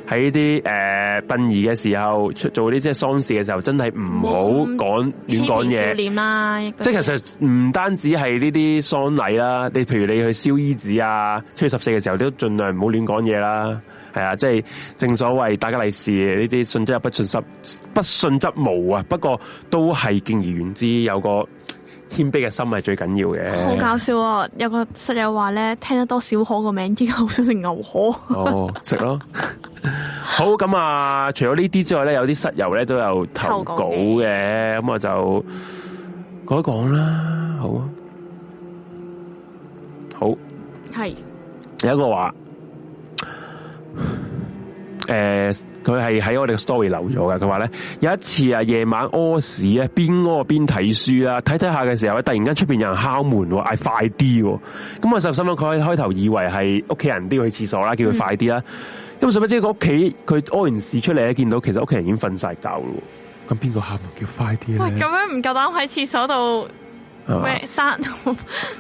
喺啲誒殯儀嘅時候，做啲即係喪事嘅時候，真係唔好講亂講嘢。啦，即係其實唔單止係呢啲喪禮啦，你譬如你去燒衣紙啊，七月十四嘅時候你都盡量唔好亂講嘢啦。係啊，即係正所謂大家利是，呢啲信則有，不信失，不信則無啊。不過都係敬而遠之，有個謙卑嘅心係最緊要嘅。好搞笑啊！有個室友話咧，聽得多小可個名字，依家好想食牛河。哦，食咯。 好，咁啊，除咗呢啲之外咧，有啲室友咧都有投稿嘅，咁我就講一講啦。好啊，好。係是。有一個話。誒，佢係喺我哋個 story 留咗嘅。佢話咧有一次啊，夜晚屙屎咧，邊屙邊睇書啦、啊，睇睇下嘅時候咧，突然間出邊有人敲門、啊，嗌快啲喎、啊。咁我細佬佢開頭以為係屋企人都要去廁所啦，叫佢快啲啦、啊。咁細佬知佢屋企佢屙完屎出嚟咧，見到其實屋企人已經瞓晒覺咯。咁邊個敲門叫快啲？喂，咁樣唔夠膽喺廁所度。咩？刪、啊？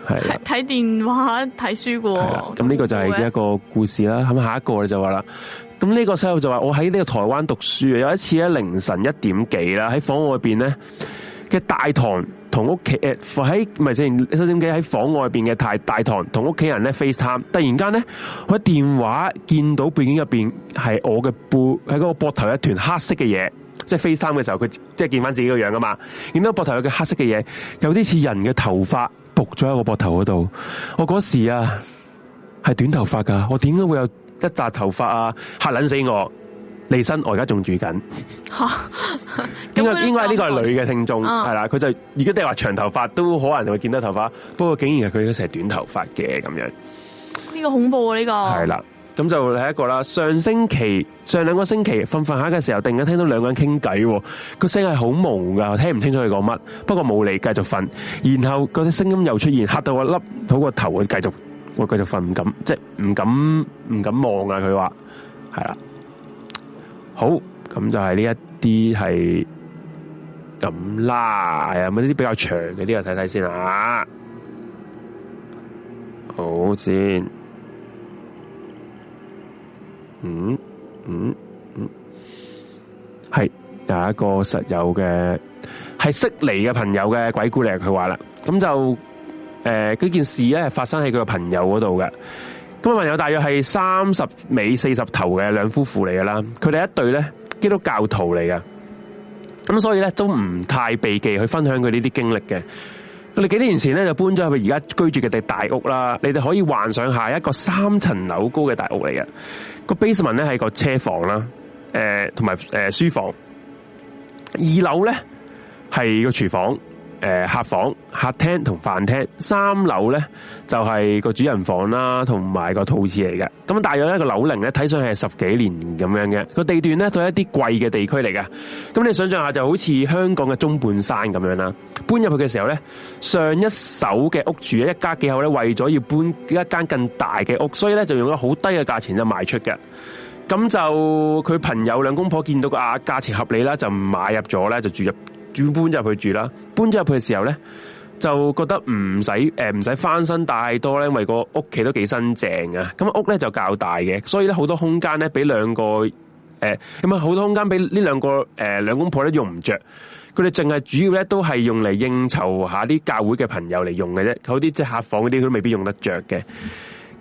係睇的電話睇書噶。咁呢個就係一個故事啦。咁喂下一個咧就話啦，咁呢個細路就話我喺呢個台灣讀書啊。有一次咧凌晨一點幾啦，喺房外邊咧嘅大堂同屋企誒，喺唔係正七點幾喺房外邊嘅大大堂同屋企人咧 FaceTime，突然間咧我喺電話見到背景入邊係我嘅背，喺嗰個膊頭一團黑色嘅嘢。即係 FaceTime 嘅時候，佢即係見翻自己個樣啊嘛！見到膊頭有個黑色嘅嘢，有啲似人嘅頭髮，焗咗喺我膊頭嗰度。我嗰時啊，係短頭髮噶，我點解會有一紮頭髮啊？吓撚死我！離身我而家仲住緊。吓 應該應該呢個係女嘅聽眾係啦，佢 就如果哋話長頭髮都可能會見到頭髮，不過竟然係佢嗰時係短頭髮嘅咁樣。呢個恐怖呢、啊呢個。係啦。咁就係一個啦，上星期上兩個星期瞓瞓下嘅時候，突然間聽到兩個人傾偈，哦，個聲係好蒙噶，我聽唔清楚佢講乜。不過冇理，繼續瞓。然後嗰啲聲音又出現，嚇到我粒到個頭，會繼續會繼續瞓，唔敢即係唔敢唔敢望啊！佢話係啦，好咁就係呢一啲係咁啦，係啊，咪呢啲比較長嘅啲，睇睇先啊，好先。嗯嗯嗯，係、嗯、第、嗯、一個實有嘅，係識嚟嘅朋友嘅鬼故嚟。佢話啦，咁就誒，嗰件事咧發生喺佢嘅朋友嗰度嘅。咁啊，朋友大約係三十尾四十頭嘅兩夫婦嚟噶啦，佢哋一對咧基督教徒嚟噶，咁所以咧都唔太避忌去分享佢呢啲經歷嘅。我哋幾年前咧就搬咗入去而家居住嘅地大屋啦，你哋可以幻想下一個三層樓高嘅大屋嚟嘅，個 basement 咧係個車房啦，誒同埋誒書房，二樓咧係個廚房。誒、呃，客房、客廳同飯廳，三樓呢就係、是、個主人房啦，同埋個套廁嚟嘅。咁大約一個樓齡呢，睇上去係十幾年咁樣嘅，個地段呢，都係一啲貴嘅地區嚟嘅。咁你想象下就好似香港嘅中半山咁樣啦。搬入去嘅時候呢，上一手嘅屋住一家幾口呢，為咗要搬一間更大嘅屋，所以呢就用咗好低嘅價錢就賣出嘅。咁就佢朋友兩公婆見到個價錢合理啦，就買入咗呢，就住入。轉搬入去住啦，搬咗入去嘅時候咧，就覺得唔使誒唔使翻新太多咧，因為個屋企都幾新淨啊，咁屋咧就較大嘅，所以咧好多空間咧俾兩個誒，咁啊好多空間俾、呃、呢兩個誒兩公婆咧用唔着，佢哋淨係主要咧都係用嚟應酬下啲教會嘅朋友嚟用嘅啫，嗰啲即係客房嗰啲都未必用得着嘅。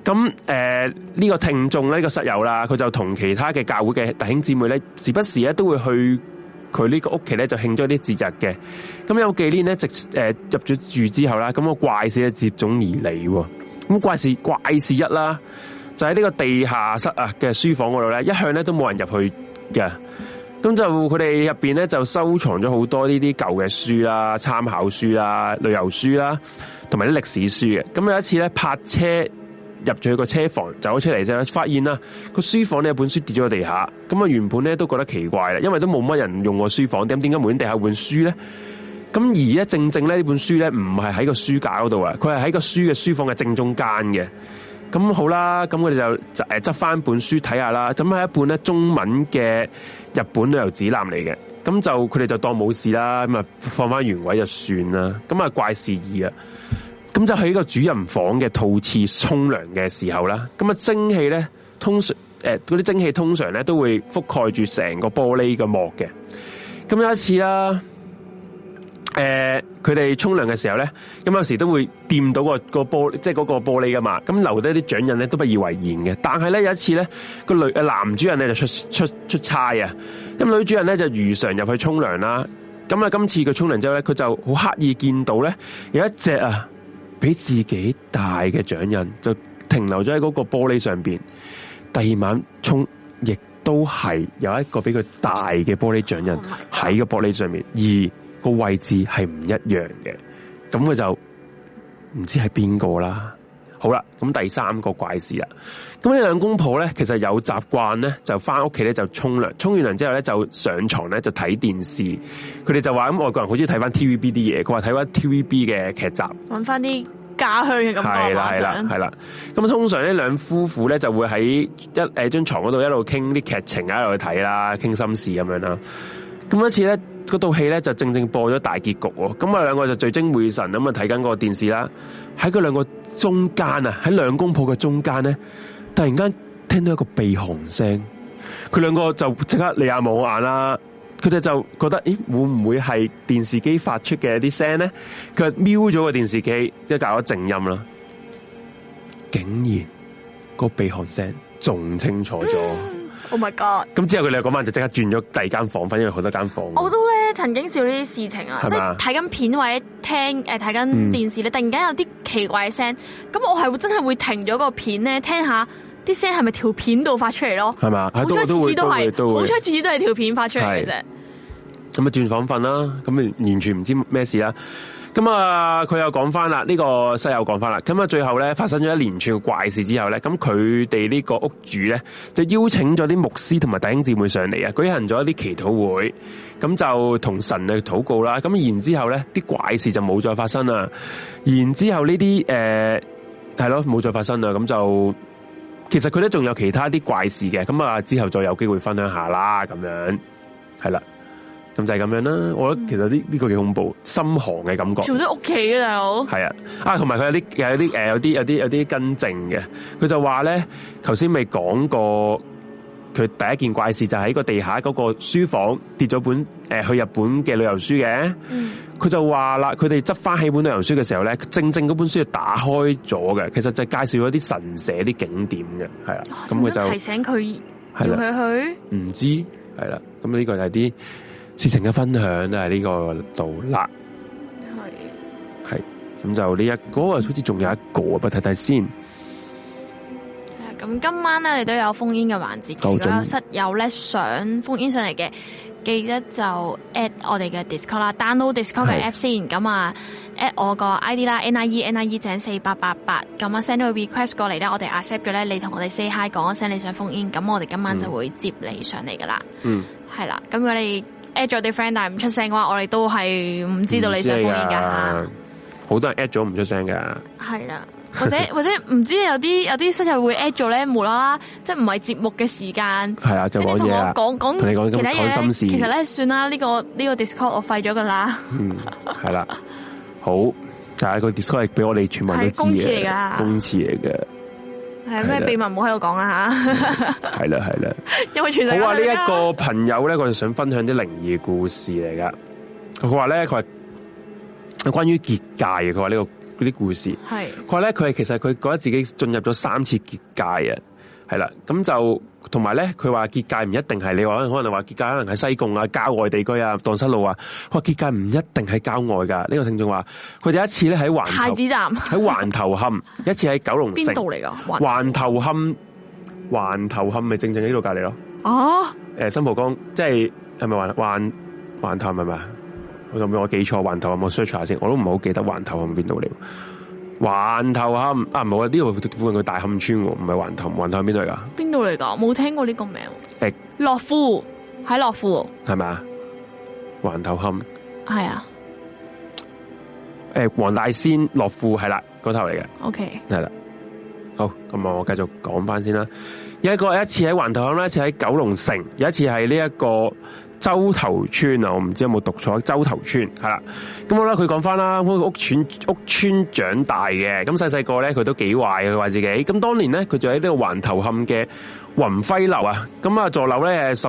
咁誒呢個聽眾呢、呢個室友啦，佢就同其他嘅教會嘅弟兄姊妹咧，時不時咧都會去。佢呢個屋企咧就慶咗啲節日嘅，咁有幾年咧，直誒、呃、入咗住之後啦，咁個怪事就接踵而嚟喎。咁怪事怪事一，啦，就喺呢個地下室啊嘅書房嗰度咧，一向咧都冇人入去嘅。咁就佢哋入邊咧就收藏咗好多呢啲舊嘅書啦、參考書啦、旅遊書啦，同埋啲歷史書嘅。咁有一次咧，泊車。入咗去個車房，走咗出嚟之後，發現啦個書房咧，本書跌咗喺地下。咁啊，原本咧都覺得奇怪啦，因為都冇乜人用過書房。點點解滿地係本書咧？咁而呢，正正咧呢本書咧唔係喺個書架嗰度啊，佢係喺個書嘅書房嘅正中間嘅。咁好啦，咁我哋就執誒執翻本書睇下啦。咁係一本咧中文嘅日本旅遊指南嚟嘅。咁就佢哋就當冇事啦，咁啊放翻原位就算啦。咁啊怪事二啊！咁就喺個主人房嘅套廁沖涼嘅時候啦，咁啊蒸汽咧通常誒嗰啲蒸汽通常咧都會覆蓋住成個玻璃嘅膜嘅。咁有一次啦，誒佢哋沖涼嘅時候咧，咁有時都會掂到個個玻即係嗰個玻璃噶嘛，咁留低啲掌印咧都不以為然嘅。但係咧有一次咧，個女誒男主人咧就出出出差啊，咁女主人咧就如常入去沖涼啦。咁啊今次佢沖涼之後咧，佢就好刻意見到咧有一隻啊。俾自己大嘅掌印就停留咗喺嗰個玻璃上邊，第二晚沖亦都係有一個俾佢大嘅玻璃掌印喺個玻璃上面，而個位置係唔一樣嘅，咁佢就唔知係邊個啦。好啦，咁第三個怪事啦。咁呢兩公婆咧，其實有習慣咧，就翻屋企咧就沖涼，沖完涼之後咧就上床咧就睇電視。佢哋就話咁，外國人好中意睇翻 TVB 啲嘢，佢話睇翻 TVB 嘅劇集，搵翻啲家鄉嘅感覺。係啦係啦，係啦。咁通常呢兩夫婦咧就會喺一誒張、呃、床嗰度一路傾啲劇情，一路去睇啦，傾心事咁樣啦。咁一次咧，嗰套戲咧就正正播咗大結局喎，咁啊兩個就聚精會神咁啊睇緊個電視啦。喺佢兩個中間啊，喺兩公婆嘅中間咧，突然間聽到一個鼻鼾聲，佢兩個就即刻嚟下冇眼啦。佢哋就覺得，咦，會唔會係電視機發出嘅一啲聲咧？佢瞄咗個電視機，一隔咗靜音啦，竟然個鼻鼾聲仲清楚咗。Oh my god！咁之後佢哋嗰晚就即刻轉咗第二間房瞓，因為好多間房。我都咧曾經試過呢啲事情啊，即係睇緊片或者聽誒睇緊電視咧，突然間有啲奇怪嘅聲，咁我係會真係會停咗個片咧聽，聽下啲聲係咪條片度發出嚟咯？係嘛吧，好彩次次都係，都都都好彩次次都係條片發出嚟嘅啫。咁咪轉房瞓啦，咁完全唔知咩事啦。咁、嗯、啊，佢又講翻啦，呢、這個室友講翻啦。咁、嗯、啊，最後咧發生咗一連串怪事之後咧，咁佢哋呢個屋主咧就邀請咗啲牧師同埋弟兄姊妹上嚟啊，舉行咗一啲祈禱會，咁、嗯、就同神去禱告啦。咁、嗯、然之後咧，啲怪事就冇再發生啦。然之後呢啲誒係咯冇再發生啦。咁就其實佢咧仲有其他啲怪事嘅。咁、嗯、啊，之後再有機會分享下啦。咁樣係啦。咁就係咁樣啦，我覺得其實呢呢個幾恐怖、嗯、心寒嘅感覺。做咗屋企啦大係啊，啊同埋佢有啲有啲有啲有啲有啲更正嘅，佢就話咧，頭先咪講過佢第一件怪事就喺、是、個地下嗰個書房跌咗本、呃、去日本嘅旅遊書嘅。佢、嗯、就話啦，佢哋執翻起本旅遊書嘅時候咧，正正嗰本書就打開咗嘅，其實就介紹咗啲神社啲景點嘅，係啦，咁佢就提醒佢叫佢去。唔、啊、知係啦，咁呢、啊、個係啲。事情嘅分享都係呢個度啦，係係咁就呢一嗰，好似仲有一個，我睇睇先。咁今晚咧，你都有封煙嘅環節，多準 如果有室友咧想封煙上嚟嘅，記得就 at 我哋嘅 Discord 啦，download 是的 Discord 嘅 app 先。咁啊，at 我個 ID 啦，n i e n i e 井四八八八。咁啊 send 個 request 過嚟咧，我哋 accept 咗咧，你同我哋 say hi，講一聲你想封煙，咁我哋今晚就會接你上嚟噶啦。嗯，係啦，咁如果 at 咗啲 friend 但係唔出聲嘅話，我哋都係唔知道你想講啲咩噶。好多人 at 咗唔出聲噶。係啦，或者或者唔知有啲有啲新人會 at 咗咧，無啦啦，即係唔係節目嘅時間。係啊，就講嘢啦。講講其他心事。其實咧算啦，呢個呢個 Discord 我廢咗噶啦。 嗯，係啦，好，但係個 Discord 係俾我哋全民公廁嚟噶，公廁嚟嘅。係咩秘密？唔好喺度講啊吓！係啦係啦，因為全係好啊！呢一個朋友咧，佢就想分享啲靈異故事嚟噶。佢話咧，佢係關於結界嘅。佢話呢個啲、這個、故事係。佢話咧，佢係其實佢覺得自己進入咗三次結界啊。係啦，咁就同埋咧，佢話結界唔一定係你話可能可能話結界可能喺西貢啊、郊外地區啊、蕩失路啊，話結界唔一定喺郊外噶。呢、這個聽眾話，佢有一次咧喺環太子站環，喺環頭磡，一次喺九龍城邊度嚟噶？環頭磡，環頭磡咪正正喺度隔籬咯。哦、啊，誒、呃，新蒲崗，即係係咪環環環頭磡係咪啊？我仲唔我記錯環頭磡冇我 search 下先，我都唔好記得環頭磡邊度嚟。環頭磡，啊，唔係呢度，附近個大磡村唔係環頭。環頭邊度嚟噶？邊度嚟噶？冇聽過呢個名。誒、欸，樂富喺樂富係咪啊？環頭磡係啊。誒，黃大仙樂富係啦，嗰、那個、頭嚟嘅。O K，係啦。好，咁我繼續講翻先啦。有一個一次喺環頭磡啦，一次喺九龍城，有一次係呢一個。洲頭村啊，我唔知有冇讀錯，洲頭村係啦。咁好啦，佢講翻啦，屋村屋村長大嘅，咁細細個咧，佢都幾壞嘅，佢話自己。咁當年咧，佢就喺呢個環頭磡嘅雲輝樓啊。咁啊座樓咧係十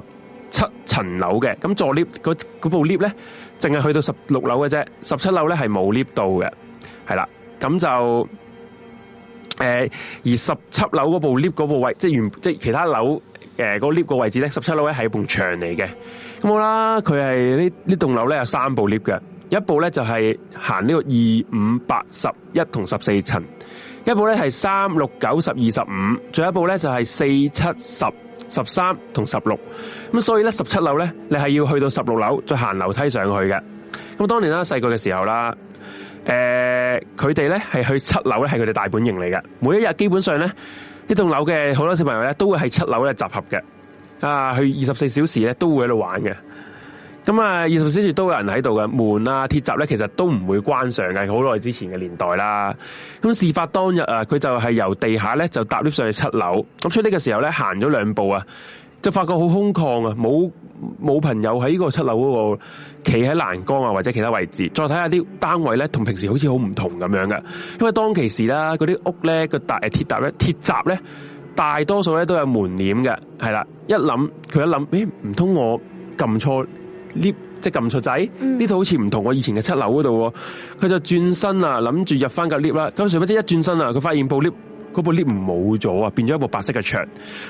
七層樓嘅，咁座 lift 嗰、嗰部 lift 咧，淨係去到十六樓嘅啫，十七樓咧係冇 lift 到嘅，係啦。咁就誒、呃、而十七樓嗰部 lift 嗰部位，即係原即係其他樓。誒，個 lift 個位置咧，十七樓咧係一埲牆嚟嘅。咁好啦，佢係呢呢棟樓咧有三部 lift 嘅，一部咧就係行呢個二五八十一同十四層，一部咧係三六九十二十五，仲有一部咧就係四七十十三同十六。咁所以咧，十七樓咧，你係要去到十六樓再行樓梯上去嘅。咁當年啦，細個嘅時候啦，誒、呃，佢哋咧係去七樓咧係佢哋大本營嚟嘅，每一日基本上咧。一棟樓嘅好多小朋友咧，都會係七樓咧集合嘅，啊，去二十四小時咧都會喺度玩嘅。咁啊，二十四小時都有人喺度嘅，門啊鐵閘咧其實都唔會關上嘅，好耐之前嘅年代啦。咁事發當日啊，佢就係由地下咧就搭 lift 上去七樓，咁出 lift 嘅時候咧行咗兩步啊。就發覺好空曠啊！冇冇朋友喺呢個七樓嗰度企喺欄桿啊，或者其他位置。再睇下啲單位咧，同平時好似好唔同咁樣嘅。因為當其時啦，嗰啲屋咧個搭誒鐵搭咧鐵閘咧大多數咧都有門簾嘅，係啦。一諗佢一諗，咦、欸？唔通我撳錯 lift 即係撳錯仔？呢度、mm. 好似唔同我以前嘅七樓嗰度。佢就轉身啊，諗住入翻個 lift 啦。咁誰不知一轉身啊，佢發現部 lift。嗰部 lift 冇咗啊，變咗一部白色嘅牆。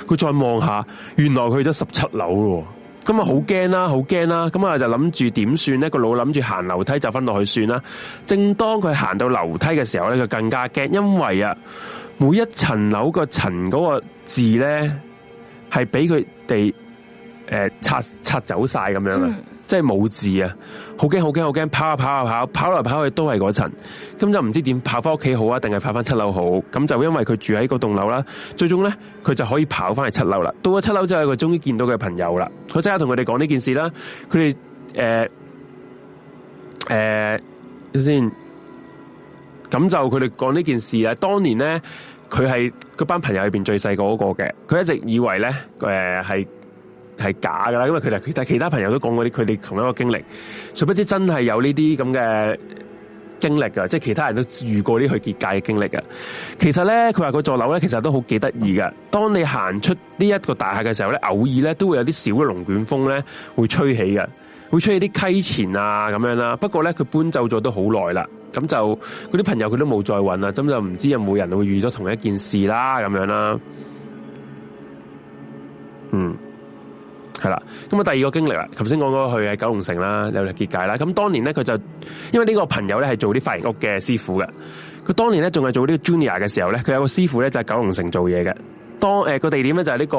佢再望下，原來佢去咗十七樓咯。咁啊，好驚啦，好驚啦。咁啊，就諗住點算咧？個腦諗住行樓梯就翻落去算啦。正當佢行到樓梯嘅時候咧，佢更加驚，因為啊，每一層樓個層嗰個字咧，係俾佢哋誒拆拆走晒咁樣啊。 即係冇字啊！好驚，好驚，好驚！跑啊，跑啊，跑！跑來跑去都係嗰層，咁就唔知點跑翻屋企好啊，定係跑翻七樓好？咁就因為佢住喺個棟樓啦，最終呢，佢就可以跑翻去七樓啦。到咗七樓之後，佢終於見到佢朋友啦。佢即刻同佢哋講呢件事啦。佢哋誒誒，先、呃、咁、呃、就佢哋講呢件事咧。當年呢，佢係嗰班朋友裏邊最細、個嗰個嘅。佢一直以為呢，誒、呃、係。係假噶啦，因為佢哋但係其他朋友都講過啲，佢哋同一個經歷，殊不知真係有呢啲咁嘅經歷噶，即係其他人都遇過啲去結界嘅經歷啊。其實咧，佢話佢座樓咧，其實都好幾得意噶。當你行出呢一個大廈嘅時候咧，偶爾咧都會有啲小嘅龍捲風咧會吹起嘅，會吹起啲溪錢啊咁樣啦。不過咧，佢搬走咗都好耐啦，咁就嗰啲朋友佢都冇再搵啦，咁就唔知有冇人會遇咗同一件事啦，咁樣啦，嗯。係啦，咁啊、嗯、第二個經歷啦，頭先講嗰個去喺九龍城啦，有嚟結界啦。咁當年咧佢就，因為呢個朋友咧係做啲髮型屋嘅師傅嘅，佢當年咧仲係做呢個 junior 嘅時候咧，佢有個師傅咧就喺九龍城做嘢嘅，當誒個、呃、地點咧就係呢個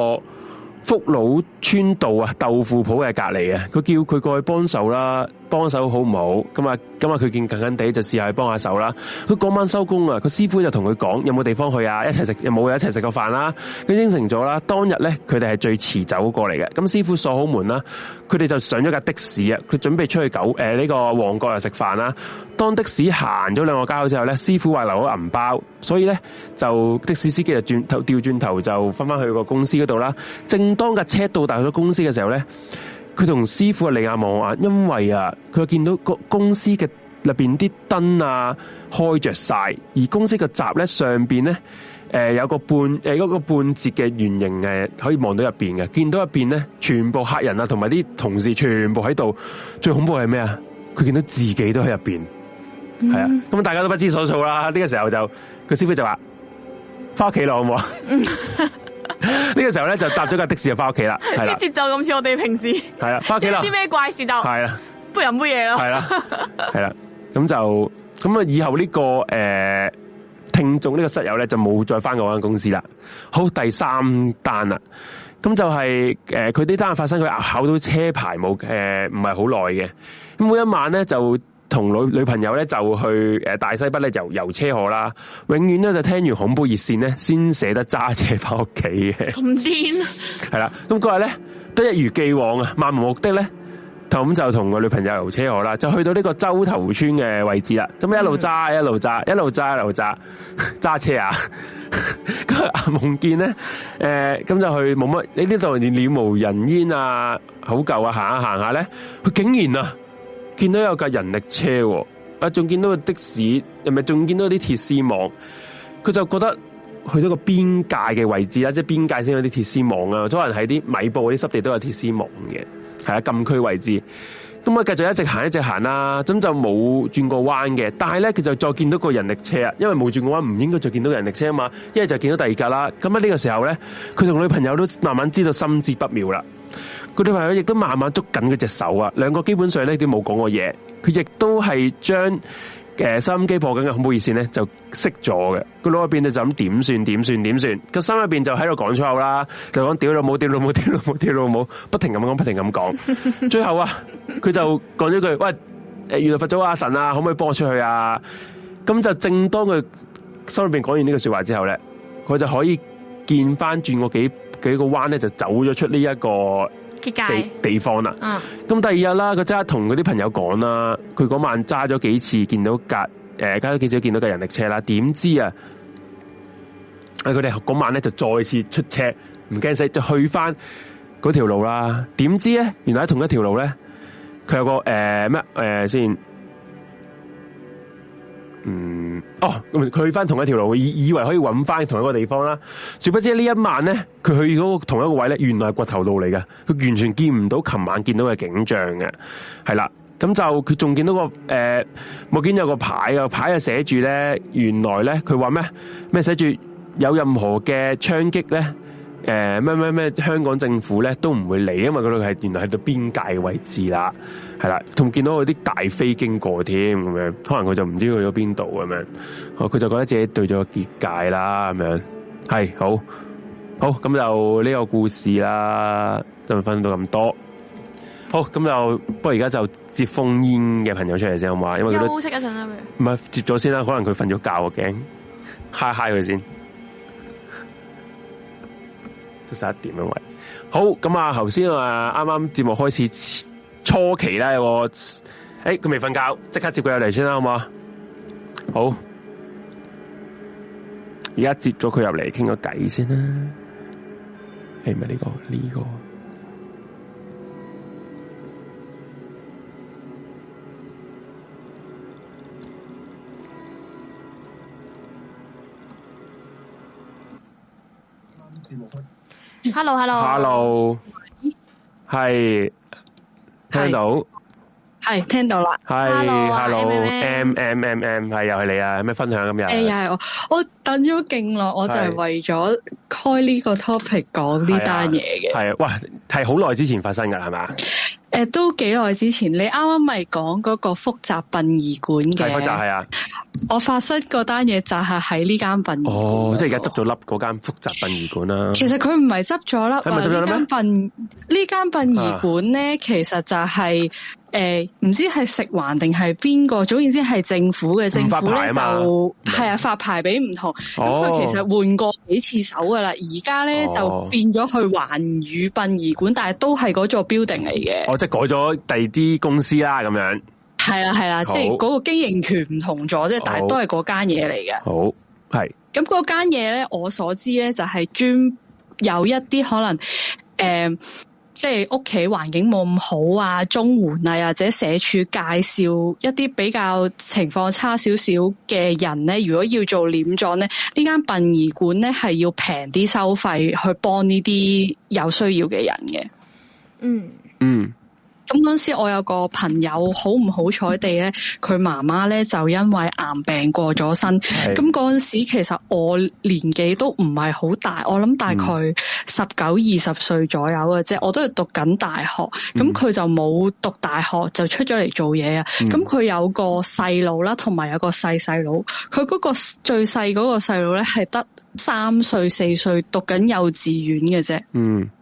福佬村道啊豆腐鋪嘅隔籬啊，佢叫佢過去幫手啦。幫手好唔好？咁啊，今日佢見近近地就試下去去幫下幫下手啦。佢嗰晚收工啊，個師傅就同佢講：有冇地方去啊？一齊食有冇嘢一齊食個飯啦、啊。佢應承咗啦。當日咧，佢哋係最遲走過嚟嘅。咁師傅鎖好門啦，佢哋就上咗架的士啊。佢準備出去九呢、呃呢個旺角嚟食飯啦。當的士行咗兩個街口之後咧，師傅話留咗銀包，所以咧就的士司機就轉頭掉轉頭就翻翻去個公司嗰度啦。正當架車到達咗公司嘅時候咧。佢同師傅啊，利亞望啊，因為啊，佢見到個公司嘅入邊啲燈啊開着晒，而公司嘅閘咧上邊咧，誒有一個半，誒個半截嘅圓形嘅可以望到入邊嘅，見到入邊咧全部客人啊，同埋啲同事全部喺度，最恐怖係咩啊？佢見到自己都喺入邊，係啊、mm，咁、hmm. 大家都不知所措啦。呢、這個時候就個師傅就話返屋企啦，好唔好 呢 個時候咧就搭咗架的士就翻屋企啦，啲節奏咁似我哋平時係啦，翻屋企啦，啲咩怪事都係啦，了不飲杯嘢咯，係啦了，係啦， 咁就咁啊，以後呢、這個誒、呃、聽眾呢個室友咧就冇再翻過嗰間公司啦。好，第三單啦，咁就係、是、誒，佢、呃、啲單發生佢考到車牌冇誒，唔係好耐嘅，咁每一晚咧就。同女女朋友咧就去誒大西北咧就遊車河啦，永遠咧就聽完恐怖熱線咧先捨得揸車翻屋企嘅。咁癲係啦，咁個日咧都一如既往啊，漫無目的咧，咁就同個女朋友遊車河啦，就去到呢個洲頭村嘅位置啦，咁一路揸一路揸一路揸一路揸揸車啊！阿夢見咧誒，咁、呃、就去冇乜呢？呢度連鳥無人煙啊，好舊啊，行下、啊、行下、啊、咧，佢、啊、竟然啊！見到有架人力車，啊，仲見到個的士，又咪仲見到啲鐵絲網，佢就覺得去到個邊界嘅位置啦，即係邊界先有啲鐵絲網啊，可能喺啲米埔嗰啲濕地都有鐵絲網嘅，係啊，禁區位置。咁啊，繼續走一直行，一直行啦，咁就冇轉過彎嘅。但係咧，佢就再見到個人力車啊，因為冇轉過彎，唔應該再見到到人力車啊嘛，因為就見到第二架啦。咁啊，呢個時候咧，佢同女朋友都慢慢知道心知不妙啦。個女朋友亦都慢慢捉緊佢隻手啊，兩個基本上呢，都冇講過嘢，佢亦都係將誒收音機播緊嘅恐怖熱線咧就熄咗嘅，個腦入邊就就咁點算點算點算，個心入邊就喺度講粗口啦，就講屌老母，屌老母，屌老母，屌老母，不停咁講，不停咁講，最後啊，佢就講咗句喂，誒，原來佛祖阿神啊，可唔可以幫我出去啊？咁就正當佢心入邊講完呢句說話之後咧，佢就可以見翻轉我幾。幾個彎咧就走咗出呢一個地解地方啦。咁、嗯、第二日啦，佢真係同佢啲朋友講啦，佢嗰晚揸咗幾次見到架誒，揸、呃、咗幾次見到架人力車啦。點知啊，喺佢哋嗰晚咧就再次出車，唔驚死就去翻嗰條路啦。點知咧，原來喺同一條路咧，佢有個誒咩誒先。嗯，哦，佢去翻同一條路，以以為可以揾翻同一個地方啦。殊不知呢一晚咧，佢去嗰個同一個位咧，原來係掘頭路嚟嘅，佢完全見唔到琴晚見到嘅景象嘅。係啦，咁就佢仲見到個誒，冇、呃、見有個牌啊，個牌啊寫住咧，原來咧佢話咩咩寫住有任何嘅槍擊咧。誒，咩咩咩？香港政府咧，都唔會理，因為佢哋係原來喺到邊界嘅位置啦，係啦，仲見到有啲大飛經過添，咁樣可能佢就唔知去咗邊度咁樣，哦，佢就覺得自己對咗個結界啦，咁樣係，好好咁就呢個故事啦，就咪分到咁多。好，咁就不過而家就接烽煙嘅朋友出嚟先，好嘛？因為佢休息一陣啦，咪咪、啊啊呃、接咗先啦，可能佢瞓咗覺嘅，我驚，嗨嗨佢先。十一點啊喂，好咁啊！頭先啊，啱啱節目開始初期啦，有個誒，佢未瞓覺，即刻接佢入嚟先啦，好唔好？好，而家接咗佢入嚟傾個偈先啦。誒，係咪呢個，呢個？Hello，Hello，係聽到，係 Hi. 聽到啦。係，Hello，Hello，M M M M，係又係你啊？有咩分享咁樣？誒，又係我，我等咗勁耐，我就係為咗開呢個 topic 講呢單嘢嘅。係啊，喂，係好耐之前發生噶係嘛？是誒，都幾耐之前？你啱啱咪講嗰個複雜殯儀館嘅？複雜係啊，我發生嗰單嘢就係喺呢間殯儀館哦，即係而家執咗粒嗰間複雜殯儀館啦。其實佢唔係執咗粒呢間殯呢間殯儀館咧，其實就係、是。誒，唔、呃、知係食環定係邊個，總然之係政府嘅政府咧，就係啊發牌俾唔同，咁佢、哦、其實換過幾次手噶啦，而家咧就變咗去環宇殯儀館，但係都係嗰座 building 嚟嘅。哦，即係改咗第二啲公司啦，咁樣。係啦係啦，即係嗰個經營權唔同咗，即係但係都係嗰間嘢嚟嘅。好，係。咁嗰間嘢咧，我所知咧就係、是、專有一啲可能，誒、呃。即係屋企環境冇咁好啊，綜援啊，或者社署介紹一啲比較情況差少少嘅人呢，如果要做殮葬呢，呢間殯儀館呢係要平啲收費去幫呢啲有需要嘅人嘅。嗯嗯。嗯咁嗰陣時，我有個朋友好唔好彩地咧，佢媽媽咧就因為癌病過咗身。咁嗰陣時，其實我年紀都唔係好大，我諗大概十九二十歲左右嘅啫。我都係讀緊大學，咁佢 就冇讀大學，就出咗嚟做嘢啊。咁佢 有個細佬啦，同埋有個細細佬。佢嗰個最細嗰個細佬咧，係得三歲四歲，讀緊幼稚園嘅啫。嗯。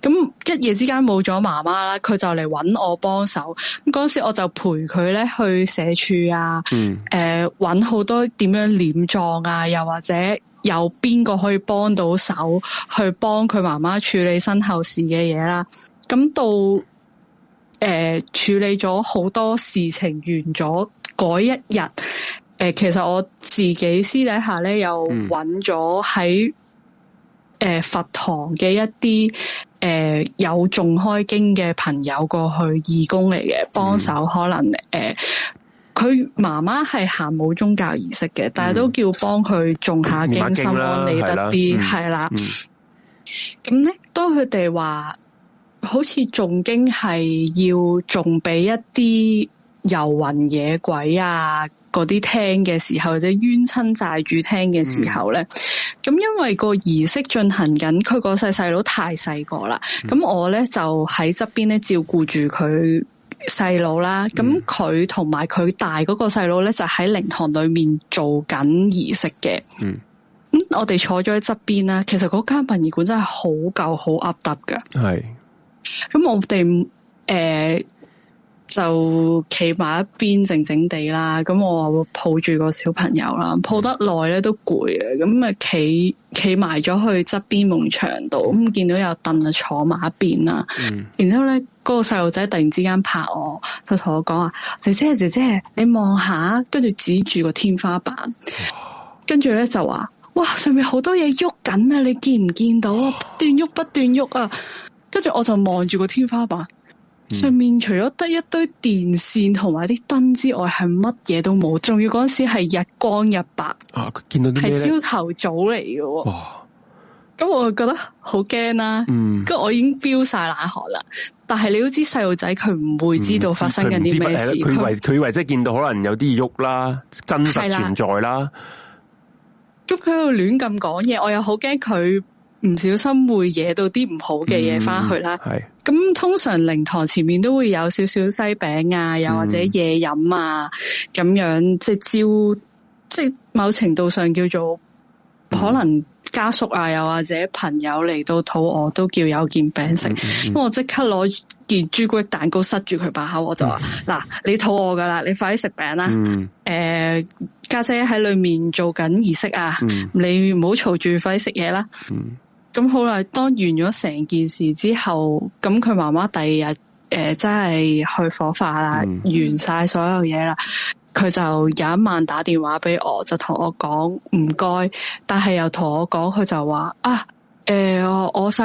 咁一夜之間冇咗媽媽啦，佢就嚟揾我幫手。咁嗰時我就陪佢咧去社處啊，誒、嗯，揾好、呃、多點樣殮葬啊，又或者有邊個可以幫到手去幫佢媽媽處理身後事嘅嘢啦。咁到誒、呃、處理咗好多事情完咗嗰一日，誒、呃，其實我自己私底下咧又揾咗喺誒佛堂嘅一啲。誒、呃，有誦開經嘅朋友過去義工嚟嘅，幫手、嗯、可能誒，佢媽媽係行冇宗教儀式嘅，嗯、但係都叫幫佢誦下經，心安理得啲，係啦。咁咧的，當佢哋話，好似誦經係要誦俾一啲遊魂野鬼啊。嗰啲廳嘅時候，或者冤親債主廳嘅時候咧，咁、嗯、因為個儀式進行緊，佢個細細佬太細個啦，咁我咧就喺側邊咧照顧住佢細佬啦，咁佢同埋佢大嗰個細佬咧就喺靈堂裏面做緊儀式嘅，嗯，咁我哋坐咗喺側邊啦，其實嗰間殯儀館真係好舊好凹凸㗎，係，咁是我哋誒。呃就企埋一邊靜靜地啦，咁我話會抱住個小朋友啦，抱得耐咧都攰嘅，咁啊企企埋咗去側邊蒙牆度，咁見到有凳啊坐埋一邊啦，嗯、然之後咧，嗰、嗰個細路仔突然之間拍我，就同我講話：嗯、姐姐姐姐，你望下，跟住指住個天花板，跟住咧就話：哇，上面好多嘢喐緊啊，你見唔見到哇斷斷啊？不斷喐，不斷喐啊！跟住我就望住個天花板。上面除咗得一堆電線同埋啲燈之外，係乜嘢都冇。仲要嗰陣時係日光日白，係朝頭早嚟嘅。喎、哦。咁我就覺得好驚啦，跟住、嗯、我已經飆晒冷汗啦。但係你都知細路仔佢唔會知道發生緊啲咩事。佢、嗯、以為、佢以為即係見到可能有啲喐啦，真實存在啦。咁佢喺度亂咁講嘢，我又好驚佢唔小心會惹到啲唔好嘅嘢翻去啦。係、嗯。咁通常靈堂前面都會有少少西餅啊，又或者嘢飲啊，咁、嗯、樣即係照，即係某程度上叫做、嗯、可能家屬啊，又或者朋友嚟到肚餓，都叫有件餅食。咁、嗯嗯、我即刻攞件朱古力蛋糕塞住佢把口，嗯、我就話：嗱、嗯，你肚餓噶啦，你快啲食餅啦。誒、嗯，家、呃、姐喺裏面做緊儀式啊，嗯、你唔好嘈住，快啲食嘢啦。嗯咁好啦，當完咗成件事之後，咁佢媽媽第二日誒、呃，真係去火化啦，嗯、完晒所有嘢啦，佢就有一晚打電話俾我，就同我講唔該，但係又同我講，佢就話啊。誒、呃，我細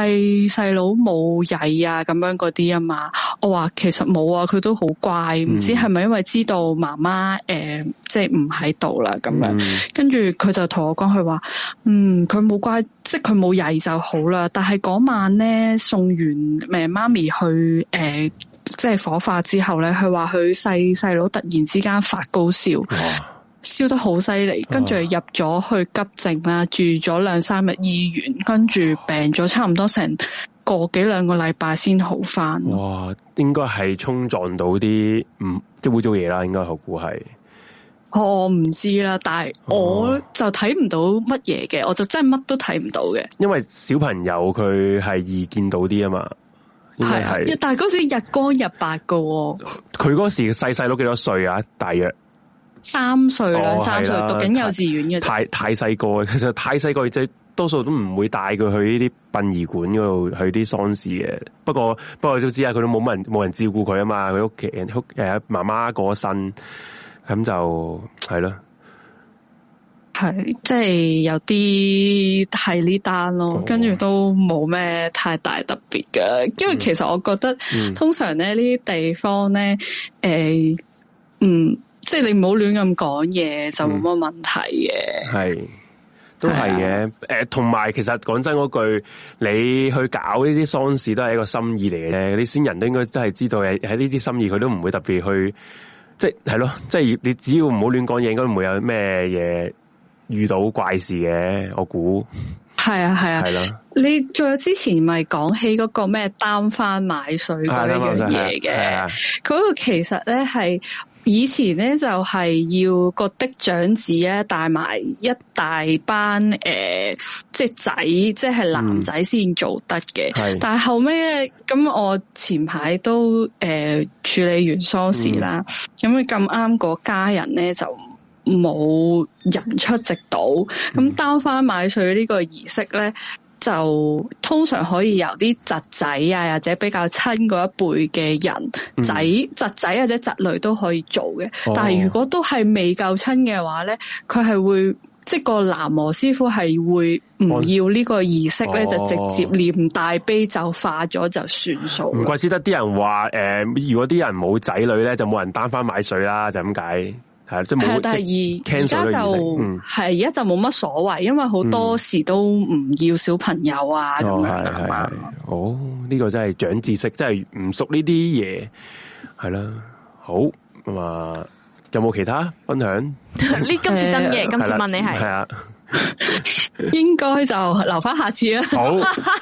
細佬冇曳啊，咁樣嗰啲啊嘛，我話其實冇啊，佢都好乖，唔、嗯、知係咪因為知道媽媽誒，即係唔喺度啦，咁樣，嗯、跟住佢就同我講佢話，嗯，佢冇乖，即係佢冇曳就好啦，但係嗰晚咧送完誒媽咪去誒、呃，即係火化之後咧，佢話佢細細佬突然之間發高燒。哦燒得好犀利，跟住入咗去急症啦，哦、住咗兩三日醫院，跟住病咗差唔多成個幾兩個禮拜先好返。哇、哦，應該係衝撞到啲唔即污糟嘢啦，應該好估係。我唔、哦、知啦，但係我就睇唔到乜嘢嘅，哦、我就真係乜都睇唔到嘅。因為小朋友佢係易見到啲啊嘛，係，但係嗰時日光日白噶、哦，佢嗰時細細佬幾多歲啊？大約。三歲兩、哦、三歲對讀緊幼稚園嘅，太太細個其實太細個，即係多數都唔會帶佢去呢啲殯儀館嗰度去啲喪事嘅。不過不過都知啊，佢都冇乜人冇人照顧佢啊嘛，佢屋企人屋誒媽媽過咗身，咁就係、係、咯。係即係有啲係呢單咯，跟住都冇咩太大特別嘅。因為其實我覺得、嗯、通常咧呢啲地方咧，誒、欸、嗯。即係你唔好亂咁講嘢就冇乜問題嘅，係、嗯、都係嘅。誒、啊，同埋、呃、其實講真嗰句，你去搞呢啲喪事都係一個心意嚟嘅，啲先人都應該都係知道喺呢啲心意，佢都唔會特別去，即係係咯，即係你只要唔好亂講嘢，應該唔會有咩嘢遇到怪事嘅。我估係啊係啊，係啦、啊。啊啊、你仲有之前咪講起嗰個咩擔幡買水嗰一樣嘢嘅，嗰、啊啊、個其實咧係。是以前咧就係要個嫡長子咧帶埋一大班誒、呃，即係仔，即係男仔先做得嘅。是但係後尾咧，咁我前排都誒、呃、處理完喪事啦，咁你咁啱嗰家人咧就冇人出席到，咁擔幡買水個儀呢個儀式咧。就通常可以由啲侄仔啊，或者比較親嗰一輩嘅人仔、嗯、侄仔或者侄女都可以做嘅。哦、但係如果都係未夠親嘅話咧，佢係會即個男和師傅係會唔要呢個儀式咧，哦、就直接念大悲咒化咗就算數。唔怪之得啲人話誒、呃，如果啲人冇仔女咧，就冇人擔翻買水啦，就咁、是、解。係，即係冇，係第二，而家就係而家就冇乜所謂，因為好多時都唔要小朋友啊。哦，係係，哦，呢個真係長知識，真係唔熟呢啲嘢，係啦。好咁啊，有冇其他分享？呢今次真嘅，今次問你係。係啊，應該就留翻下次啦。好，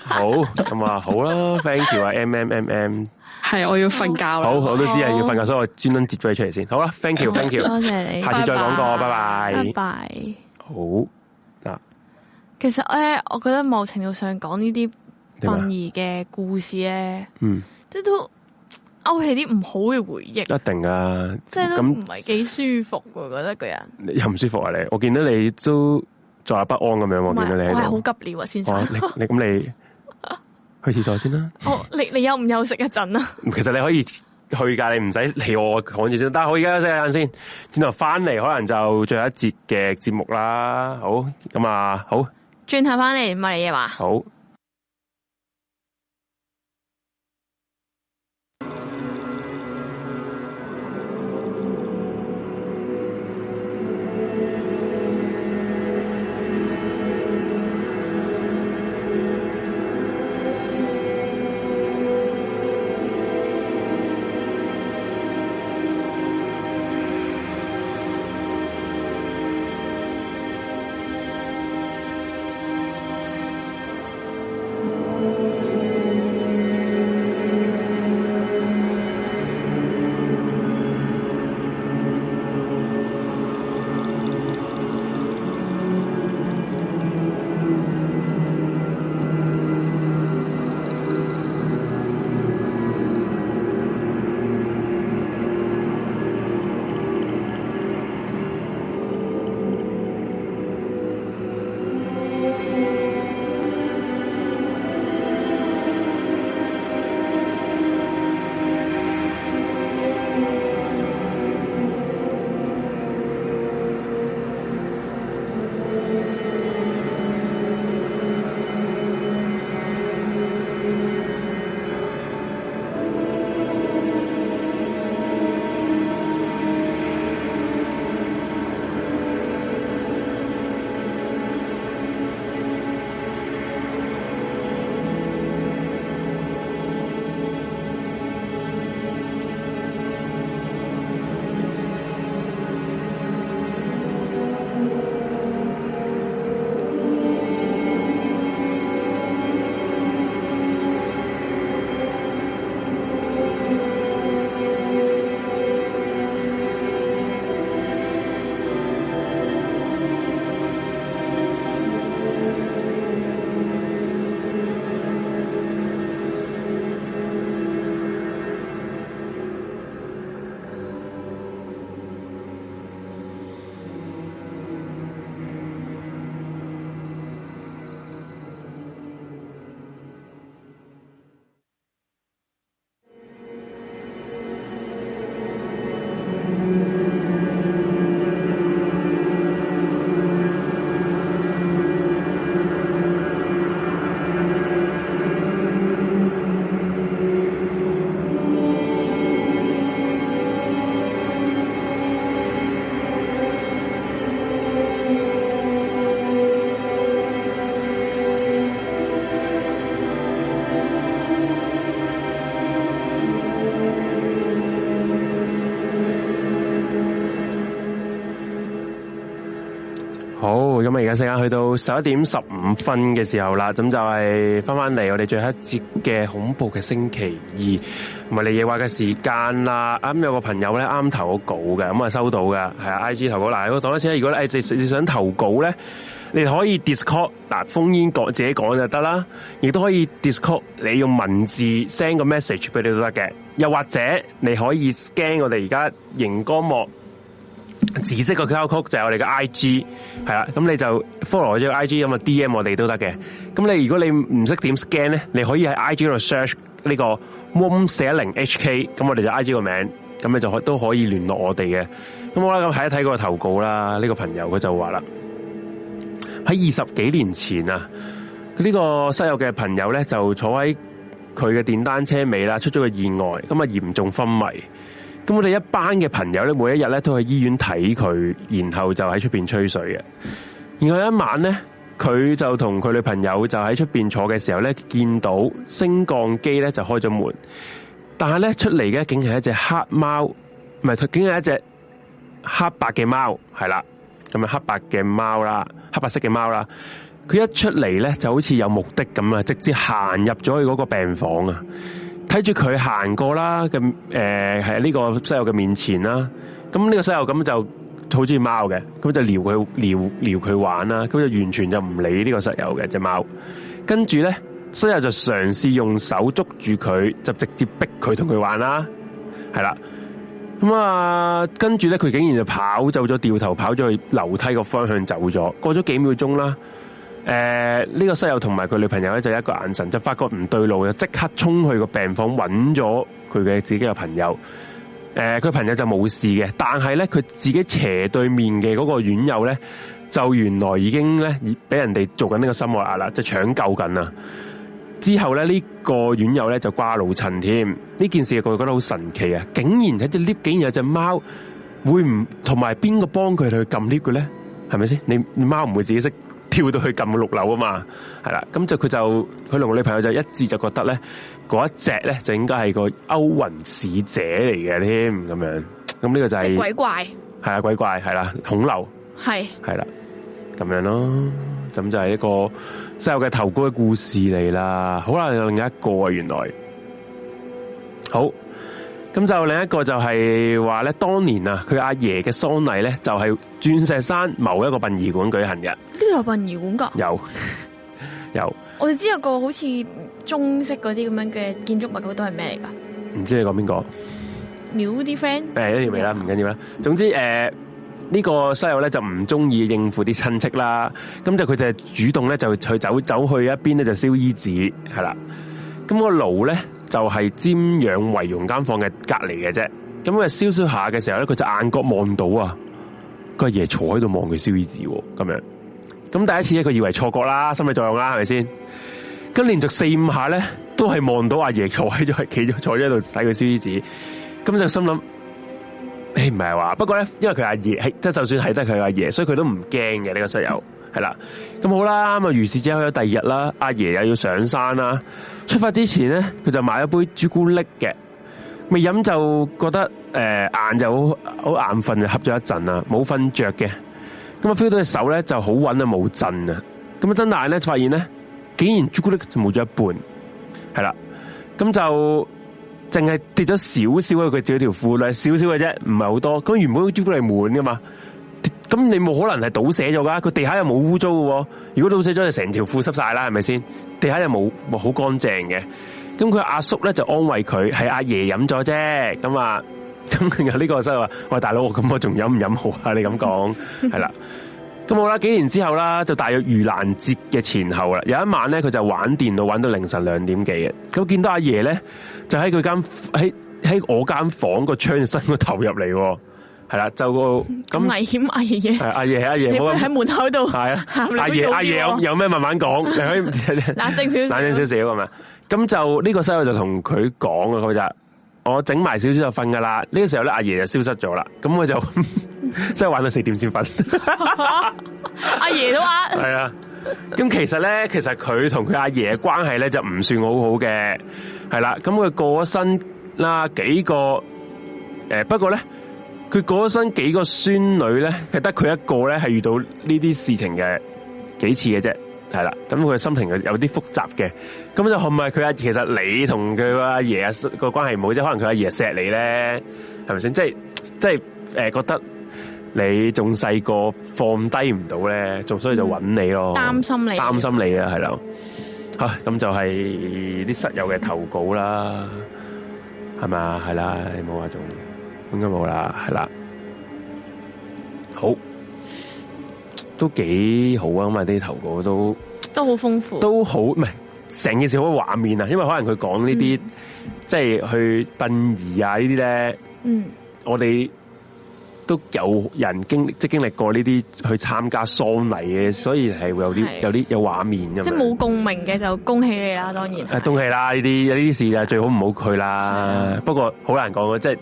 好咁啊，好啦，thank you 啊，M M M M。係，我要瞓覺啦。好，我都知啊，要瞓覺，所以我專登截咗你出嚟先。好啦，thank you，thank you，多謝你，下次再講過，拜拜，拜拜，好嗱。其實咧，我覺得某程度上講呢啲殯儀嘅故事咧，嗯，即都勾起啲唔好嘅回憶。一定啊，即都唔係幾舒服，我覺得個人又唔舒服啊！你，我見到你都坐立不安咁樣喎，你係好急尿啊，先生，你咁你。去廁所先啦。哦，你你有唔休息一陣啊？ 其實你可以去噶，你唔使理我講住先。但係我而家休息一陣先，轉頭翻嚟，可能就最後一節嘅節目啦。好，咁啊，好。轉頭翻嚟，乜你耶話。好。.時間去到十一點十五分嘅時候啦，咁就係翻翻嚟我哋最後一節嘅恐怖嘅星期二，唔係你夜話嘅時間啦。啱有個朋友咧啱投個稿嘅，咁啊收到嘅係 I G 投稿。嗱，我等一先，如果誒你想投稿咧，你可以 Discord 嗱，封煙自己講就得啦，亦都可以 Discord 你用文字 send 個 message 俾你都得嘅，又或者你可以 scan 我哋而家熒光幕。紫色個 logo 就係我哋嘅 I G 係啦，咁你就 follow 咗隻 I G 咁啊 D M 我哋都得嘅。咁你如果你唔識點 scan 咧，你可以喺 I G 度 search 呢個 Woon 四一零 H K，咁我哋就 I G 個名字，咁你就可都可以聯絡我哋嘅。咁好啦咁睇一睇個投稿啦，呢、這個朋友佢就話啦，喺二十幾年前啊，呢、這個西友嘅朋友咧就坐喺佢嘅電單車尾啦，出咗個意外，咁啊嚴重昏迷。咁我哋一班嘅朋友咧，每一日咧都喺醫院睇佢，然後就喺出邊吹水嘅。然後有一晚咧，佢就同佢女朋友就喺出邊坐嘅時候咧，見到升降機咧就開咗門，但係咧出嚟嘅竟係一隻黑貓，唔係竟係一隻黑白嘅貓，係啦，咁樣黑白嘅貓啦，黑白色嘅貓啦。佢一出嚟咧就好似有目的咁啊，直接行入咗去嗰個病房啊！睇住佢行過啦，咁誒喺呢個室友嘅面前啦，咁呢個室友咁就好中意貓嘅，咁就撩佢撩撩佢玩啦，咁就完全就唔理呢個室友嘅隻貓。跟住咧，室友就嘗試用手捉住佢，就直接逼佢同佢玩啦，係啦。咁啊，跟住咧，佢竟然就跑走咗，掉頭跑咗去樓梯個方向走咗，過咗幾秒鐘啦。誒，呢個室友同埋佢女朋友咧，就一個眼神就發覺唔對路，就即刻衝去個病房揾咗佢嘅自己個朋友。誒，佢朋友就冇事嘅，但係咧佢自己斜對面嘅嗰個院友咧，就原來已經咧俾人哋做緊呢個心外壓啦，就搶救緊啊。之後咧呢個院友咧就瓜老襯添，呢件事佢覺得好神奇啊！竟然喺隻 lift 竟然有隻貓會唔同埋邊個幫佢去撳 lift 嘅咧？係咪先？你貓唔會自己識？跳到去撳六樓啊嘛，係啦，咁就佢就佢同我女朋友就一致就覺得咧，嗰一隻咧就應該係個歐雲使者嚟嘅添，咁樣，咁呢個就係、是、鬼怪，係啊鬼怪，係啦，恐龍，係是，係啦，咁樣咯，咁就係一、這個西遊嘅頭哥嘅故事嚟啦，好啦，有另一個啊，原來好。咁就另一個就係話咧，當年啊，佢阿爺嘅喪禮咧，就係鑽石山某一個殯儀館舉行嘅。呢度有殯儀館噶？有，有。我哋知有個好似中式嗰啲咁樣嘅建築物都，嗰度係咩嚟噶？唔知你講邊個？廟啲 friend？誒，一條未啦，唔緊要啦。總之誒，呢、呃這個西友咧就唔中意應付啲親戚啦。咁就佢就係主動咧就去走走去一邊咧就燒衣紙係啦。咁、那個爐咧，就係瞻仰遺容間房嘅隔籬嘅啫，咁佢燒燒下嘅時候咧，佢就眼角望到啊，個阿爺坐喺度望佢燒衣紙，咁樣，咁第一次咧，佢以為錯覺啦，心理作用啦，係咪先？咁連續四五下咧，都係望到阿爺坐喺度，企咗坐喺度睇佢燒衣紙，咁就心諗，誒，唔係話，不過咧，因為佢阿爺即係，就算係得佢阿爺，所以佢都唔驚嘅呢個室友。係啦，咁好啦，咁啊，於是之後第二日啦，阿爺又要上山啦。出發之前咧，佢就買一杯朱古力嘅，咪飲就覺得誒、呃，眼就好好眼瞓，硬就瞌咗一陣啦，冇瞓着嘅。咁啊，feel 到隻手咧就好穩啊，冇震啊。咁啊，睜大眼咧，就發現咧，竟然朱古力就冇咗一半。係啦，咁就淨係跌咗少少啊，佢着條褲係少少嘅啫，唔係好多。咁原本朱古力滿噶嘛。咁你冇可能係倒瀉咗噶，佢地下又冇污糟嘅。如果倒瀉咗，就成條褲濕晒啦，係咪先？地下又冇，好乾淨嘅。咁佢阿叔咧就安慰佢，係阿爺飲咗啫。咁啊，咁然後呢個就話：喂，大佬，我咁我仲飲唔飲好啊？你咁講，係啦。 咁好啦，幾年之後啦，就大約盂蘭節嘅前後啦。有一晚咧，佢就玩電腦玩到凌晨兩點幾嘅。咁見到阿爺咧，就喺佢間喺喺我間房個窗身個頭入嚟。係啦，就個咁危險阿爺，係阿爺阿爺，你喺門口度係啊？阿爺阿爺有有咩慢慢講？你可以冷靜少，冷靜少少咁啊！咁就呢個時候就同佢講啊，佢就我整埋少少就瞓噶啦。呢個時候咧，阿爺就消失咗啦。咁我就即係玩到四點先瞓。阿爺都話。係啊，咁其實咧，其實佢同佢阿爺關係咧就唔算好好嘅。係啦，咁佢過咗身啦，幾個誒，不過咧。佢過身幾個孫女咧，係得佢一個咧，係遇到呢啲事情嘅幾次嘅啫，係啦。咁佢心情就有有啲複雜嘅。咁就係咪佢阿爺？其實你同佢阿爺個關係冇啫，可能佢阿爺錫你咧，係咪先？即係即係誒，覺得你仲細個放低唔到咧，仲所以就揾你咯，擔、嗯、心你，擔心你對 啊，係啦。吓咁就係啲室友嘅投稿啦，係嘛， 係啦，冇話仲。應該冇啦，係啦，好都幾好啊，咁啊啲頭稿都都，豐都好豐富，都好唔係成件事好畫面啊，因為可能佢講呢啲，嗯、即係去殯儀啊呢啲咧，嗯，我哋都有人經歷即係經歷過呢啲去參加喪禮嘅，所以係有啲、嗯、有啲有畫面咁。即係冇共鳴嘅就恭喜你啦，當然、啊，恭喜啦呢啲呢啲事啊，最好唔好去啦，對了 不過好難講嘅即係。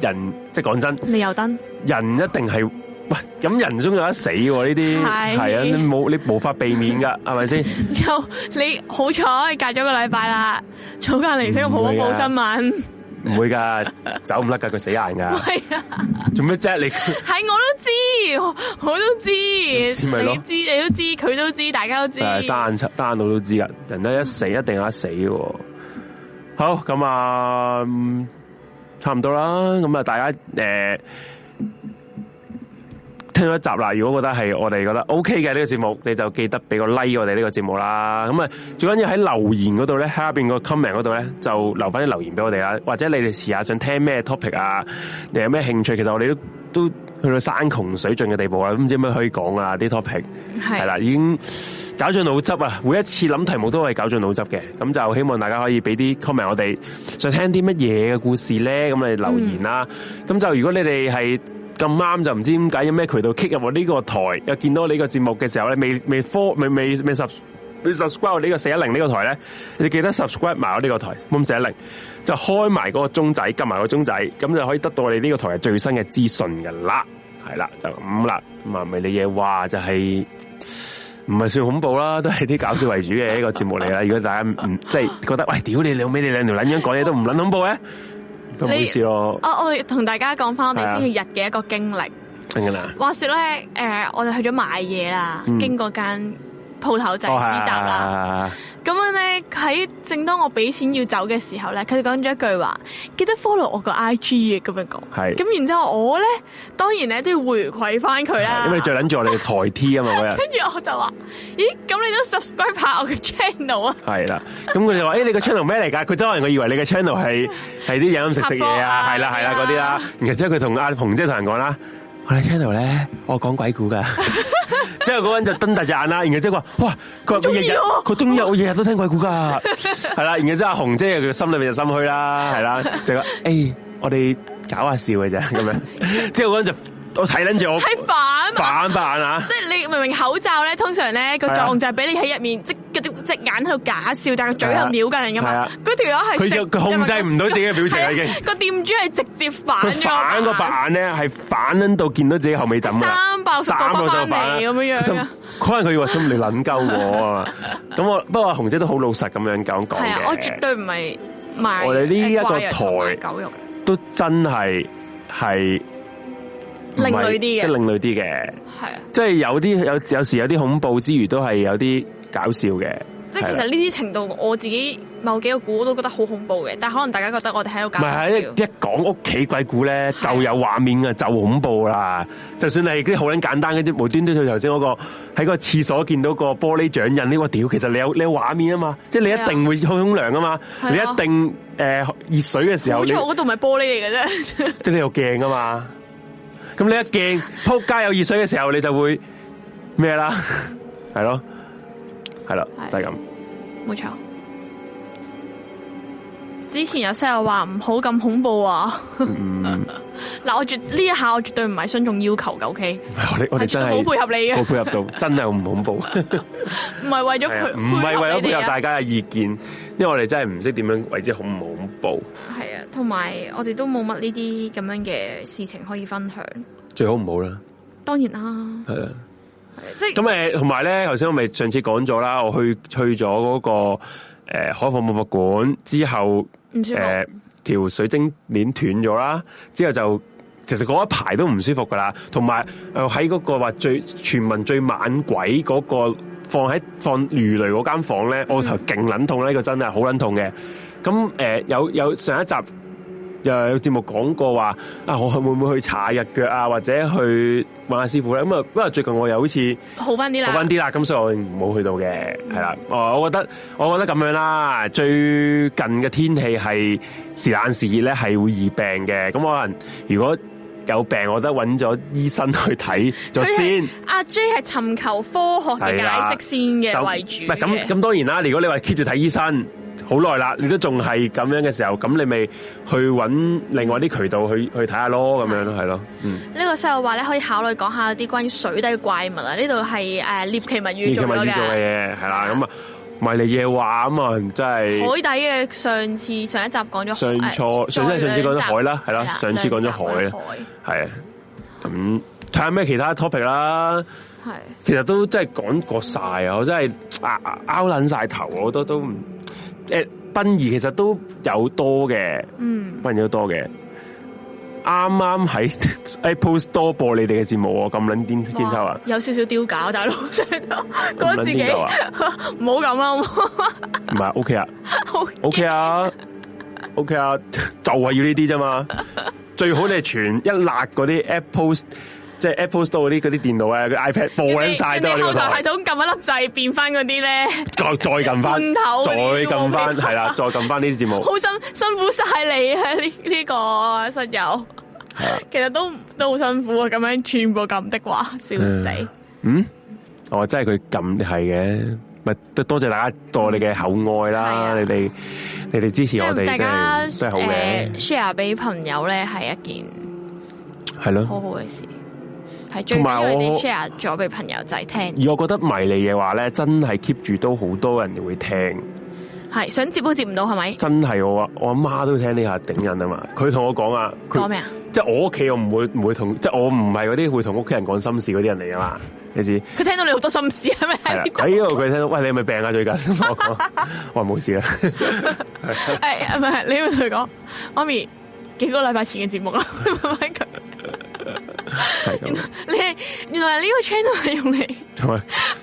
人即係講真，你又真人一定係，喂，咁人中有一死呢啲係啊，你冇你無法避免噶，係咪先？就你好彩隔咗個禮拜啦，早隔凌晨好冇報新聞，唔會噶，走唔甩噶，佢死硬噶，做咩啫你？係我都知，我都知，你知你都知，佢都知，大家都知，單出單佬都知噶，人咧一死一定有一死喎。好咁啊！差唔多啦，咁啊大家誒、呃，聽咗一集啦，如果覺得係我哋覺得 OK 嘅呢個節目，你就記得俾個 like 我哋呢個節目啦。咁啊，最緊要喺留言嗰度咧，喺下邊個 comment 嗰度咧，就留翻啲留言俾我哋啦。或者你哋遲下想聽咩 topic 啊？你有咩興趣？其實我哋都都。都去到山窮水盡嘅地步啦，唔知點咩可以講啊啲 topic，係啦，已經搞盡腦汁啊！每一次諗題目都係搞盡腦汁嘅，咁就希望大家可以俾啲 comment 我哋，想聽啲乜嘢嘅故事咧，咁你哋留言啦、啊。咁、嗯、就如果你哋係咁啱，就唔知點解有咩渠道 kick 入我呢個台，又見到你呢個節目嘅時候咧，未未 follow 未未未 sub，subscribe 呢個四一零呢個台咧，你記得 subscribe 埋我呢個台，冇四一零。就開埋嗰個鐘仔，撳埋個鐘仔，咁就可以得到你呢個台係最新嘅資訊㗎啦。係啦，就咁啦。咁啊，咪你嘢，哇，就係唔係算恐怖啦，都係啲搞笑為主嘅一個節目嚟啦。 如果大家唔即係覺得，喂，屌你兩尾，你兩條撚樣講嘢，都唔撚恐怖呢？都唔好意思咯。哦，我同大家講翻我哋星期日嘅一個經歷。係啦、啊。呢話說咧，誒、呃，我哋去咗買嘢啦，經過間。鋪頭仔私搭啦，咁樣咧，喺正當我俾錢要走嘅時候咧，佢哋講咗一句話，記得 follow 我個 IG 嘅咁樣講。係，啊，咁然之後我咧，當然咧都要回饋翻佢啦，因為你最捻住我嘅台 T 啊嘛，我。跟住我就話，咦，咁你都 subscribe 下我嘅 channel 啊？係啦，啊，咁佢就話，誒， 哎，你個 channel 咩嚟噶？佢真係，佢以為你嘅 channel 係係啲飲食食嘢啊，係啦係啦嗰啲啦。然之後佢同阿紅姐同人講啦。我喺 channel 咧，我講鬼故噶，之後嗰陣就瞪大隻眼啦，然後即係話，哇，佢話佢日日，佢中意我日日都聽鬼故噶，係 啦，然後即係阿紅姐，佢心裏面就心虛啦，係啦， 就話，誒、欸，我哋搞下笑嘅啫，咁樣，之後嗰陣就。我睇捻住我係反反白眼啊！即係你明明口罩咧，通常咧個作用就係俾你喺入面即嗰隻眼喺度假笑，但係嘴係藐人噶嘛。嗰條友係佢就佢控制唔到自己嘅表情已經。個店主係直接反。反個白眼咧，係反到見到自己後尾枕。三爆個翻嚟咁樣樣可能佢以為想嚟撚鳩我啊！咁我不過紅姐都好老實咁樣講講我絕對唔係賣。我哋呢一個台狗肉都真係係。另類啲嘅是、啊，即係另類啲嘅，係啊，即係有啲有有時有啲恐怖之餘，都係有啲搞笑嘅。即係其實呢啲程度，吧我自己某幾個故我都覺得好恐怖嘅，但係可能大家覺得我哋喺度搞唔係喺一講屋企鬼故咧，就有畫面嘅是、啊，就恐怖啦。就算你嗰啲好撚簡單嘅啫，無端端到頭先嗰個喺個廁所見到個玻璃掌印呢？我屌，其實你有你有畫面啊嘛，即係你一定會好沖涼啊嘛，是啊，你一定誒熱、呃、水嘅時候，冇錯錯，嗰度唔係玻璃嚟嘅啫，即係你有鏡啊嘛。 咁你一件仆街有熱水嘅時候，你就會咩啦？係 咯，係啦，對 就係咁，冇錯。之前有聲又話唔好咁恐怖啊！嗱、嗯， 我絕呢一下我絕對唔係遵從要求的，嘅、okay？o K，我哋我哋真係好配合你啊。好 配合到真係咁恐怖，唔 係為咗配，唔係為咗配合的大家嘅意見，因為我哋真係唔識點樣為之恐唔恐怖。係啊，同埋我哋都冇乜呢啲咁樣嘅事情可以分享，最好唔好啦。當然啦，係啊，即係咁誒，同埋咧，頭先我咪上次講咗啦，我去去咗嗰個誒、呃、海防博物館之後。唔舒服，條、呃、水晶鏈斷咗啦，之後就其實嗰一排都唔舒服噶啦，同埋誒喺嗰個話最傳聞最猛鬼嗰、嗰個放喺放魚雷嗰間房咧，嗯、我頭勁捻痛咧，呢個真係好捻痛嘅。咁誒、呃、有有上一集。有節目講過話啊，我去會唔會去查日腳啊，或者去問下師傅咧。咁啊，不過最近我又好似好翻啲啦，好翻啲啦。咁所以我冇去到嘅，係啦。哦，我覺得，我覺得咁樣啦。最近嘅天氣係時冷時熱咧，係會易病嘅。咁可能如果有病，我覺得揾咗醫生去睇咗先。阿 J 係尋求科學嘅解釋先嘅為主。咁咁，當然啦。如果你話 keep 住睇醫生。好耐啦，你都仲係咁樣嘅時候，咁你咪去搵另外啲渠道去去睇下咯，咁樣咯，係咯。嗯，呢個時候話咧可以考慮講下啲關於水底怪物啊。呢度係誒獵奇物語做咗嘅，係啦。咁啊迷你夜話咁啊，真係海底嘅上次上一集講咗上上次上次講咗海啦，係啦，上次講咗海，係啊。咁睇下咩其他 topic 啦，其實都真係講過晒啊，我真係拗撚晒頭，我都都唔。誒，賓儀其實都有多嘅，賓儀都多嘅，啱啱喺 Apple Store 播你哋嘅節目喎，咁撚癲癲臭啊！有少少丟架，大佬，覺得 自己唔 好咁啦，唔係 OK 啊，OK 啊，OK 啊，OK 就係要呢啲啫嘛，最好你係全一辣嗰啲 Apple。即係 Apple Store 嗰啲啲電腦啊 iPad 播曬喺嗰度。後台系統撳一粒掣，變翻嗰啲咧。再再撳翻，再撳翻，係啦，再撳翻呢啲節目。好辛辛苦晒你啊！呢呢個室友，其實都都好辛苦啊！咁樣全部撳的話，笑死。嗯，哦，真係佢撳係嘅，咪多謝大家對你嘅厚愛啦！你哋你哋支持我哋大家真係好嘅。share 俾朋友咧係一件係咯好好嘅事。同埋我 share 咗俾朋友仔聽而。而我覺得迷你嘅話咧，真係 keep 住都好多人會聽。係想接都接唔到，係咪？真係我啊，我阿媽都聽呢下頂人啊嘛。佢同我講啊，講咩啊？即係我屋企，我唔會唔會同，即係我唔係嗰啲會同屋企人講心事嗰啲人嚟啊嘛。你知？佢聽到你好多心事係咪？喺呢度佢聽到，喂，你係咪病啊？ 最近我話冇事啊。係啊咪，你會同佢講，媽咪幾個禮拜前嘅節目啦。 係咁，你原來呢個 channel 係用嚟，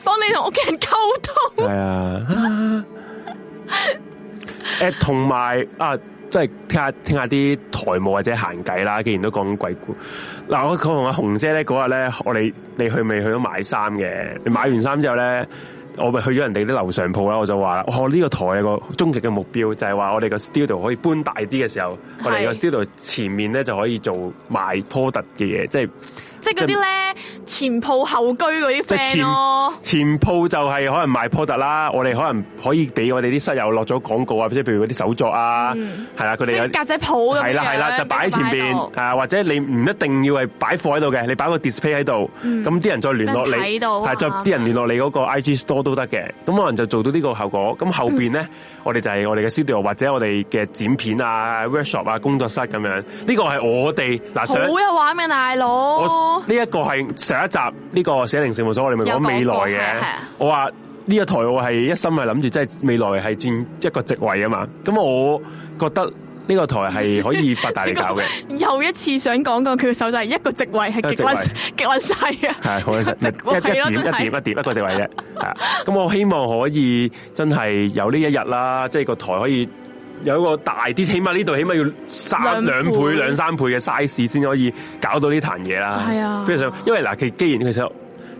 幫你同屋企人溝通。係啊，誒、就是，同埋啊，即係聽下聽下啲台務或者行偈啦。既然都講鬼故，嗱、啊，我佢同阿紅姐咧嗰日咧，我哋你去未去咗買衫嘅，你買完衫之後咧。我咪去咗人哋啲樓上鋪啦，我就話啦，我呢、這個台有個終極嘅目標就係、是、話我哋個 studio 可以搬大啲嘅時候，是我哋個 studio 前面咧就可以做賣 product 嘅嘢，即係。即係嗰啲咧，前鋪後居嗰啲，即前 i 前鋪就係可能賣 product 啦，我哋可能可以俾我哋啲室友落咗廣告啊，即譬如嗰啲手作啊，係啦，佢哋有格仔鋪啊，係啦係啦，就擺喺前邊，誒或者你唔一定要係擺貨喺度嘅，你擺個 display 喺度，咁啲人再聯絡你，係再啲人聯絡你嗰個 IG store 都得嘅，咁可能就做到呢個效果。咁後邊咧，我哋就係我哋嘅 studio 或者我哋嘅剪片啊、workshop 啊、工作室咁樣，呢個係我哋嗱好有玩嘅大佬。呢一個係上一集呢、這個寫靈事務所，我哋咪講未來嘅。說是是我話呢個台我係一心係諗住，即係未來係轉一個職位啊嘛。咁我覺得呢個台係可以發大嚟搞嘅。 又一次想講過佢嘅手仔、就是，一個職位係極溫極溫晒啊！係，係 一 一點一碟一碟一個職位啫。咁 我希望可以真係有呢一日啦，即係個台可以。有一個大啲，起碼呢度起碼要三兩，倍兩倍，兩三倍嘅 size 先可以搞到呢壇嘢啦。係啊，非常，因為嗱，其既然其實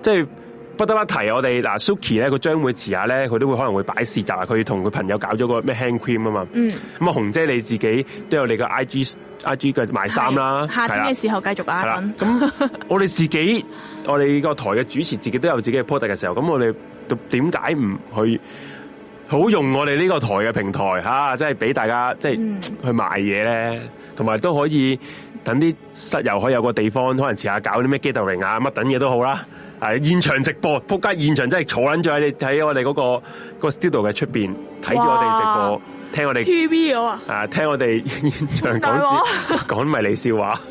即係不得不提，我哋嗱 Suki 咧，佢將會遲下咧，佢都會可能會擺市集啊。佢同佢朋友搞咗個咩 hand cream 啊嘛。嗯。咁啊、嗯，紅姐你自己都有你個 IG IG 嘅賣衫啦，啊。夏天嘅時候繼續了啊！咁了 我哋自己，我哋個台嘅主持自己都有自己嘅 product 嘅時候，咁我哋點解唔去？好用我哋呢個台嘅平台嚇、啊，即係俾大家即係去賣嘢咧，同埋都可以等啲室友可以有個地方，可能遲下搞啲咩 gathering 啊，乜等嘢都好啦。係、啊、現場直播，仆街現場真係坐撚咗喺你睇我哋嗰、嗰個、嗰個、studio 嘅出面，睇住我哋直播。聽我哋，T V 啊，啊，聽我哋現場講笑，講迷你笑話，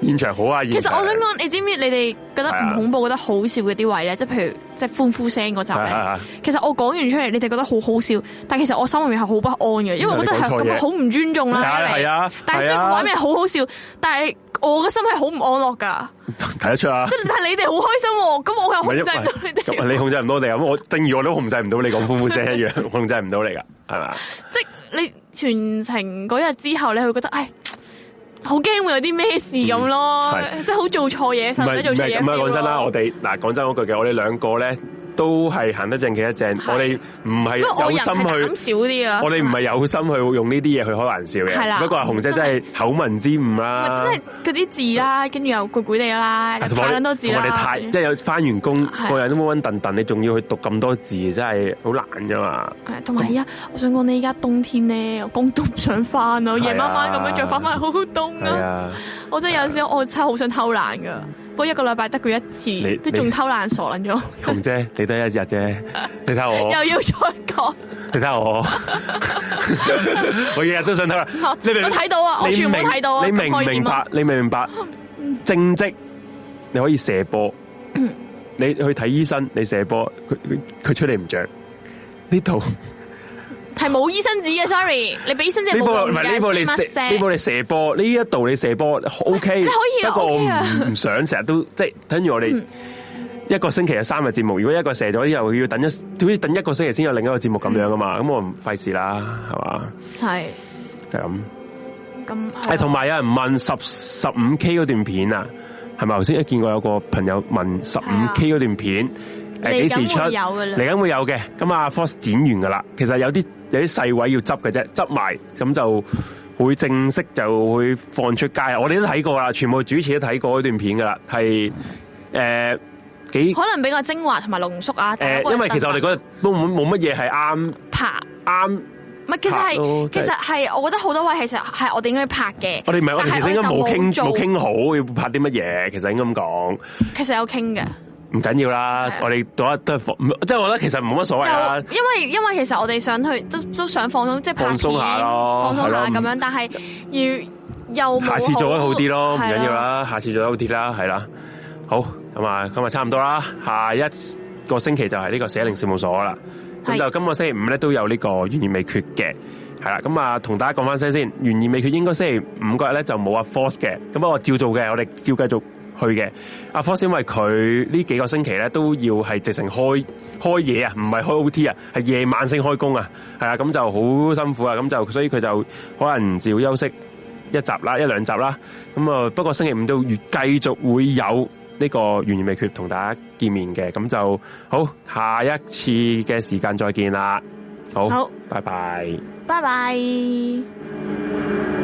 現場好啊！其實我想講，是的 你知唔知你哋覺得唔恐怖，是的 覺得好笑嘅啲位咧，即係譬如即係歡呼聲嗰集是的 其實我講完出嚟，你哋覺得好好笑，但其實我心裏面係好不安嘅，因為我覺得係咁好唔尊重啦。係啊，但係所以個位好好笑，但係。我嘅心係好唔安樂噶，睇得出啊即是！即係但係你哋好開心、啊，咁我又控制到你哋是。咁你控制唔到我哋，咁 我正如我都控制唔到你咁呼呼聲一樣， 控制唔到你噶，係咪？即係你全程嗰日之後你會覺得唉，好驚會有啲咩事咁咯，嗯、是即係好做錯嘢，甚至是做錯嘢。唔係咁講真啦，我哋嗱講真嗰句嘅，我哋兩個咧。都係行得正企得正，我哋唔係有心去。少啲啊！我哋唔係有心去用呢啲嘢去開玩笑嘅。係啦。不過阿紅姐真係口聞之誤啦。真係嗰啲字啦，跟住又攰攰地啦，睇緊多字我哋太即係有翻完工，個人都冇溫頓頓，你仲要去讀咁多字，真係好難噶嘛。同埋依家我想講，你依家冬天咧，工都唔想翻啦，夜晚晚咁樣著翻翻，好好凍啊！我真係有時，我真係好想偷懶噶。我一個禮拜得佢一次，你都仲偷懶傻撚咗。紅姐，你得一日啫，你睇我又要再講，你睇我，我日日都想睇你明？我睇到啊，我全部睇到啊。你明唔明白？你明唔明白？正職你可以射波，你去睇醫生，你射波，佢佢出嚟唔着呢套。係冇醫生紙嘅，sorry。你俾醫生紙係唔呢部唔係呢部你射，呢部你射波。呢一度你射波，O K。你可以，不過我唔想成日都即係，等於我哋一個星期有三個節目。如果一個射咗之後，要等一，好似等一個星期先有另一個節目咁樣㗎嘛。咁我唔費事啦，係嘛？係就咁。咁同埋有人問十十五 K 嗰段片啊，係咪頭先一見過有個朋友問十五 K 嗰段片幾幾時出？嚟緊會有嘅。咁啊，Force 剪完噶啦，其實有啲。有啲細位要執嘅啫，執埋咁就會正式就會放出街。我哋都睇過啦，全部主持都睇過嗰段片噶啦，係誒、呃、幾可能比較精華同埋濃縮啊。誒、呃，因為其實我哋嗰日都冇冇乜嘢係啱拍啱，唔係合其實係的其實係，我覺得好多位其實係我哋應該拍嘅。我哋唔係，我哋其實應該冇傾冇傾好，要拍啲乜嘢？其實應該咁講，其實有傾嘅。唔緊要啦，的我哋都都放，即係我覺得其實冇乜所謂啦。因為因為其實我哋想去都都想放鬆，即係放鬆下咯，放鬆下咁的樣。但係要又好下次做得好啲咯，唔緊要啦，下次做得好啲啦，係啦。好，咁啊，咁啊，差唔多啦。下一個星期就係呢個寫靈事務所啦。咁的就今個星期五咧都有呢個懸疑未決嘅，係啦。咁啊，同大家講翻聲先，懸疑未決應該星期五嗰日咧就冇啊 force 嘅，咁啊我照做嘅，我哋照繼續。去嘅阿方先，因為佢呢幾個星期咧都要係直程開開嘢啊，唔係開 O T 啊，係夜晚先開工啊，係啊咁就好辛苦啊，咁就所以佢就可能要休息一集啦，一兩集啦，咁啊不過星期五都月繼續會有呢個懸而未決同大家見面嘅，咁就好下一次嘅時間再見啦，好，好，拜拜 bye，拜拜。